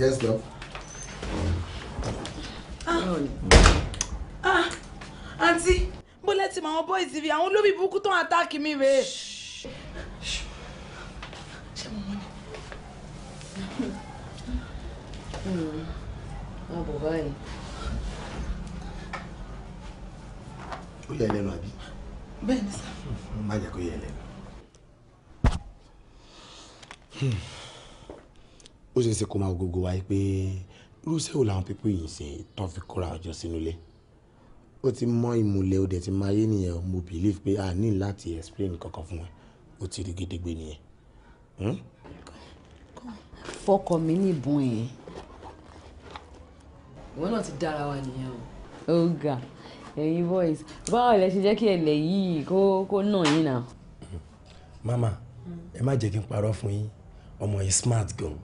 yes love. Ah ah àǹtí bólẹ̀ tí màwọn boys rí àwọn olórí burúkú tó ń attack mi rèé. ṣé mo mọ ni. má bọ̀ báyìí. ó yẹ lẹ́nu àbí. bẹ́ẹ̀ ni sá. Hmm, má jẹ́ kó yẹ lẹ́nu. Hmm. ó ṣeé ṣe kó máa gbogbo wa pé irúṣẹ́ wo làwọn pípé yìí ṣe tán fi kóra ọjọ́ sínú ilé ó ti mọ ìmùlẹ̀ ó dẹ̀ máa yé nìyẹn mo believe pé a ní láti explain kankan fún ẹ ó ti rí gidigbe nìyẹn. Hmm? fọkọ mi ní ìbọn yẹn. ìwọ náà ti dára wa nìyẹn o. ó ga ẹ̀yin boys báwo lẹ ṣe jẹ́ kí ẹlẹ́ yìí kó kó nà yín náà. mama ẹ má jẹ́ kí n parọ́ fún yín ọmọ yìí smart gan.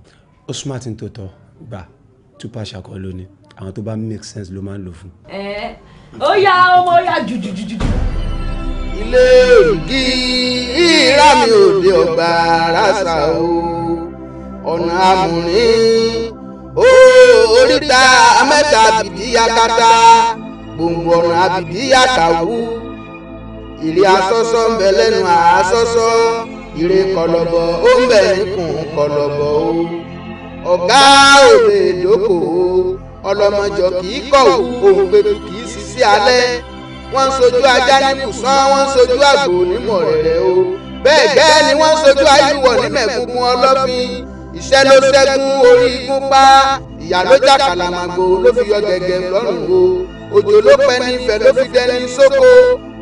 ó smart ní tòótọ́ gbà túpàṣà kọ́ lónìí àwọn tó bá make sense ló máa ń lò fún. ẹ ó yá ọmọ yá jùjùjùjù. ilé ògì ìhà mi ò dé ọgbà rásà o ọ̀nà amúrin ó oríta amẹ́ta bìbí yakata gbòǹgbò ọ̀nà àbìbí yàtàwù ìrì asọ́sọ́ ń bẹ lẹ́nu àásọ́sọ́ ìrè kọlọ̀bọ̀ ó ń bẹ níkùn kọlọ̀bọ̀ o ọ̀gá òde ìdókòwò ọlọ́mọjọ kì í kọ̀ òun gbẹdù kì í sì sí alẹ́ wọ́n ń sojú ajá ní kùsán wọ́n ń sojú àgbò onímọ̀ rẹ̀ o bẹ́ẹ̀ gẹ́ẹ́ ni wọ́n ń sojú ayúwọ̀ ní mẹ̀kúngun ọlọ́fin ìṣẹ́ ló ṣẹ́gun orí igun pa ìyá ló já kàlàmàgbò ló fi yọ gẹ̀gẹ̀ lọ́rùn o òjò ló pẹ́ ní ìfẹ́ ló fi dẹni sóko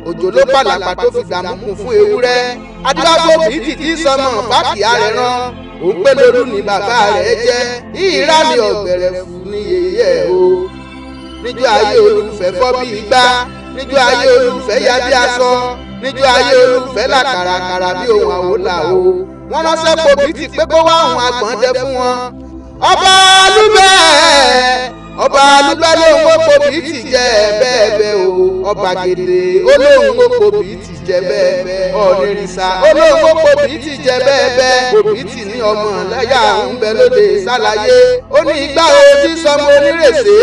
òjò ló pàlàpà tó fi dààmú kún fún ewúrẹ́ adúláwò bíi tìtì sọmọ bákìá rẹ̀ rán òpèlódù ni bàbá rẹ̀ jẹ́ ìhìrá ni fún ní yẹyẹ o níjọ́ ayé olùfẹ́ fọ́ bí igbá níjọ́ ayé olùfẹ́ ya bí aṣọ níjọ́ ayé olùfẹ́ là kàràkàrà bí ohun àwòlà o wọ́n ránṣẹ́ pòbí ti pé kó wá àwọn àgbọ̀n jẹ fún wọn ọba olúbẹ̀ẹ́ ọba alúgbálẹ̀ òun kò bí ti jẹ́ bẹ́ẹ̀ bẹ́ẹ̀ o ọba gèdè olóhùn kò bí ti jẹ́ bẹ́ẹ̀ bẹ́ẹ̀ ọ̀nìrìsà olóhùn kò bí ti jẹ́ bẹ́ẹ̀ bẹ́ẹ̀ kò ti ní ọmọ lẹ́yà ń bẹ lóde sálàyé ó ní igbá ojú sọmọ onírèsé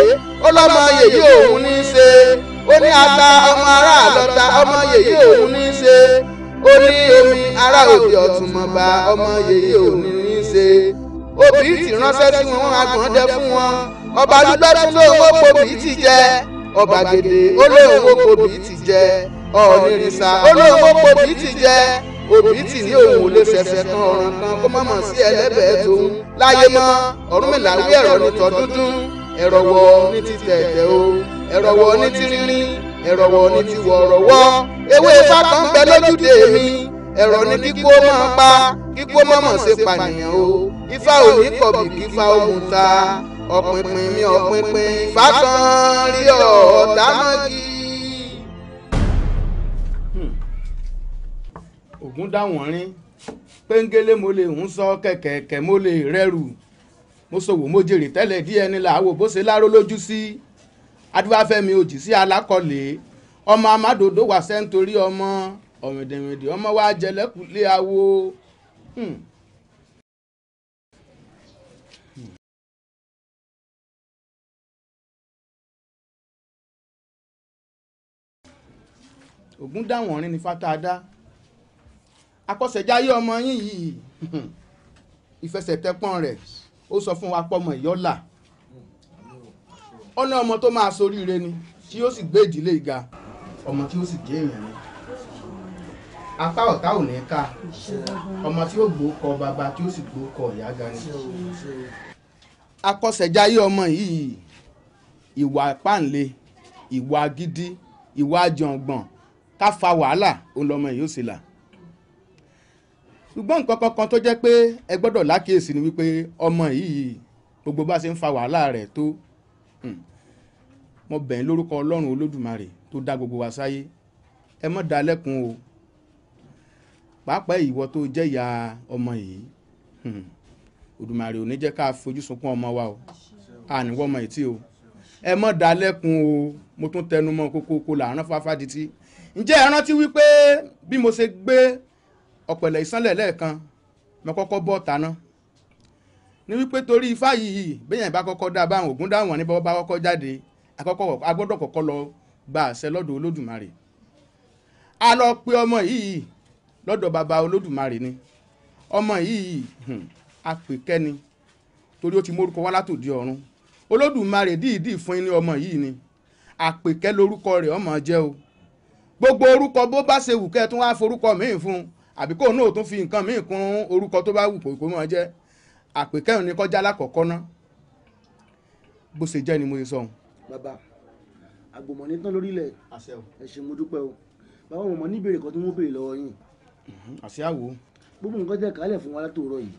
ó lọ́mọ yèyí òun ní í ṣe ó ní ata ọmọ ará àlọ́ta ọmọ yèyí òun ní í ṣe ó ní omi ará òde ọ̀túnmọ̀ba ọmọ yèyí òun ní í ṣe òbí ti ránṣẹ́ sí wọn agbọ̀n dẹ fún wọn ọba dúpẹ́ fún owó pobì ti jẹ ọba gèdè ó lé owó ti jẹ ọ̀nìrìsà ó lé owó pobì ti jẹ òbí tì ní òun ò lè ṣẹ̀ṣẹ̀ kan ọ̀ràn kan kó má mọ̀ sí ẹlẹ́bẹ̀ẹ́ tòun láyé mọ́ Ọ̀rúnmìlà wí ẹ̀rọ ní tọdúndún ẹ̀rọ̀wọ̀ ní ti tẹ̀tẹ̀ o ẹ̀rọ̀wọ̀ ní ti rínrín ẹ̀rọ̀wọ̀ ní ti wọ̀rọ̀wọ́ ewé ifá kan ń bẹ lójúde mi ẹ̀rọ̀ ní kíkó máa pa kíkó má mọ̀ ṣe pànìyàn o ifá ò ní kọ̀bì kífá ó mú ta ọ̀pìnpìn mi ọ̀pìnpìn fàtàn rí ọ̀ọ́dá mọ́gì. Hmm. ògùn dáwọn rín péńgélé mo lè ń sọ kẹ̀kẹ̀kẹ̀ mo lè rẹ́rù mo ṣòwò mo jèrè tẹ́lẹ̀ díẹ̀ ni làwọ̀ bó ṣe láró lójú sí adúbáfẹ́mi òjì sí alákọ̀lẹ́ ọmọ amádòdó wà sẹ́ńtórí ọmọ ọ̀rìndìnrìndì ọmọ wa jẹlẹ́kùlé awo. Hmm. ògún dáwọn rin ní fátádá akọ́ṣẹ́jáyé ọmọ yín yìí ìfẹsẹ̀tẹ̀pọ̀n rẹ̀ ó sọ fún wa pọ́mọ ìyọ́là ọ̀nà ọmọ tó máa soríire ni tí yóò sì gbé ìdílé ìga ọmọ tí yóò sì jẹ́ èèyàn ni apá ọ̀tá ò ní ká ọmọ tí yóò gbókọ bàbá tí yóò sì gbókọ ìyá ga ni akọ́ṣẹ́jáyé ọmọ yìí ìwà pàǹlẹ̀ ìwà gidi ìwà jọ̀ǹgbọ̀n ká fa wàhálà òun lọmọ yìí ó sì là ṣùgbọ́n nǹkan kankan tó jẹ́ pé ẹ gbọ́dọ̀ lákìyèsí ni wípé ọmọ yìí gbogbo bá ṣe ń fa wàhálà rẹ̀ tó hmm, mo bẹ̀ ń lórúkọ ọlọ́run olódùmarè tó dá gbogbo wa sáyé ẹ mọ́ da lẹ́kun o pàápàá ìwọ tó jẹ́ ìyá ọmọ yìí hmm, Olódùmarè ò ní jẹ́ ká fojú sunkún ọmọ wa o àníwọ́ ọmọ yìí o ẹ mọ́ da lẹ́kun o mo tún tẹnu mọ́ kókó kó làárọ̀ fáfá di tí ǹjẹ́ ẹ rántí wípé bí mo ṣe gbé ọ̀pẹ̀lẹ̀ ìsánlẹ̀ lẹ́ẹ̀kan mo kọ́kọ́ bọ́ taná ní wípé torí ifá yìí bẹ́yẹn bá kọ́kọ́ dá báwọn ògún dáwọn ní bọ́bá kọ́kọ́ jáde àkọ́kọ́ agbọ́dọ̀ kọ́kọ́ lọ gba àṣẹ lọ́dọ̀ olódùmarè a lọ pe ọmọ yìí lọ́dọ̀ bàbá olódùmarè ni ọmọ yìí apèkẹ́ni torí ó ti mórúkọ wá látòdì ọ̀run olódùmarè dìídì fún ní ọmọ yìí ni àpèkẹ́ lórúkọ rẹ̀ ọmọ jẹ́ o gbogbo orúkọ bó bá ṣe wù kẹ́ ẹ tún wá forúkọ míì fún un àbí kò náà tún fi nǹkan míì kún orúkọ tó bá wù kò kó máa jẹ́ àpèkẹ́hùn ni kọjá lákọ̀ọ́kọ́ ná bó ṣe jẹ́ ni mo ṣe sọ. bàbá àgbòmọ̀ní tán lórílẹ̀ ẹ ṣé mo dúpẹ́ o bàbá wọn mọ̀ ní ìbéèrè kan tí wọ́n béèrè lọ́wọ́ yín. Mhm, àṣẹ àwò. gbogbo nǹkan jẹ́ kálẹ̀ fún wa látòrọ yìí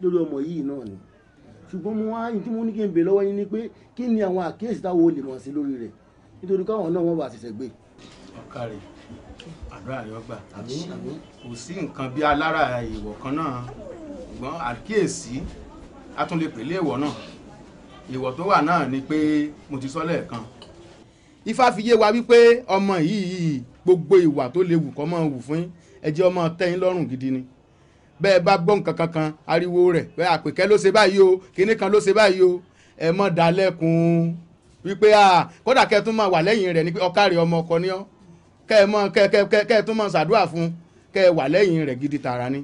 lórí ọmọ yìí náà ni ṣùgbọ́n mo wá yín tí mo ní kí n béèrè lọ́wọ́ yín ni pé kí ni àwọn àkíyèsí táwọn olè mọ̀ sí lórí rẹ̀ nítorí káwọn náà wọ́n bá ṣẹ̀ṣẹ̀ gbé ọ̀kàrẹ̀ àdúrà yóò gbà kò sí nǹkan bí alára èèwọ̀ kan náà ṣùgbọ́n àkíyèsí a tún lè pèlè èèwọ̀ náà èèwọ̀ tó wà náà ni pé mo ti sọ lẹ́ẹ̀kan. ifá fi yé wa wípé ọmọ yìí gbogbo ìwà tó lè wù kọ́ mọ́ wù fún yín ẹ jẹ́ ọmọ tẹ́yìn lọ́rùn gidi ni bẹ́ẹ̀ bá gbọ́ nǹkan kankan ariwo rẹ̀ pé àpèkẹ́ ló ṣe báyìí o kinní kan ló ṣe báyìí o ẹ mọ̀ dálẹ́kun wípé kódà kẹ́ máa wà lẹ́yìn rẹ̀ ni pé ọkàrẹ̀ ọmọ ọkọ ni ọ́ kẹ́ ẹ mọ kẹ́ kẹ́ kẹ́ ẹ tún mọ ṣàdúrà fún kẹ́ ẹ wà lẹ́yìn rẹ̀ gidi tààrà ni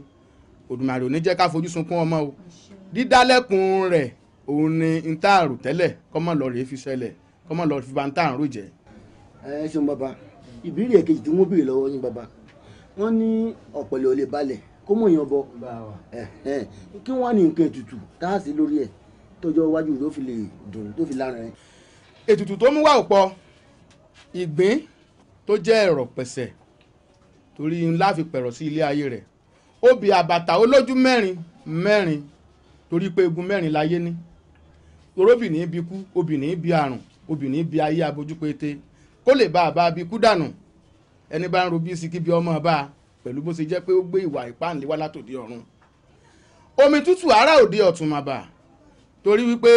Òdùmarè ò ní jẹ́ ká fojú sunkún ọmọ o dídálẹ́kùn rẹ̀ òun ni n tá àrò tẹ́lẹ̀ kọ́mọ̀ lọ rèé fi ṣẹlẹ̀ kọ́mọ̀ lọ fi ba n tá àrò jẹ́. ẹ ṣeun bàbá ìbéèrè kejì tí wọ́n béèrè lọ́wọ́ yín bàbá wọ́n ní ọ̀pẹ̀lẹ̀ ò lè balẹ̀ kó mọ̀ èèyàn bọ kí wọ́n á ní nǹkan ètùtù tá a sì lórí ẹ̀ tọjọ́ iwájú tó fi lè dùn tó fi lára ẹ̀. ètùtù tó mú wá ò pọ̀ ìgbín tó jẹ́ ẹ̀rọ pẹ̀sẹ̀ torí ńlá fi pẹ̀rọ̀ sí ilé ayé rẹ̀ obì àbàtà olójú mẹ́rin mẹ́rin torí pé egun mẹ́rin láyé ní toróbì ní bí kú obì bí àrùn obì bí ayé abojú kó lè bá a bá bí kú dànù ẹni bá ń ro bí sikí bí ọmọ ara òde ọ̀tún torí wípé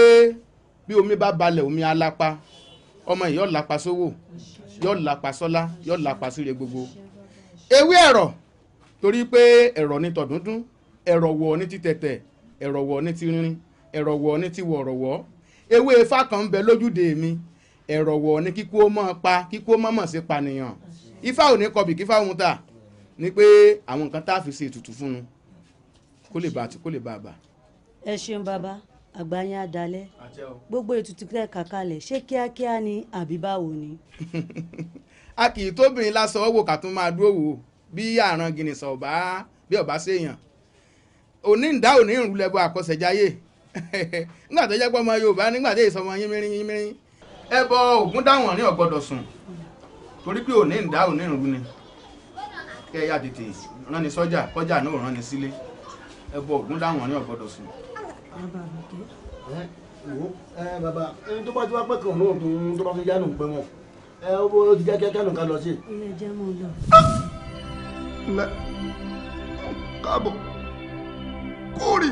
bí omi bá balẹ̀ omi alápa ọmọ sówò yóò lapa sọ́lá yóò lapa síre gbogbo ewé ẹ̀rọ̀ torí pé ẹ̀rọ̀ ni tọ̀dúndún ẹ̀rọ̀ wọ̀ ní ti tẹ̀tẹ̀ ẹ̀rọ̀ wọ̀ ní ti rinrin ẹ̀rọ̀ wọ̀ ní ti wọ̀rọ̀wọ̀ ewé ifá kan ń bẹ lójúde mi ẹ̀rọ̀ wọ̀ ní kíkú ó mọ̀ pa kíkú ó mọ̀ mọ̀ sí pànìyàn ifá ò ní kọbì kífá òun ta ni pé àwọn nǹkan tá a fi ṣe ètùtù fún un kó lè bá àti kó lè bá a bà. ẹ ṣeun bàbá àgbáyé adalẹ gbogbo ètùtù tẹ kàkalẹ̀ ṣé kíákíá ni àbí báwo ni. a kì í tóbìnrin lásán wò ká tún máa dúró wò bí àrùn gìnìsàn ọba bí ọba ṣèyàn òní ń dá òní ń rúlẹ̀bọ àkọsẹ̀jáyé nígbà tó jẹ́ pé ọmọ Yorùbá nígbà tó yẹ sọmọ yín mìíràn yín mìíràn ẹ bọ ògún dáwọn ní ọ̀gbọ́dọ̀ sùn torí pé òní ń ni kẹ́ ẹ yá tètè rán sọ́jà kọjá náà rán sílé ẹ bọ ògún dáwọn ní ọ̀gbọ́dọ̀ sùn ẹ bàbá tó bá ti wá pẹ́ kàn náà tó bá fi yá nù pé wọn ẹ ó ti jẹ́ kẹ́kẹ́ nù ká lọ sí. ilé jẹ́ mo lọ. lẹ káàbọ̀ kórè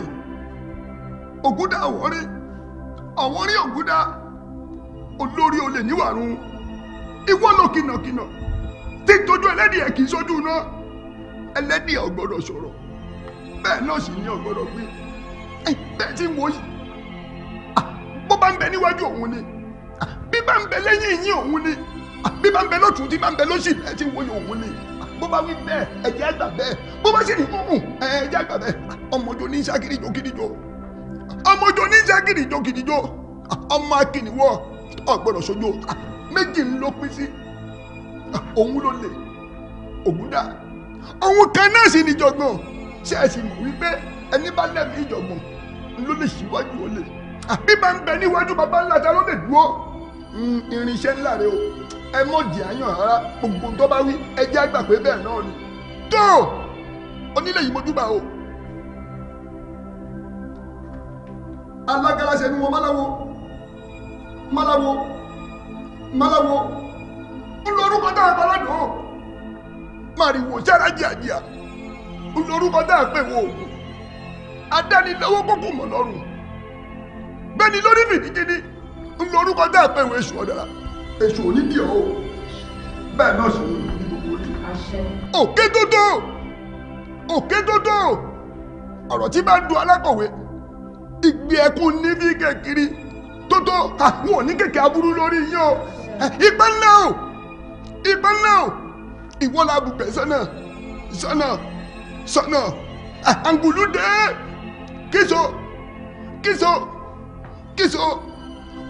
ògúdà àwọ̀rí àwọ̀rí ògúdà olórí olè níwàrún ìwọ lọ kìnàkìnà tí tójú ẹlẹ́dìẹ̀ kì í sójú náà ẹlẹ́dìẹ̀ ò sọ̀rọ̀ bẹ́ẹ̀ náà sì ni ò gbọ́dọ̀ gbé bẹ́ẹ̀ tí mo yìí bó bá ń bẹ níwájú òun ni bí bá ń bẹ lẹ́yìn yín òun ni bí bá ń bẹ lọ́tún tí bá ń bẹ lọ́sì ẹ ti wòye òun ni bó bá wí bẹ́ẹ̀ ẹ̀jẹ̀ àgbà bẹ́ẹ̀ bó bá sì ní hùhùn ẹ̀jẹ̀ àgbà bẹ́ẹ̀ ọmọjọ ní sákìrìjọ kìrìjọ ọmọjọ ní sákìrìjọ kìrìjọ ọmọ akìnìwọ ọgbọdọ sojú méjì ń ló pín sí òun ló lè òun dá òun kan náà sì ní jọgbọn ṣe é sì mọ wípé ẹni bá lẹ́mìí ìjọgbọn ló lè síwájú ó lè bí máa ń bẹ níwájú bàbá ńlá ta ló lè dúró hmm, irinṣẹ́ ńlá rẹ o ẹ mọ̀ dì áyàn rárá gbogbo tó bá wí ẹ jẹ́ àgbà pé bẹ́ẹ̀ náà ni tó onílé yìí mojúbà o alágara ṣe ni wọn máláwo máláwo máláwo ńlọrúkọ tá a bá ládùn ó màrìwò sára jìàjìà ńlọrúkọ tá a pè wò oògùn adánilọ́wọ́ kókò mọ̀ lọ́rùn gbẹ́ni lórí fìdíkìdí ń lo orúkọ dá pé ìwé èṣù ọ̀dàrà èṣù ò ní dì ọ́ bẹ́ẹ̀ náà sì ní gbogbo orí. òkè dodo òkè dodo ọ̀rọ̀ tí bá ń du alákọ̀wé ìgbé ẹkún ní fi kékeré tótó àwọn òní kèké aburú lórí yín o ìpẹ́ ńlá o ìpẹ́ ńlá o ìwọ la bùgbẹ́ sọ́nà sọ́nà sọ́nà àǹgùlù dé kíso kíso kìsọ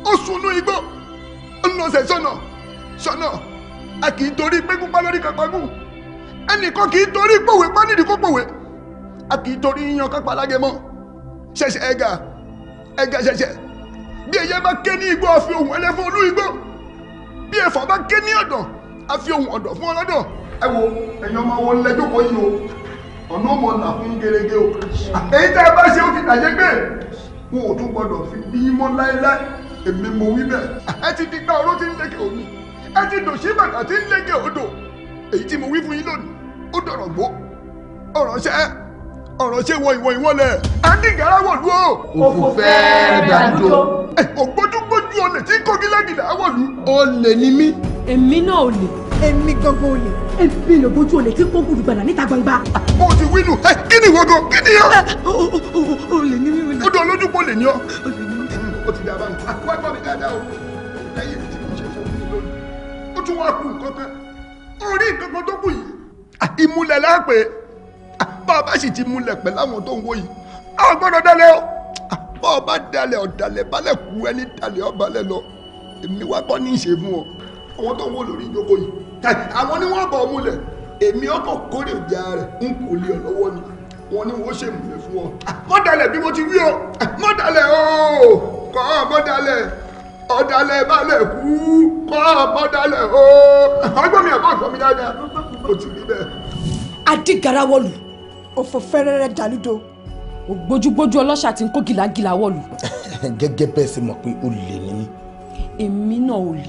ó sunú igbó ó ń lọsẹ̀ sọ́nà sọ́nà a kì í torí pé kúpa lórí kankan gùn ẹnìkan kì í torí pòwe pa nídìí kó pòwe a kì í torí yan kápá lágẹmọ ṣẹ̀ṣẹ̀ ẹ̀gà ẹ̀gà ṣẹ̀ṣẹ̀ bí ẹyẹ bá ké ní igbó àfi ohùn ẹlẹ́fọ́ olú igbó bí ẹ̀fọ́ bá ké ní ọ̀dàn àfi ohùn ọ̀dàn fún ọlọ́dàn. ẹ wo ẹ̀yin ọmọ wo lẹ́jọ́ yìí o ọ̀nà ọmọ là fún gẹ́gẹ́ o èyí tẹ́ ẹ bá ṣe ó ti dàjẹ́ gbé wọn ò tún gbọdọ̀ fi bí láéláé èmi mo wí bẹ́ẹ̀. ẹ ti di gbá oró tí ń lékè omi ẹ ti dò sí bàtà tí ń lékè odò èyí tí mo wí fún yín lónìí ó dọ̀rọ̀ gbó ọ̀rọ̀ ṣẹ́ ọ̀rọ̀ ṣe wọ ìwọ ìwọlẹ̀ á ní gàrà wọ̀lú o. òkú fẹ́ẹ́ dàdó. ògbójúgbójú olè tí kògílẹ́gìlà wọ̀lú. olè ni mí. èmi náà olè èmi gangan olè èmi lògójú olè tí kò gbùdù gbàdà níta gbangba. o ti wí nù ẹ kí ni ìwọ́gàn kí ni ọ. olè ní mímu. o dán lójú pọ̀ lè ní ọ. o ti dábàá nù. àkókò ẹ̀gbọ́n mi dáadáa o lẹ́yìn tí mo ṣe fún mi lónìí o tún wá kú nǹkan kan orí nǹkan kan tó kù yìí. Ah, ìmúlẹ̀ láàpẹ̀ ah, bá a bá sì ti múlẹ̀ pẹ̀ láwọn tó ń wò yìí a gbọ́dọ̀ dalẹ̀ o ah, bá a bá dalẹ̀ ọ̀dalẹ̀ balẹ̀ kú ẹni dalẹ̀ ọ̀balẹ̀ lọ èmi wá kọ́ ní ìṣe o ọ àwọn tó ń wò lórí ìjókòó yìí àwọn ni wọ́n bọ̀ ọ́ múlẹ̀ èmi ọkọ̀ kórè ìjà rẹ̀ ń kò lè ọ lọ́wọ́ ni wọ́n ní wọ́n ṣe múlẹ̀ fún ọ. Ah, mọ́dàlẹ̀ bí mo ti wí o ah, mọ́dàlẹ̀ o kọ́ mọ́dàlẹ̀ ọ̀dàlẹ̀ balẹ̀ kú kọ́ mọ́dàlẹ̀ o ah, ọgbọ́n mi ọ̀gbọ́n ọ̀gbọ́n mi dáadáa ó ti rí bẹ́ẹ̀. adigarawọlu òfò fẹrẹrẹ dàlúdo ògbójúgbójú ọlọ́ṣà tí ń kó gìlàgìlà wọ̀lù. gẹ́gẹ́ bẹ́ẹ̀ ṣe mọ̀ pé o lè ní. èmi náà ò lè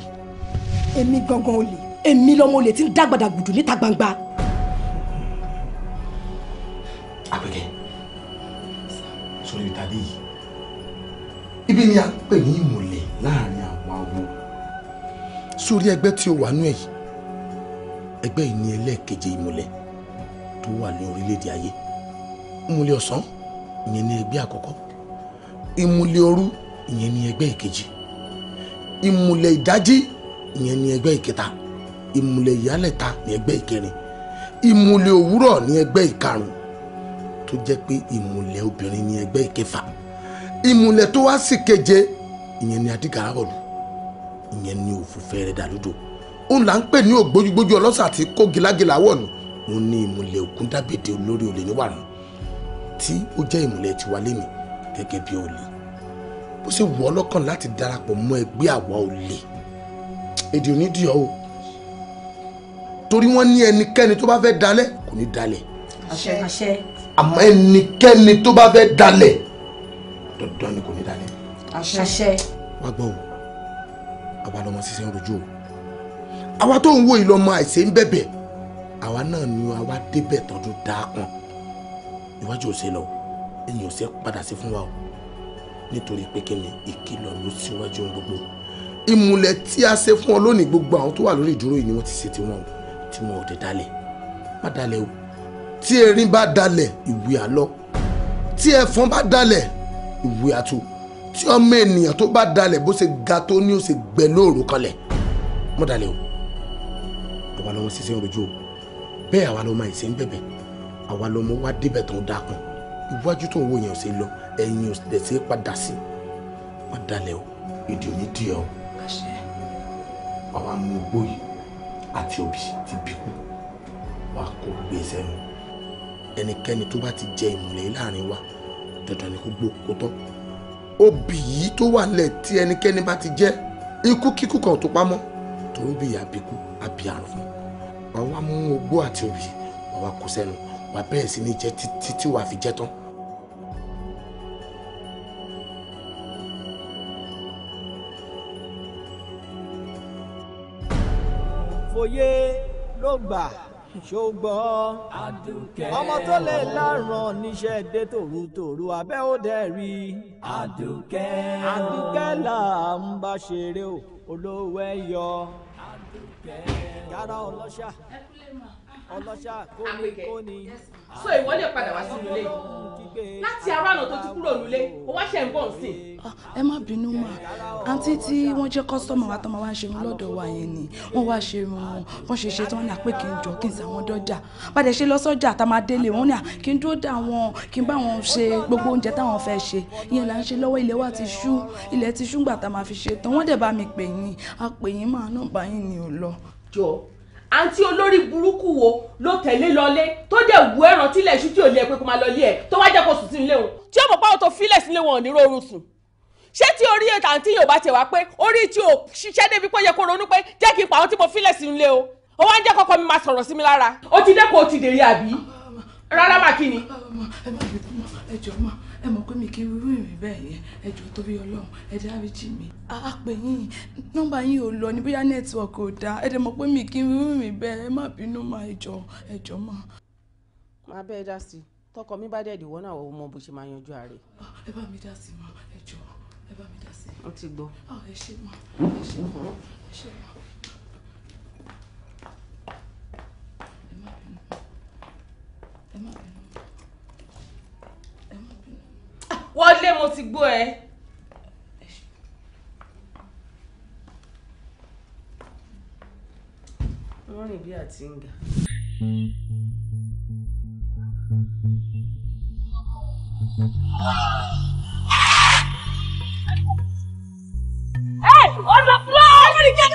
èmi gangan olè èmi lọmọ olè tí ń dàgbàdà gbùdù níta gbangba. àpẹkẹ sórí ìtàdé yìí ibi ni a pè ní ìmùlẹ̀ láàrin àwọn awo. sórí ẹgbẹ́ tí o wà nú ẹ̀ yìí ẹgbẹ́ yìí ni ẹlẹ́ẹ̀keje ìmùlẹ̀ tó wà ní orílẹ̀-èdè ayé ìmùlẹ̀ ọ̀sán ìyẹn ni ẹgbẹ́ àkọ́kọ́ ìmùlẹ̀ òru ìyẹn ni ẹgbẹ́ ìkejì ìmùlẹ̀ ìdájí ìyẹn ni ẹgbẹ́ ìkẹta ìmùlẹ̀ ìyálẹ̀ta ni ẹgbẹ́ ìkẹrin ìmùlẹ̀ òwúrọ̀ ni ẹgbẹ́ ìkarùn tó jẹ́ pé ìmùlẹ̀ obìnrin ni ẹgbẹ́ ìkẹfà ìmùlẹ̀ tó wá sí keje ìyẹn ni adigun arọ̀lù ìyẹn ni òfúfẹ́ rẹ̀ dàlódò òun là ń pè ní ògbójúgbójú ọlọ́sà àti kó gilagila wọ̀nù òun ni ìmùlẹ̀ ògún dábèdè olórí olè níwàrán tí ó jẹ́ ìmùlẹ̀ tiwa lémi gẹ́gẹ́ bí olè bó ṣe wù ọ́ láti darapọ̀ mọ́ ẹgbẹ́ àwa olè èdè ò ní dìyọ o torí wọ́n ní ẹnikẹ́ni tó bá fẹ́ dalẹ̀ kò ní dalẹ̀ àmọ́ ẹnikẹ́ni tó bá fẹ́ dalẹ̀ dandan ni kò ní dalẹ̀ wá gbọ́ o àwa lọmọ ṣiṣẹ́ ń rojú o àwa tó ń wo ìlọmọ àìsè ń bẹ̀bẹ̀ àwa náà ni àwa débẹ̀ tọdún dáàpọn iwájú òsè lọ ènìyàn ṣe padà sí fún wa o nítorí pé kí ni ìkìlọ̀ ló síwájú gbogbo ìmùlẹ̀ tí a ṣe fún ọ lónìí gbogbo àwọn tó wà lórí ìdúró yìí ni wọ́n ti ṣe tiwọn tí wọn ò dé dalẹ̀ má dalẹ̀ o tí erin bá dalẹ̀ ìwé àlọ́ tí ẹ̀fọn bá dalẹ̀ ìwé àtò tí ọmọ ènìyàn tó bá dalẹ̀ bó ṣe ga tó ní ó ṣe gbẹ lóòrò kanlẹ̀ má dalẹ̀ o àwa lọ́mọ ṣiṣẹ́ ń rojú o bẹ́ẹ̀ àwa lọ́mọ ìṣe ń bẹ̀bẹ̀ àwa lọ́mọ wá débẹ̀ tó ń dà kan iwájú tó ń wò yẹn ò ṣe lọ ẹ̀yìn ò dẹ̀ ṣe padà sí má dalẹ̀ o èdè ò ní dì àwa mú ogbó yìí àti obì ti bíkú wa kò gbé sẹ́nu ẹnikẹ́ni tó bá ti jẹ ìmùlẹ̀ láàrin wa dandan ni kó gbó kó tọ́ obì yìí tó wà lẹ̀ tí ẹnikẹ́ni bá ti jẹ ikú kíkú kan tó pamọ́ torí bí ìyá bíkú àbí àrùn fún wa wá mú ogbó àti obì wa wá kó sẹ́nu wa bẹ́ẹ̀ sí ní jẹ títí tí wàá fi jẹ tán. àfòyé ló gbà ṣùgbọ́n ọmọ tó lè láràn níṣẹ́ dé tòrutòru abẹ́ ó dẹ̀ rí àdùkẹ́ àdùkẹ́ là ń bá ṣeré o olówó ẹ̀yọ yàrá ọlọ́ṣà ọlọ́ṣà kóni kóni. so ìwọ lè padà wá sínú ilé yìí láti aráàlú tó ti kúrò nílé ó wá ṣe ń bọ̀ sí. Ah, ẹ má bínú mà àǹtí tí wọ́n jẹ́ kọ́sítọ́mù wa tó máa wá ṣe irun lọ́dọ̀ wa yẹn ni wọ́n wá ṣe irun wọn wọ́n ṣe ṣe tí wọ́n ní àpé kí n jọ kí n sàwọn dọ́jà padà ṣe lọ́sọ́jà tá a máa délé wọn ní à kí n dúró dà wọn kí n bá wọn ṣe gbogbo oúnjẹ táwọn fẹ́ ṣe ìyẹn là ń ṣe lọ́wọ́ ilẹ̀ wa ti ṣú ilẹ̀ ti ṣú gbà tá a máa fi ṣe tán wọ́n dẹ̀ bá mi pè yín a pè yín máa náà bá yín ni ò lọ. jọ àǹtí olórí burúkú wo ló tẹ̀lé lọlé tó dẹ̀ wú ẹ̀ràn tílẹ̀ iṣu tí ò lé ẹ pé kó máa lọlé ẹ tó wá jẹ́ kó sùn sí ilé wọn. tí ọmọ pàwọn tó fílẹ̀ sílé wọn ò ní rọrùn sùn ṣé tí orí ètò àǹtí yóò bá tẹ̀ wá pé orí tí ò ṣiṣẹ́ débi pé ó yẹ kó ronú pé jẹ́ kí n pa àwọn tí mo fílẹ̀ sí ilé o ó wá ń jẹ́ kọ́kọ́ mi máa sọ̀rọ̀ sí mi lára. ó ti dẹ́kun ó ti dèrè àbí rárá màkì ni. ẹ ẹ jọ̀ọ́ torí Ọlọ́run ẹ dáríjì mi. a pè yín nọ́mbà yín ò lọ ní bóyá nẹ́tíwọ̀kì ò dáa ẹ dẹ̀ mọ̀ pé mi kì í rí mi bẹ́ẹ̀ ẹ má bínú má ẹ jọ̀ọ́ ẹ jọ̀ọ́ mà. máa bẹ́ẹ̀ dá sí i tọkọ mi bá dẹ̀dẹ̀ wọ́n náà wọ́n mọ bó ṣe máa yanjú ààrẹ. ẹ bá mi dá sí i mà ẹ jọ̀ọ́ ẹ bá mi dá sí i. ó ti gbọ́. ẹ ṣe mà ẹ ṣe mà mhm. ẹ ṣe mà. ẹ má bínú ẹ má bínú. wọlé mo ti gbọ́ ẹ. wọ́n bí àtìǹgà. Hey, on the floor! Everybody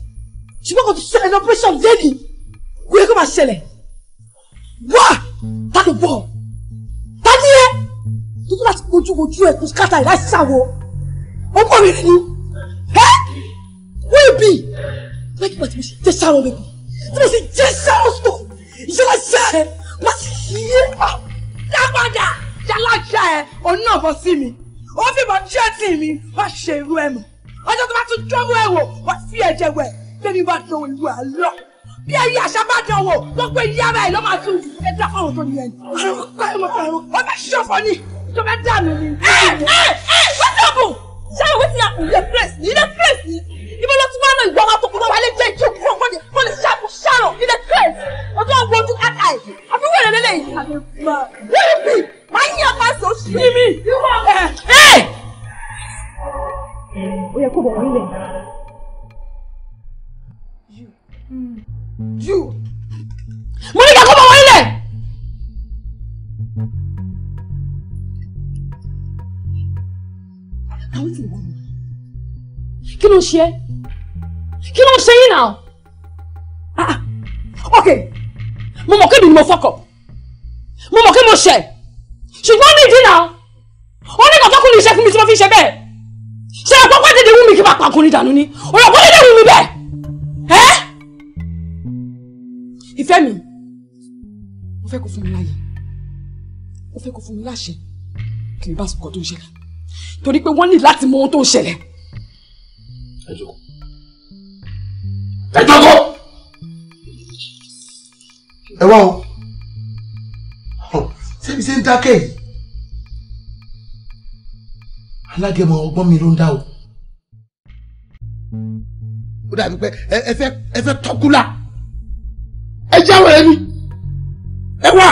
ṣùgbọ́n kò ti ṣẹlẹ̀ ní operation lẹ́nu kò yẹ kó máa ṣẹlẹ̀ wá ta ló bọ̀ ta ni ẹ tuntun láti kojú kojú ẹ kò kàtà ẹ láti ṣàwọ ọmọ mi ni ẹ wọ́n ibi lẹ́yìn ìgbà tí mo ṣe jẹ́ ṣàrọ̀ mi kù tí mo ṣe jẹ́ ṣàrọ̀ sọ ìṣẹ̀lẹ̀ ṣẹ́ ẹ wọ́n ti yí ẹ̀ dábàdà yálàjà ẹ̀ òun náà bọ́ sí mi ó fìbọn jẹ́ tì mí wọ́n ṣe irú ẹ̀ mọ́ ọjọ́ tó bá tún jọ́wọ́ ẹ̀ wò wọ́n fi ẹ̀jẹ̀ wẹ̀ bẹ́ẹ̀ni bá dán ìlú ẹ̀ bí ayé àṣà bá dán wò tó pé yára ẹ̀ lọ́ máa tún ẹ̀dá ọ̀run tó yẹn. wọ́n bẹ ṣọ̀fọ̀ ni tó bẹ dà mí ni. ẹ ẹ ẹ wọ́n ti bù ṣé ti àpò ilé place ilé place ni ibi ló ti máa ná ìgbọ́n àtọkùn náà wálé jẹ́ ìjọ kúrò wọ́n ni wọ́n ni ṣàpò ṣàrọ̀ ilé place ọjọ́ wojú káka ẹ̀ àfi wẹ̀rẹ̀ lélẹ́yìn. wọ́n máa ń yí apá sọ sí mi. ó yẹ kó bọ̀ wọ́n ilẹ̀ you mo ní kakọ́ bọ̀ wọ́n ilẹ̀. kí ló ń ṣe kí ló ń ṣe yín náà ah, ah. ok mo mọ̀ kébi ni mo fọkọ̀ mo mọ̀ kí mo ṣẹ̀ ṣùgbọ́n ní ìdí náà ó ní kọ̀ọ̀kan kún ní iṣẹ́ fún mi tí mo fi ṣe bẹ́ẹ̀ ṣe ọ̀pọ̀ pàdédé wù mí kí n bá pa kún ní dànù ni ọ̀rọ̀ pàdédé wù mí bẹ́ẹ̀. ìfẹ́ mi mo fẹ́ kó fún mi láàyè mo fẹ́ kó fún mi láṣẹ kí n bá sọkọ tó ń ṣẹlẹ̀ torí pé wọ́n ní láti mọ ohun tó ń ṣẹlẹ̀. ẹ jókòó ẹ jókòó ẹ wá o ṣébi ṣe ń dákẹ́ yìí alágẹmọ ọgbọ́n mi ló ń dá o ó dàbí pé ẹ fẹ́ ẹ fẹ́ tọ́kú ẹ jáwèrè ni ẹ wà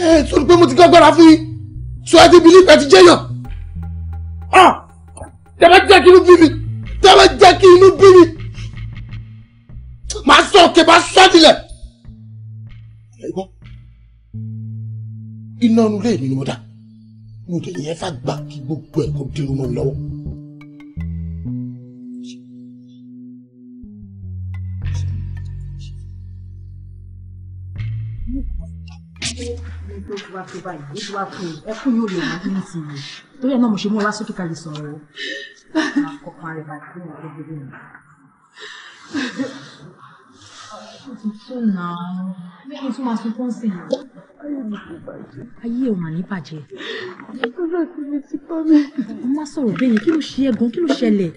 ẹ sọ pé mo ti gbàgbára fún yín sọ ẹ ti bìlífù ẹ ti jẹyàn ọ tẹ̀lé jẹ́ kí inú bí mi tẹ̀lé jẹ́ kí inú bí mi màá sọ òkè màá sọ dilẹ̀ ẹ̀gbọ́n iná nulẹ̀ mi ni mo dà mo dẹ̀ yẹn fà gbà kí gbogbo ẹ̀ dirun mọ́ lọ́wọ́. tó báyìí ó ti wá fún un ẹkún yóò lè wọn ní ti rè torí ẹ náà mo ṣe mú ọ wá sókè ká lè sọ̀rọ̀ o àkọ́kọ́ rẹ báyìí fún ọjọ́ gbogbo mi. tuntun náà mẹ́rin tún máa sunkún sí i. ayé mi kò bàjẹ́. ayé ò mà ní bàjẹ́. ìkúlọ̀ tí mi ti kọ́ mi. mo má sọ̀rọ̀ bẹ́ẹ̀ ni kí ló ṣe é gan kí ló ṣẹlẹ̀.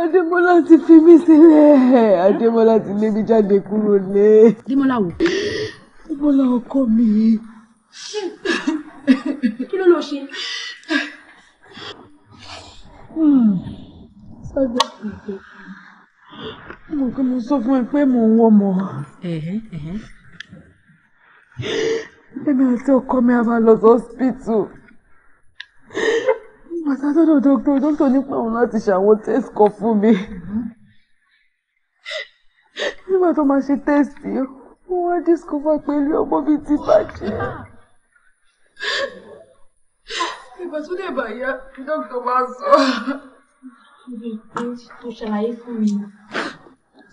Adémọ́lá ti fi mí sílẹ̀. Adémọ́lá ti lé mi jáde kúrò lé. Adémọ́lá wò. Adémọ́lá ọkọ mi kí ló lọ ṣe. Hmm. sọ́jọ́ kìkì mo kí mo sọ fún ẹ pé mò ń wọ́mọ. èmi àti ọkọ mi a máa lọ sí ọ́sìpìtì bàtà sọ́dọ̀ dókítà dókítà nípa òun láti ṣàwọn test kan fún mi nígbà tó máa ṣe test yìí wọ́n á discover pé ilé ọmọ mi ti bàjẹ́ ìgbà tó lè bàyá dókítà bá sọ. ibi ìpín tó ṣàlàyé fún mi.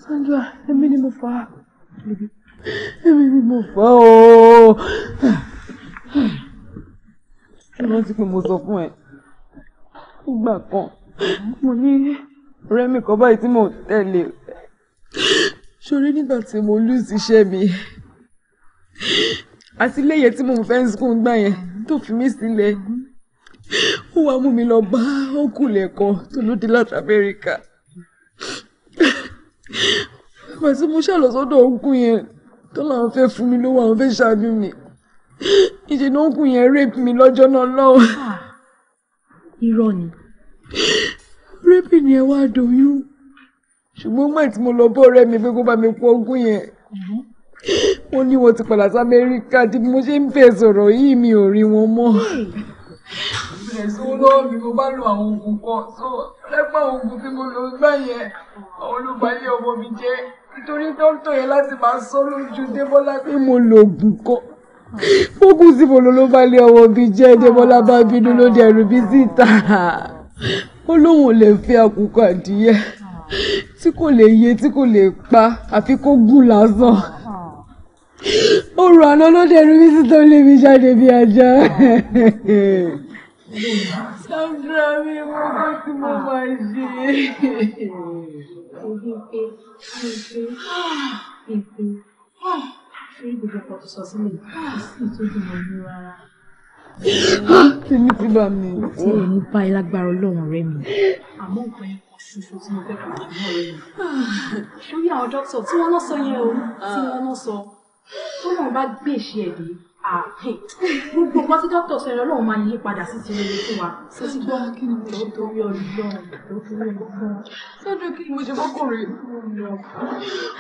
Sandra èmi ni mo fà á èmi ni mo fà á ooo. rántí pé mo sọ fún ẹ nígbà kan mo ní ọ̀rẹ́ kan báyìí tí mò tẹ̀lé sórí nígbà tí mo lùsí iṣẹ́ mi àti léyè tí mo fẹ́ ń sùn gbà yẹn tó fi mí sílẹ̀ ó wàá mú mi lọ bá ọkùnrin ẹ̀kọ́ tó ló dé láti Amẹ́ríkà bàbá mo ṣàlọ́ sọ́dọ̀ òkú yẹn tó làwọn fẹ́ fún mi lówó àwọn fẹ́ ṣáájú mi ìṣe ni òkú yẹn rape mi lọ́jọ́ náà lọ́wọ́. Ah, irọ́ ni. rape ni ẹ wá doyún ṣùgbọ́n gbà tí mo lọ bọ́ ọ̀rẹ́ mi pé kó bá mi pọ̀ òkú yẹn wọ́n ní wọ́n ti padà sí amẹ́ríkà tí mo ṣe ń bẹ̀ sọ̀rọ̀ yìí mi ò rí wọn mọ́. ẹ̀sùn olówó mi mo bá lo àwọn oògùn kan so lẹ́gbọ́n àwọn oògùn tí mo lò gbà yẹn àwọn olùbàlẹ̀ ọmọ mi jẹ́ nítorí dókítà yẹn láti máa sọ lójú débọ́lá pé mo lo oògùn kan fókùn sí mo lò ló bá lé ọmọ mi jẹ́ débọ́lá bá bínú ló dé ẹrù mi síta ó lóun ò lè fi àkùkọ adìyẹ tí kò lè yé tí kò lè pa àfi kó gùn lásán ọ̀rọ̀ àná ló dẹnu bí sísọ lé mi jáde bí ajá. Sandra mi mo kọ́ tí mo máa ṣe. Tèmi ti bá mi. Tí èmi bá ẹ lágbára ọlọ́run rẹ mi. Àmọ́ nǹkan yẹn ṣoṣo tí mo fẹ́ kọ̀ ọ́ rẹ mi. Lórí àwọn dókítà tí wọ́n lọ sọ yẹn o, tí wọ́n lọ sọ tó náà bá gbé ìṣe ẹ̀ dé gbogbo nǹkan tí dókítà sọ yẹn Ọlọ́run máa yí padà sí ti rere fún wa sí ti gbọ́ kí ni mo tó rí ọlọ́run tó fi rí ọlọ́run. sọ́dọ̀ kí ni mo ṣe fọkùnrin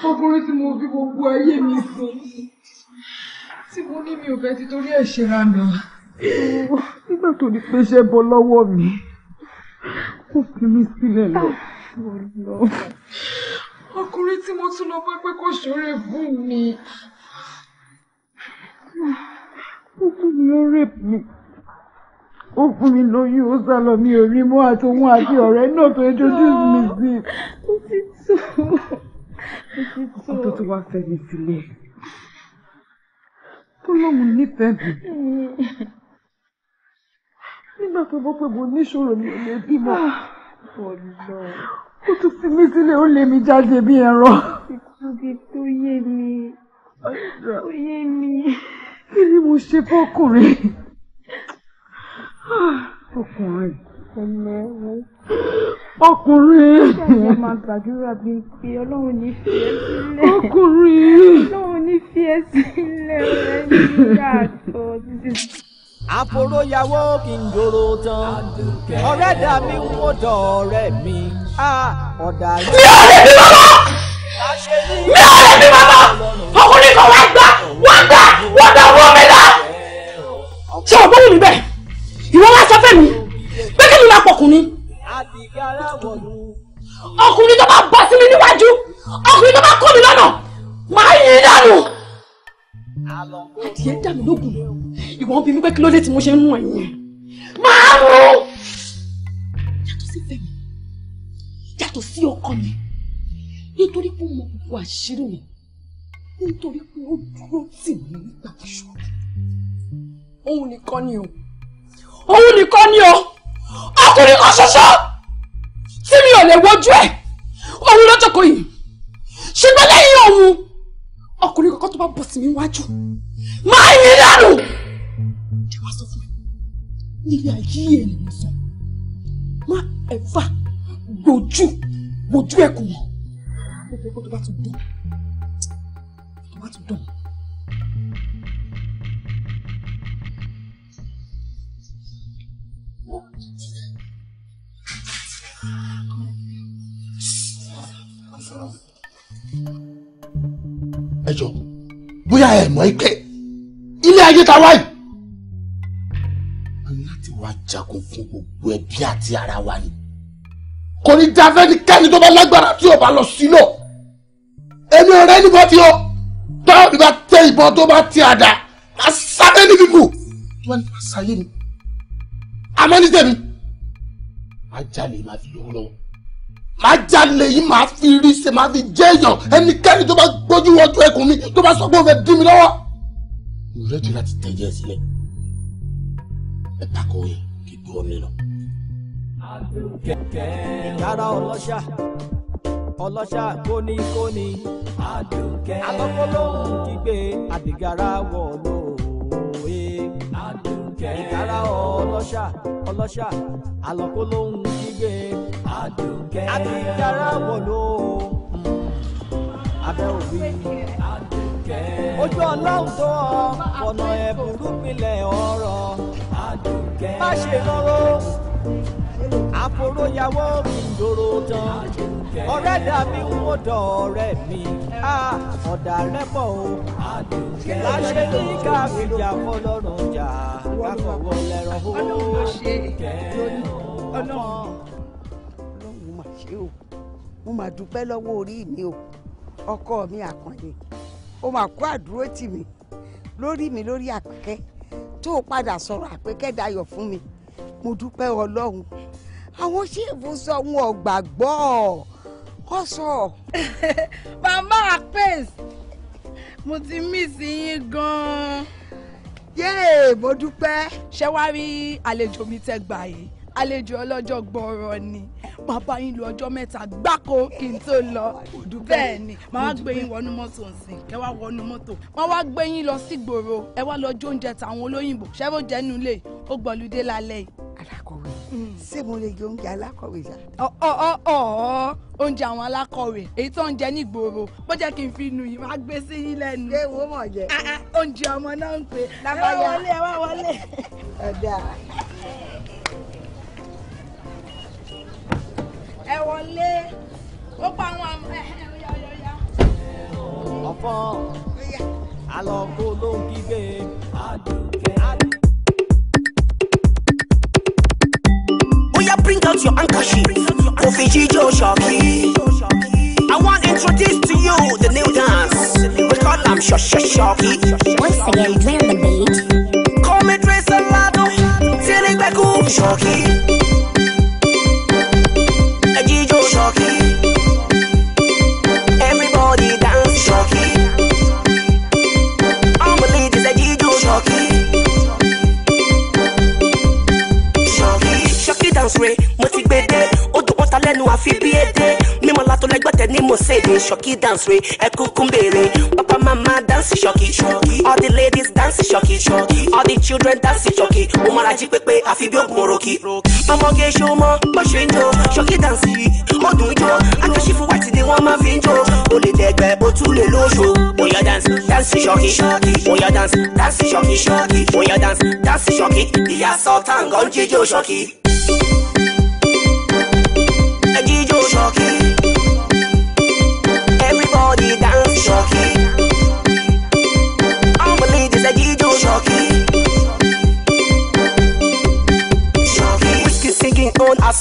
ọkùnrin tí mo fi gbogbo ayé mi sìn tí mo ní mi ò fẹ́ ti torí ẹ̀ ṣe ra nà. nígbà tó di pé iṣẹ́ bọ́ lọ́wọ́ mi kò fi mí sílẹ̀ lọ. ọkùnrin tí mo tún lọ bá pé kò ṣoore fún mi ó fún mi ó rape mi ó fún mi lóyún ó sá lọ mi ò rí mọ́ àti òun àti ọ̀rẹ́ náà tó introduce mi sí. ó ti tó ó tó tó wá fẹ́ mi sílẹ̀ tó lóun nífẹ̀ẹ́ mi nígbà tó bọ́ pé mo níṣòro mi ò lè bímọ ah, ó tún fi mí sílẹ̀ ó lé mi jáde bí ẹran. ìkúbi tó yé mi ó yé mi kí ni mo ṣe fọkùnrin ọkùnrin ẹ̀lẹ́ wo ọkùnrin ẹ̀yẹ máa gbàdúrà bí n pé ọlọ́run ní fi ẹ́ sílẹ̀ ọkùnrin ọlọ́run ní fi ẹ́ sílẹ̀ ọ̀rẹ́ nígbà tó ti. àforóyàwó kì í jòrò tán ọ̀rẹ́ dà mí wò dọ̀ ọ̀rẹ́ mi ọ̀dà yìí. mi ò lè bí bàbá mi ò lè bí bàbá ọkùnrin kan wá gbà wọ́n dá ọwọ́ mi dá. ṣé o gbọ́dọ̀ níbẹ̀ ìwọ wá sọ fẹ́ mi pé kí ni máa pọkùnrin. ọkùnrin tó bá bọ̀ sí mi níwájú ọkùnrin tó bá kọ́ mi lọ́nà máa yí dànù. adìẹ dà mí lógun ìwọ ń bi mí pé kí ló dé tí mo ṣe ń mú ẹ̀yìn máa mú. yàtọ̀ sí fẹ́mi yàtọ̀ sí ọkọ mi nítorí pé mo mọ àṣírí mi nítorí pé ó dúró tì mí nígbà tí ṣòro òun nìkan ni o òun nìkan ni o ọkùnrin kan ṣoṣo tí mi ò lè wojú ẹ̀ òun ló jókòó yìí ṣùgbọ́n lẹ́yìn òun ọkùnrin kankan tó bá bọ̀ sí mi wájú máa yín dànù ẹ wá sọ fún mi nílé ayé ènìyàn sọ má ẹ̀fà gbójú wojú ẹ̀kùn mọ́ gbogbo ẹ̀kọ́ tó bá ti dùn wá tún dùn. ẹ jọ bóyá ẹ mọ̀ pé ilé ayé ta wáyé láti wá jagun fún gbogbo ẹbí àti ara wa ni kò ní dáfẹ́ ní kẹ́ni tó bá lágbára tí ò bá lọ sílọ̀ ẹnu rẹ níbọ̀ tí ó ìbọn tó bá ti àdá máa sábẹ́ ní fífò tó bá sáyé mi àmọ́ ní tèmi máa máa fi lówó lọ́wọ́ máa jalè yìí máa fi rí ṣe máa fi jẹ́ èèyàn ẹnikẹ́ni tó bá gbójú wọjú ẹkùn mi tó bá sọ pé ó fẹ́ dí mi lọ́wọ́ ìrẹ́jì láti tẹ̀jẹ́ sílẹ̀ ẹ pàkó yìí kí gbọ́ mi lọ. ìyára ọlọ́ṣà ọlọ́ṣà kóníkóní àdùkẹ́ àtọ́kọ́ ló ń kígbe àdìgárá wọ̀ lóòwe àdùkẹ́ ìgárá ọlọ́ṣà ọlọ́ṣà àlọ́kọ́ ló ń kígbe àdùkẹ́ àdìgárá wọ̀ lóòwe hmm. abẹ́ òbí àdùkẹ́ ojú ọlọ́run tó ọ ọ̀nà ẹ̀bùrú pilẹ̀ ọ̀rọ̀ àdùkẹ́ má ṣe lọ́rọ́ àforóyàwó mi lóró tán ọ̀rẹ́ dà mí ń wò dọ̀ ọ̀rẹ́ mi ọ̀dà rẹ̀ pọ̀ o láṣẹ ní ká fìjà fọlọ́run jà kákọ̀wọ́ lẹ́rọ̀ o. ọlọ́run ṣe lórí ọlọ́run ọlọ́run mà ṣe o mo mà dúpẹ́ lọ́wọ́ orí mi o ọkọ mi àkànní o mà kó àdúró tì mí lórí mi lórí àpèkẹ́ tó o padà sọ̀rọ̀ àpèkẹ́ dayọ̀ fún mi mo dúpẹ́ ọlọ́run àwọn ṣéèfù sọ wọn ò gbàgbọ́ ọ sọ. màmá apes mo ti mí sí yín gan-an. yéè mo dúpẹ́. ṣé wàá rí àlejò mi tẹ́ gbà yìí àlejò ọlọ́jọ́ gbọ́rọ̀ ni màá bá yín lo ọjọ́ mẹ́ta gbáko kí n tó lọ bẹ́ẹ̀ ni màá wá gbé yín wọnú mọ́tò nsìn kẹ́ wá wọnú mọ́tò màá wá gbé yín lọ sí gbòòrò ẹ wá lọ jó oúnjẹ tàwọn olóyìnbó ṣẹ́fó jẹ́nu lè ó gbọ́lùdé lálẹ́ yìí. alákọ̀wé hmm. ṣé mo lè jẹ oúnjẹ alákọ̀wé yá. ọ ọ ọ oúnjẹ àwọn alákọ̀wé èyí tó ń jẹ ní gbòòrò bó jẹ́ kí n fi nu yìí máa gbé sí yín lẹ́nu. ṣé wo mọ̀ jẹ. Ah, ah, oúnjẹ ọmọ náà ń pè é. ẹ wọlé ó pa àwọn ọ̀fọ̀ alọ́kó ló ń kígbe adùnkẹ́ adùnkẹ́. bring out your handkerchief. Kofiji Joe Shoki. I want to introduce to you the new dance. We call them Shoshoki. Once again, dwell the beat. Call me Trace Alado. Feeling back, Shoki lẹ́nu àfi bí. Sydney, shocky dance way, a kukumbere. Papa, mama dance shocky, shocky. All the ladies dance shocky, shocky. All the children dance shocky. Umaraji pepe, afi bí ogun oroki. Mama ge show mo, mo ṣe ń jó, shocky dance yìí, ó dùn jó. Akẹ́ṣí fún wáìtì ni wọ́n máa fi ń jó. O lè dẹ̀gbẹ́, o tún lè lóṣù. Oya dance, dance shocky, shocky. Oya dance, dance shocky, shocky. Oya dance, dance shocky. Ìyá Sultan gan jíjó shocky. Ẹ jíjó shocky. shocky. Unbelievable, a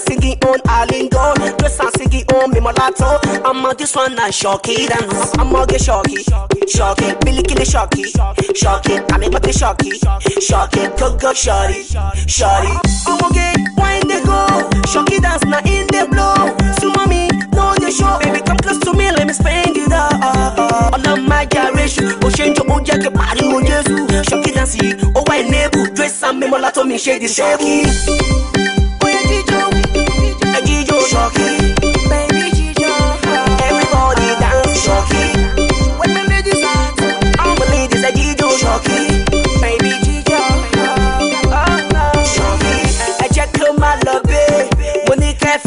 singing on on Dress singing on I'm on this one now shocky, then I'm on get shocky. Shocky, Billy Killy shocky. Shocky, Tommy the shocky. Shocky, go go shorty, shorty. I'm on get wine they go, shocky dance now in the blow. Sumami. the show, baby, come close to me, let me spend it all. All of my generation, o change your jó o jẹ́ on pariwo Jésù. Ṣọ́kì dansi, ó wá ìnébù, dress and mímọ́lá tó mi ṣe di ṣọ́kì. Oyè jíjó, ẹ jíjó ṣọ́kì. Bẹ́ẹ̀ni jíjó, everybody dance ṣọ́kì. Wẹ́pẹ́ méjì sáà, àwọn ladies ẹ jíjó ṣọ́kì.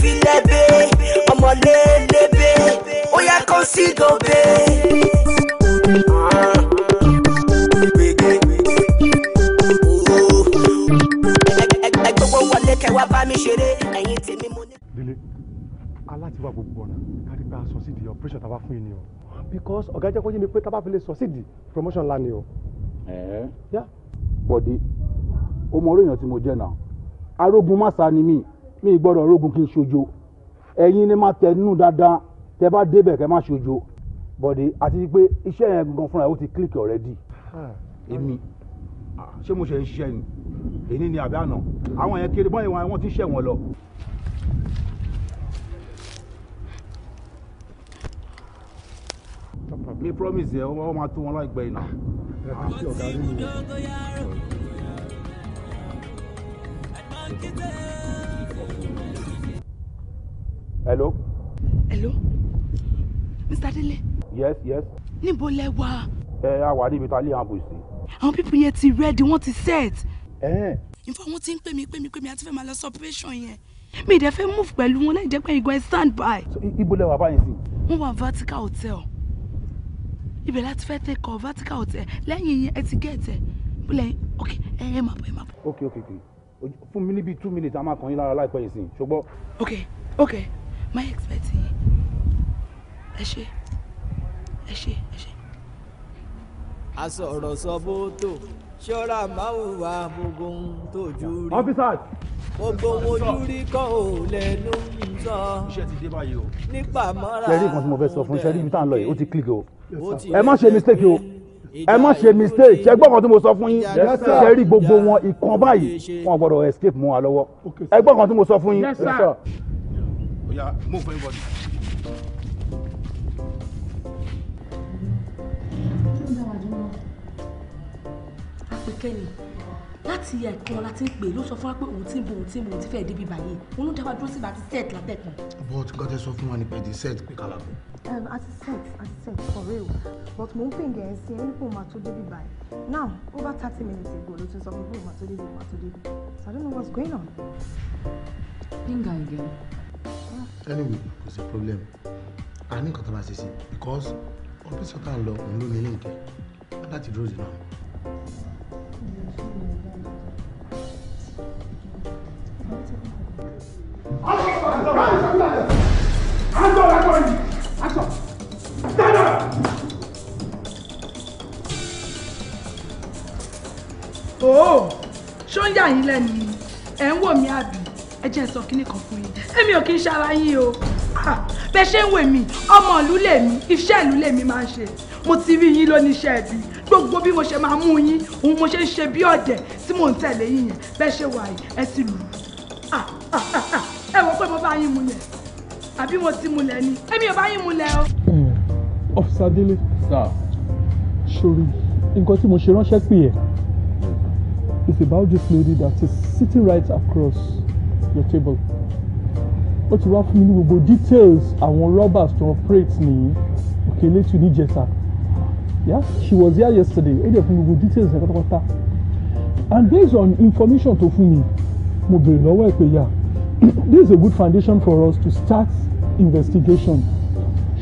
filẹ̀ bẹ́ẹ̀ ọmọlé still go pay. Délé, aláti wá gbogbo ọ̀nà kárí pé a sọ sídìí operation tàbá fún yín ni o. Because ọ̀gá jẹ́ kó yé mi pé tábà fi lè sọ sídìí promotion ńlá ni o. Bọ̀dé, o mọ orí èèyàn tí mo jẹ́ náà. Arógun máṣá ni mí, mi gbọ́dọ̀ arógun kí n ṣojo. Ẹ̀yin ni máa tẹnu dáadáa tẹ bá débẹ̀ kẹ́ má ṣojo bọ̀dé àti pé iṣẹ́ yẹn gangan fúnra ẹ̀ ó ti click already ah, èmi ah, ṣé mo ṣe ń ṣiṣẹ́ ni èyí ni àbí àná àwọn yẹn kiri bọ́ọ̀lù wọn ti ṣẹ̀ wọ́n lọ. mi promise yẹ wọ́n máa tún wọn láìpẹ́ iná. hello. hello. Mr. Dele. Yes, yes. Níbo lẹ wà? Ẹ a wà níbi tá a lé ambush sí. Àwọn pípù yẹn ti rẹ́ẹ̀dì, wọ́n ti set. Ìfọ̀ wọn ti ń pè mí pè mí pè mí àti fẹ́ máa lọ sí operation yẹn. Mi ì dẹ̀ fẹ́ move pẹ̀lú wọn láì jẹ́ pé ìgbọ́n ẹ stand by. Ibo lẹ wà báyìí sí? Wọ́n wà Vertical Hotel. Ibẹ̀ láti fẹ́ take off Vertical Hotel lẹ́yìn yẹn ẹ ti gẹ̀ tẹ̀. Bílẹ̀ ok ẹ ẹ máa bọ̀ ẹ máa bọ̀. Ok ok ok fún mi níbi two minutes a máa kàn yín lára láìpẹ́ yìí sí ṣùgbọ́n. Ok ok my expect yìí ẹ ṣe ẹ ṣe ẹ ṣe. asọ̀rọ̀ sọ bó tó ṣọ́ra máa hùwà gbogbo ohun tójú rí. officers. gbogbo ohun ojú rí kọ́ ò lẹ́nu ń sọ. iṣẹ́ ti dé báyìí o. nípa mọ́ra. ṣe rí nǹkan tí mo fẹ́ sọ fún ṣe rí ibi tá à ń lọ yìí ó ti click o ẹ má ṣe mistake o ẹ má ṣe mistake ṣe gbọ́n kan tí mo sọ fún yín ṣe rí gbogbo wọn ìkan báyìí wọn gbọ́dọ̀ escape mọ́ wa lọ́wọ́ ẹ gbọ́n kan tí mo sọ fún yín. ẹnikẹ́ni láti ẹ̀kan láti ń pè ló sọ fún wa pé òun ti ń bo òun ti ń bo òun ti fẹ́ débi báyìí òun ló dáwà dúró sí ìgbà tí set látẹ̀kùn. but nǹkan tẹ sọ fún wa ni pé di set pé kálá bọ. àti set àti set for real but mò ń pè gẹ̀ ẹ́ sí ẹni pé òun máa tó débi báyìí now over thirty minutes ago ló ti sọ fún mi pé òun máa tó débi òun máa tó débi so I don't know what's going on. pinga again. anyway kò sí problem a ní nǹkan tó máa ṣe sí because ọ̀pẹ̀sọ̀tà ń lọ òun ló ní ilé nǹkan láti dúró dì náà. yín lẹ́nu ni ẹ̀ ń wò mí àbí ẹ jẹ́ sọ kínní kan fún yín èmi ò kí ń ṣara yín o ah, bẹ́ẹ̀ ṣe ń wè mí ọmọ ìlú lèmi iṣẹ́ ìlú lèmi máa ń ṣe mo ti rí yín lóní iṣẹ́ ẹ̀bí gbogbo bí mo ṣe máa mú yín òun mo ṣe ń ṣe bí ọ̀dẹ̀ tí mò ń tẹ̀lé yín yẹn bẹ́ẹ̀ ṣe wà yìí ẹ ti lù ú ah, ah, ẹ wò pé mo bá yín mulẹ̀ àbí mo ti mulẹ̀ ni èmi ò bá yín mulẹ̀ o. ọ̀fíìsà délé sórí nǹkan tí mo ṣe ránṣẹ́ pè ẹ́ is about this lady that is sitting right across your table ó ti wá fún mi ní gbogbo details àwọn robbers tó operate ní Òkèlétù níjẹta yeah she was here yesterday ó dẹ̀ fún gbogbo details ẹ̀ pátápátá and based on information tó fún mi mo béèrè lọ́wọ́ ẹ̀ pé yà this is a good foundation for us to start investigation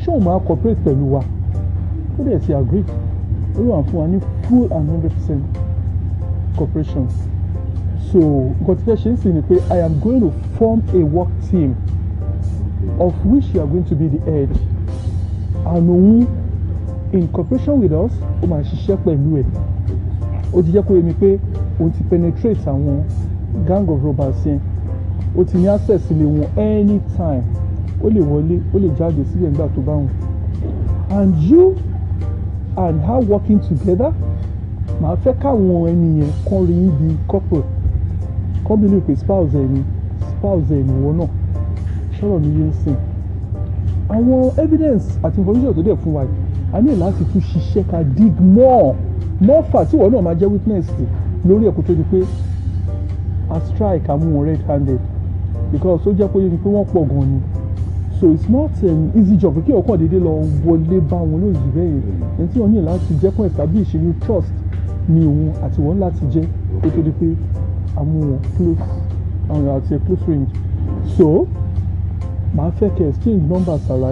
ṣé òun máa cooperate pẹ̀lú wa ó dẹ̀ ti agree ó lọ́wọ́ fún wa ní full and hundred percent corporations so nǹkan tí fẹ́ ṣe ń I am going to form a work team of which you are going to be the head and òun in cooperation with us ó máa ṣiṣẹ́ pẹ̀lú ẹ̀ ó ti jẹ́ kó yé mi pé ti penetrate àwọn gang of robbers yẹn ó ti ní access lè wọn anytime ó lè wọlé ó lè jáde sílẹ̀ nígbà tó bá wọn and you and her working together màá fẹ́ káwọn ẹni yẹn kán rí yín bíi couple kán bí lè pè spouse ẹni spouse ẹni wọn náà sọ̀rọ̀ mi yé ń sìn àwọn evidence àti information tó dẹ̀ fún wa yìí a ní láti tún ṣiṣẹ́ ká dig more more fà tí ìwọ náà máa jẹ́ witness lórí ẹ̀kọ́ tó di pé a strike amú wọn red handed because ó jẹ́ pé yé ni pé wọ́n pọ̀ gan ni so it's not an easy job kí ọkàn déédéé lọ wọlé bá wọn lóyìí bẹ́ẹ̀ yẹn tí wọ́n ní láti jẹ́ kó establish new trust ni òun àti wọn láti jẹ́ kó tó di pé àmú close àwọn èèyàn àti close range so màá fẹ́ kẹ́ exchange numbers ara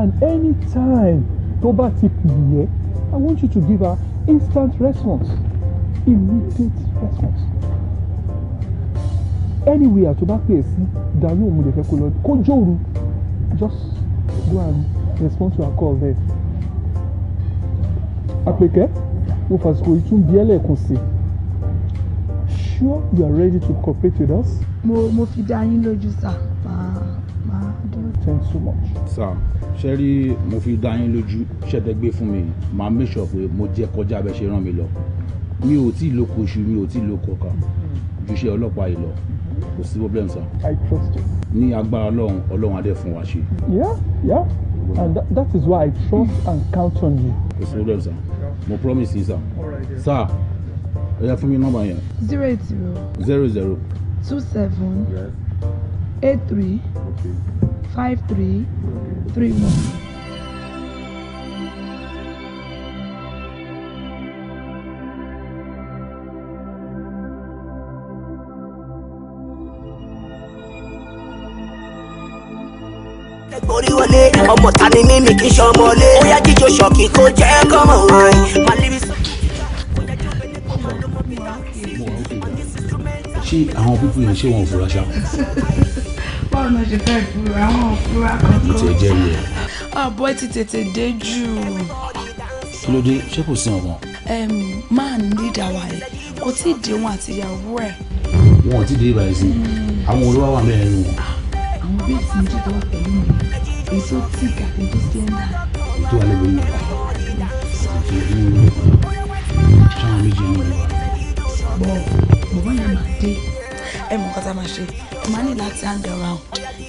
and anytime tó bá ti pè yẹ I want you to give her instant response immediate response anywhere tó bá pè é sí dàlú òun lè fẹ́ kó lọ kó jòrú just go and respond to her call there. Àpèkẹ́ mo fàsìkò yìí tún bí ẹlẹ́ẹ̀kan sí sure you are ready to cooperate with us. mo mo fi dá yín lójú sá máa máa dúró. thanks so much. sá ṣe rí mo fi dá yín lójú ṣẹ́tẹ́gbé fún mi máa make sure pé mo jẹ́ kọjá bẹ́ẹ̀ ṣe rán mi lọ mi ò tí ì lóko oṣù mi ò tí ì lóko ọkà ju iṣẹ́ ọlọ́pàá yìí lọ kò sí problem sá. i trust you. ní agbára ọlọ́run ọlọ́run adé fún wa ṣe. yeah yeah and that, that is why I trust and count on you. kò sí problem sir mo promise you sir sir ẹ yà fún mi nọ́mbà yẹn. zero eight zero. zero zero. two seven. eight three. five three. three one. ọmọ ta ni mí mi kì í ṣọmọlé ó yá jíjó ṣọ̀kì kó jẹ́ kọ́mọ̀ wáyé. ṣé àwọn pípú yẹn ṣé wọn ò fura ṣá. báwo ni o ṣe fẹ́ fura àwọn òfurá kankan. mo ti jẹ́ mi ẹ̀. àbọ̀ ẹ ah, ti tètè dé jù. kí ló dé ṣé kò sí ọmọ. máa ń dídà wà ẹ kò tí ì dé wọn àti ìyàwó ẹ. wọn ò tí ì dé ibà yìí sí hmm. àwọn olówó wà mẹ́rin wọn. àwọn bíi ti ń dídà wà pẹ̀lú mi. It's so thick, I can just lend her. Do I live in your Bọ̀bọ̀ yẹn máa dé. Ẹ mọ̀ nǹkan tá a máa ṣe. Ẹ máa ní láti hang around.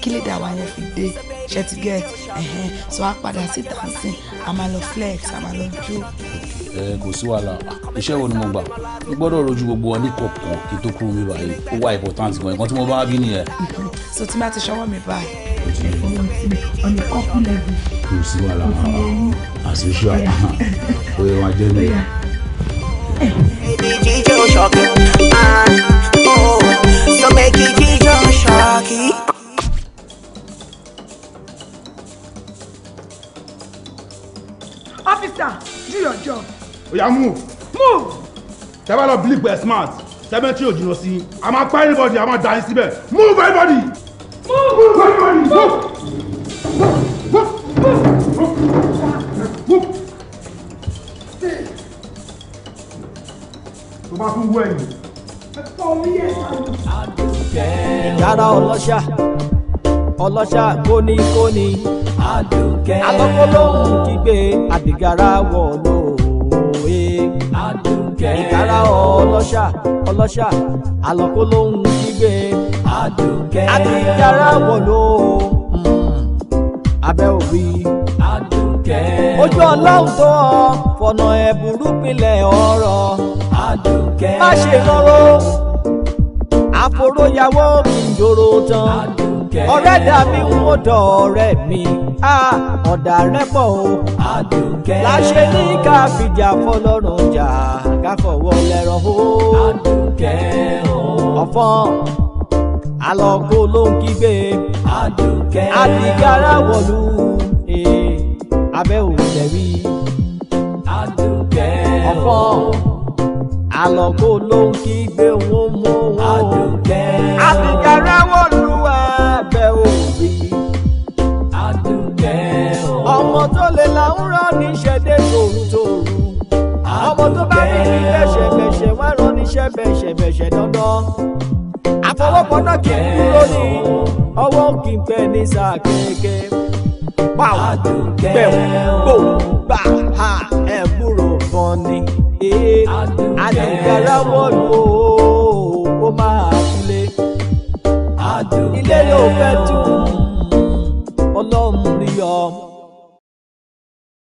Kí lè dà wá yẹn fi dé? Ṣé ti get? Ẹ̀hẹ́n. Sọ á padà sí dancing. A máa lọ flex, a máa lọ jó. Ẹ eh, kò sí wàhálà. Iṣẹ́ wo ni mo gbà? Mo gbọ́dọ̀ rojú gbogbo wọn ní kọ̀ọ̀kan kí n tó kúrò mi báyìí. Ó wà important gan-an. Nǹkan tí mo bá bí nìyẹn. So tí bá ti ṣọwọ́ mi báyìí kò sí wàhálà as usual oyè wa jẹ́ mi. Officer, do your job. Oya oh, move. Move. Tẹ́bá lọ blip ẹ̀ smart. Sẹ́mẹ́tì ò jìnnà sí i. A máa pa everybody, a máa dà yín síbẹ̀. Move everybody tó bá tún wú ẹ̀yìn. ìyára ọlọ́ṣà ọlọ́ṣà kóníkóní àtọ́kọ́ lóhùn kígbe àdìgárá wọ̀ lóòwe ìyára ọlọ́ṣà ọlọ́ṣà àlọ́kọ́ lóhùn kígbe. Àdùkẹ́ àtúnyàrá wọ̀ ló hmm. abẹ́ òbí. Àdùkẹ́ ojú ọlọ́run tó ọ fọ̀nà ẹ̀bùrú pilẹ̀ ọ̀rọ̀. Àdùkẹ́ má ṣe lọ́rọ́ àforóyàwó mi yòrò tán. Àdùkẹ́ ọ̀rẹ́ dà mí ń wò dọ̀ ọ̀rẹ́ mi ọ̀dà rẹ̀ pọ̀ o. Àdùkẹ́ láṣẹ ní ká fìjà fọlọ́run jà ká fọwọ́ lẹ́rọ̀ o. Àdùkẹ́ o ọ̀fọ́n alọ́kó ló ń kígbe àdùkẹ́ àdìgára wọ̀lú abẹ́ òjẹ̀ rí àdùkẹ́ ọ̀fọ́ alọ́kó ló ń kígbe wọ́n mọ́ wọ́n àdùkẹ́ àdìgára wọ̀lú abẹ́ òjẹ̀ rí àdùkẹ́ ọmọ tó lè làwúrọ̀ níṣẹ́ dé tòrútòrú ọmọ tó bá ní ìlẹ̀ṣẹ̀bẹ̀ṣẹ̀ wá rọ níṣẹ́ bẹ̀ṣẹ̀bẹ̀ṣẹ̀ dandan àfọwọ́pọ̀nà kì í kúrò ní ọwọ́ kì í pẹ́ ní sáà kéèké. báwo gbẹ̀wò gbò bá a ẹ̀ múrò gan ni. àdùnkàrà wọ̀lú ó máa kúlé. ilé yóò fẹ́ tú.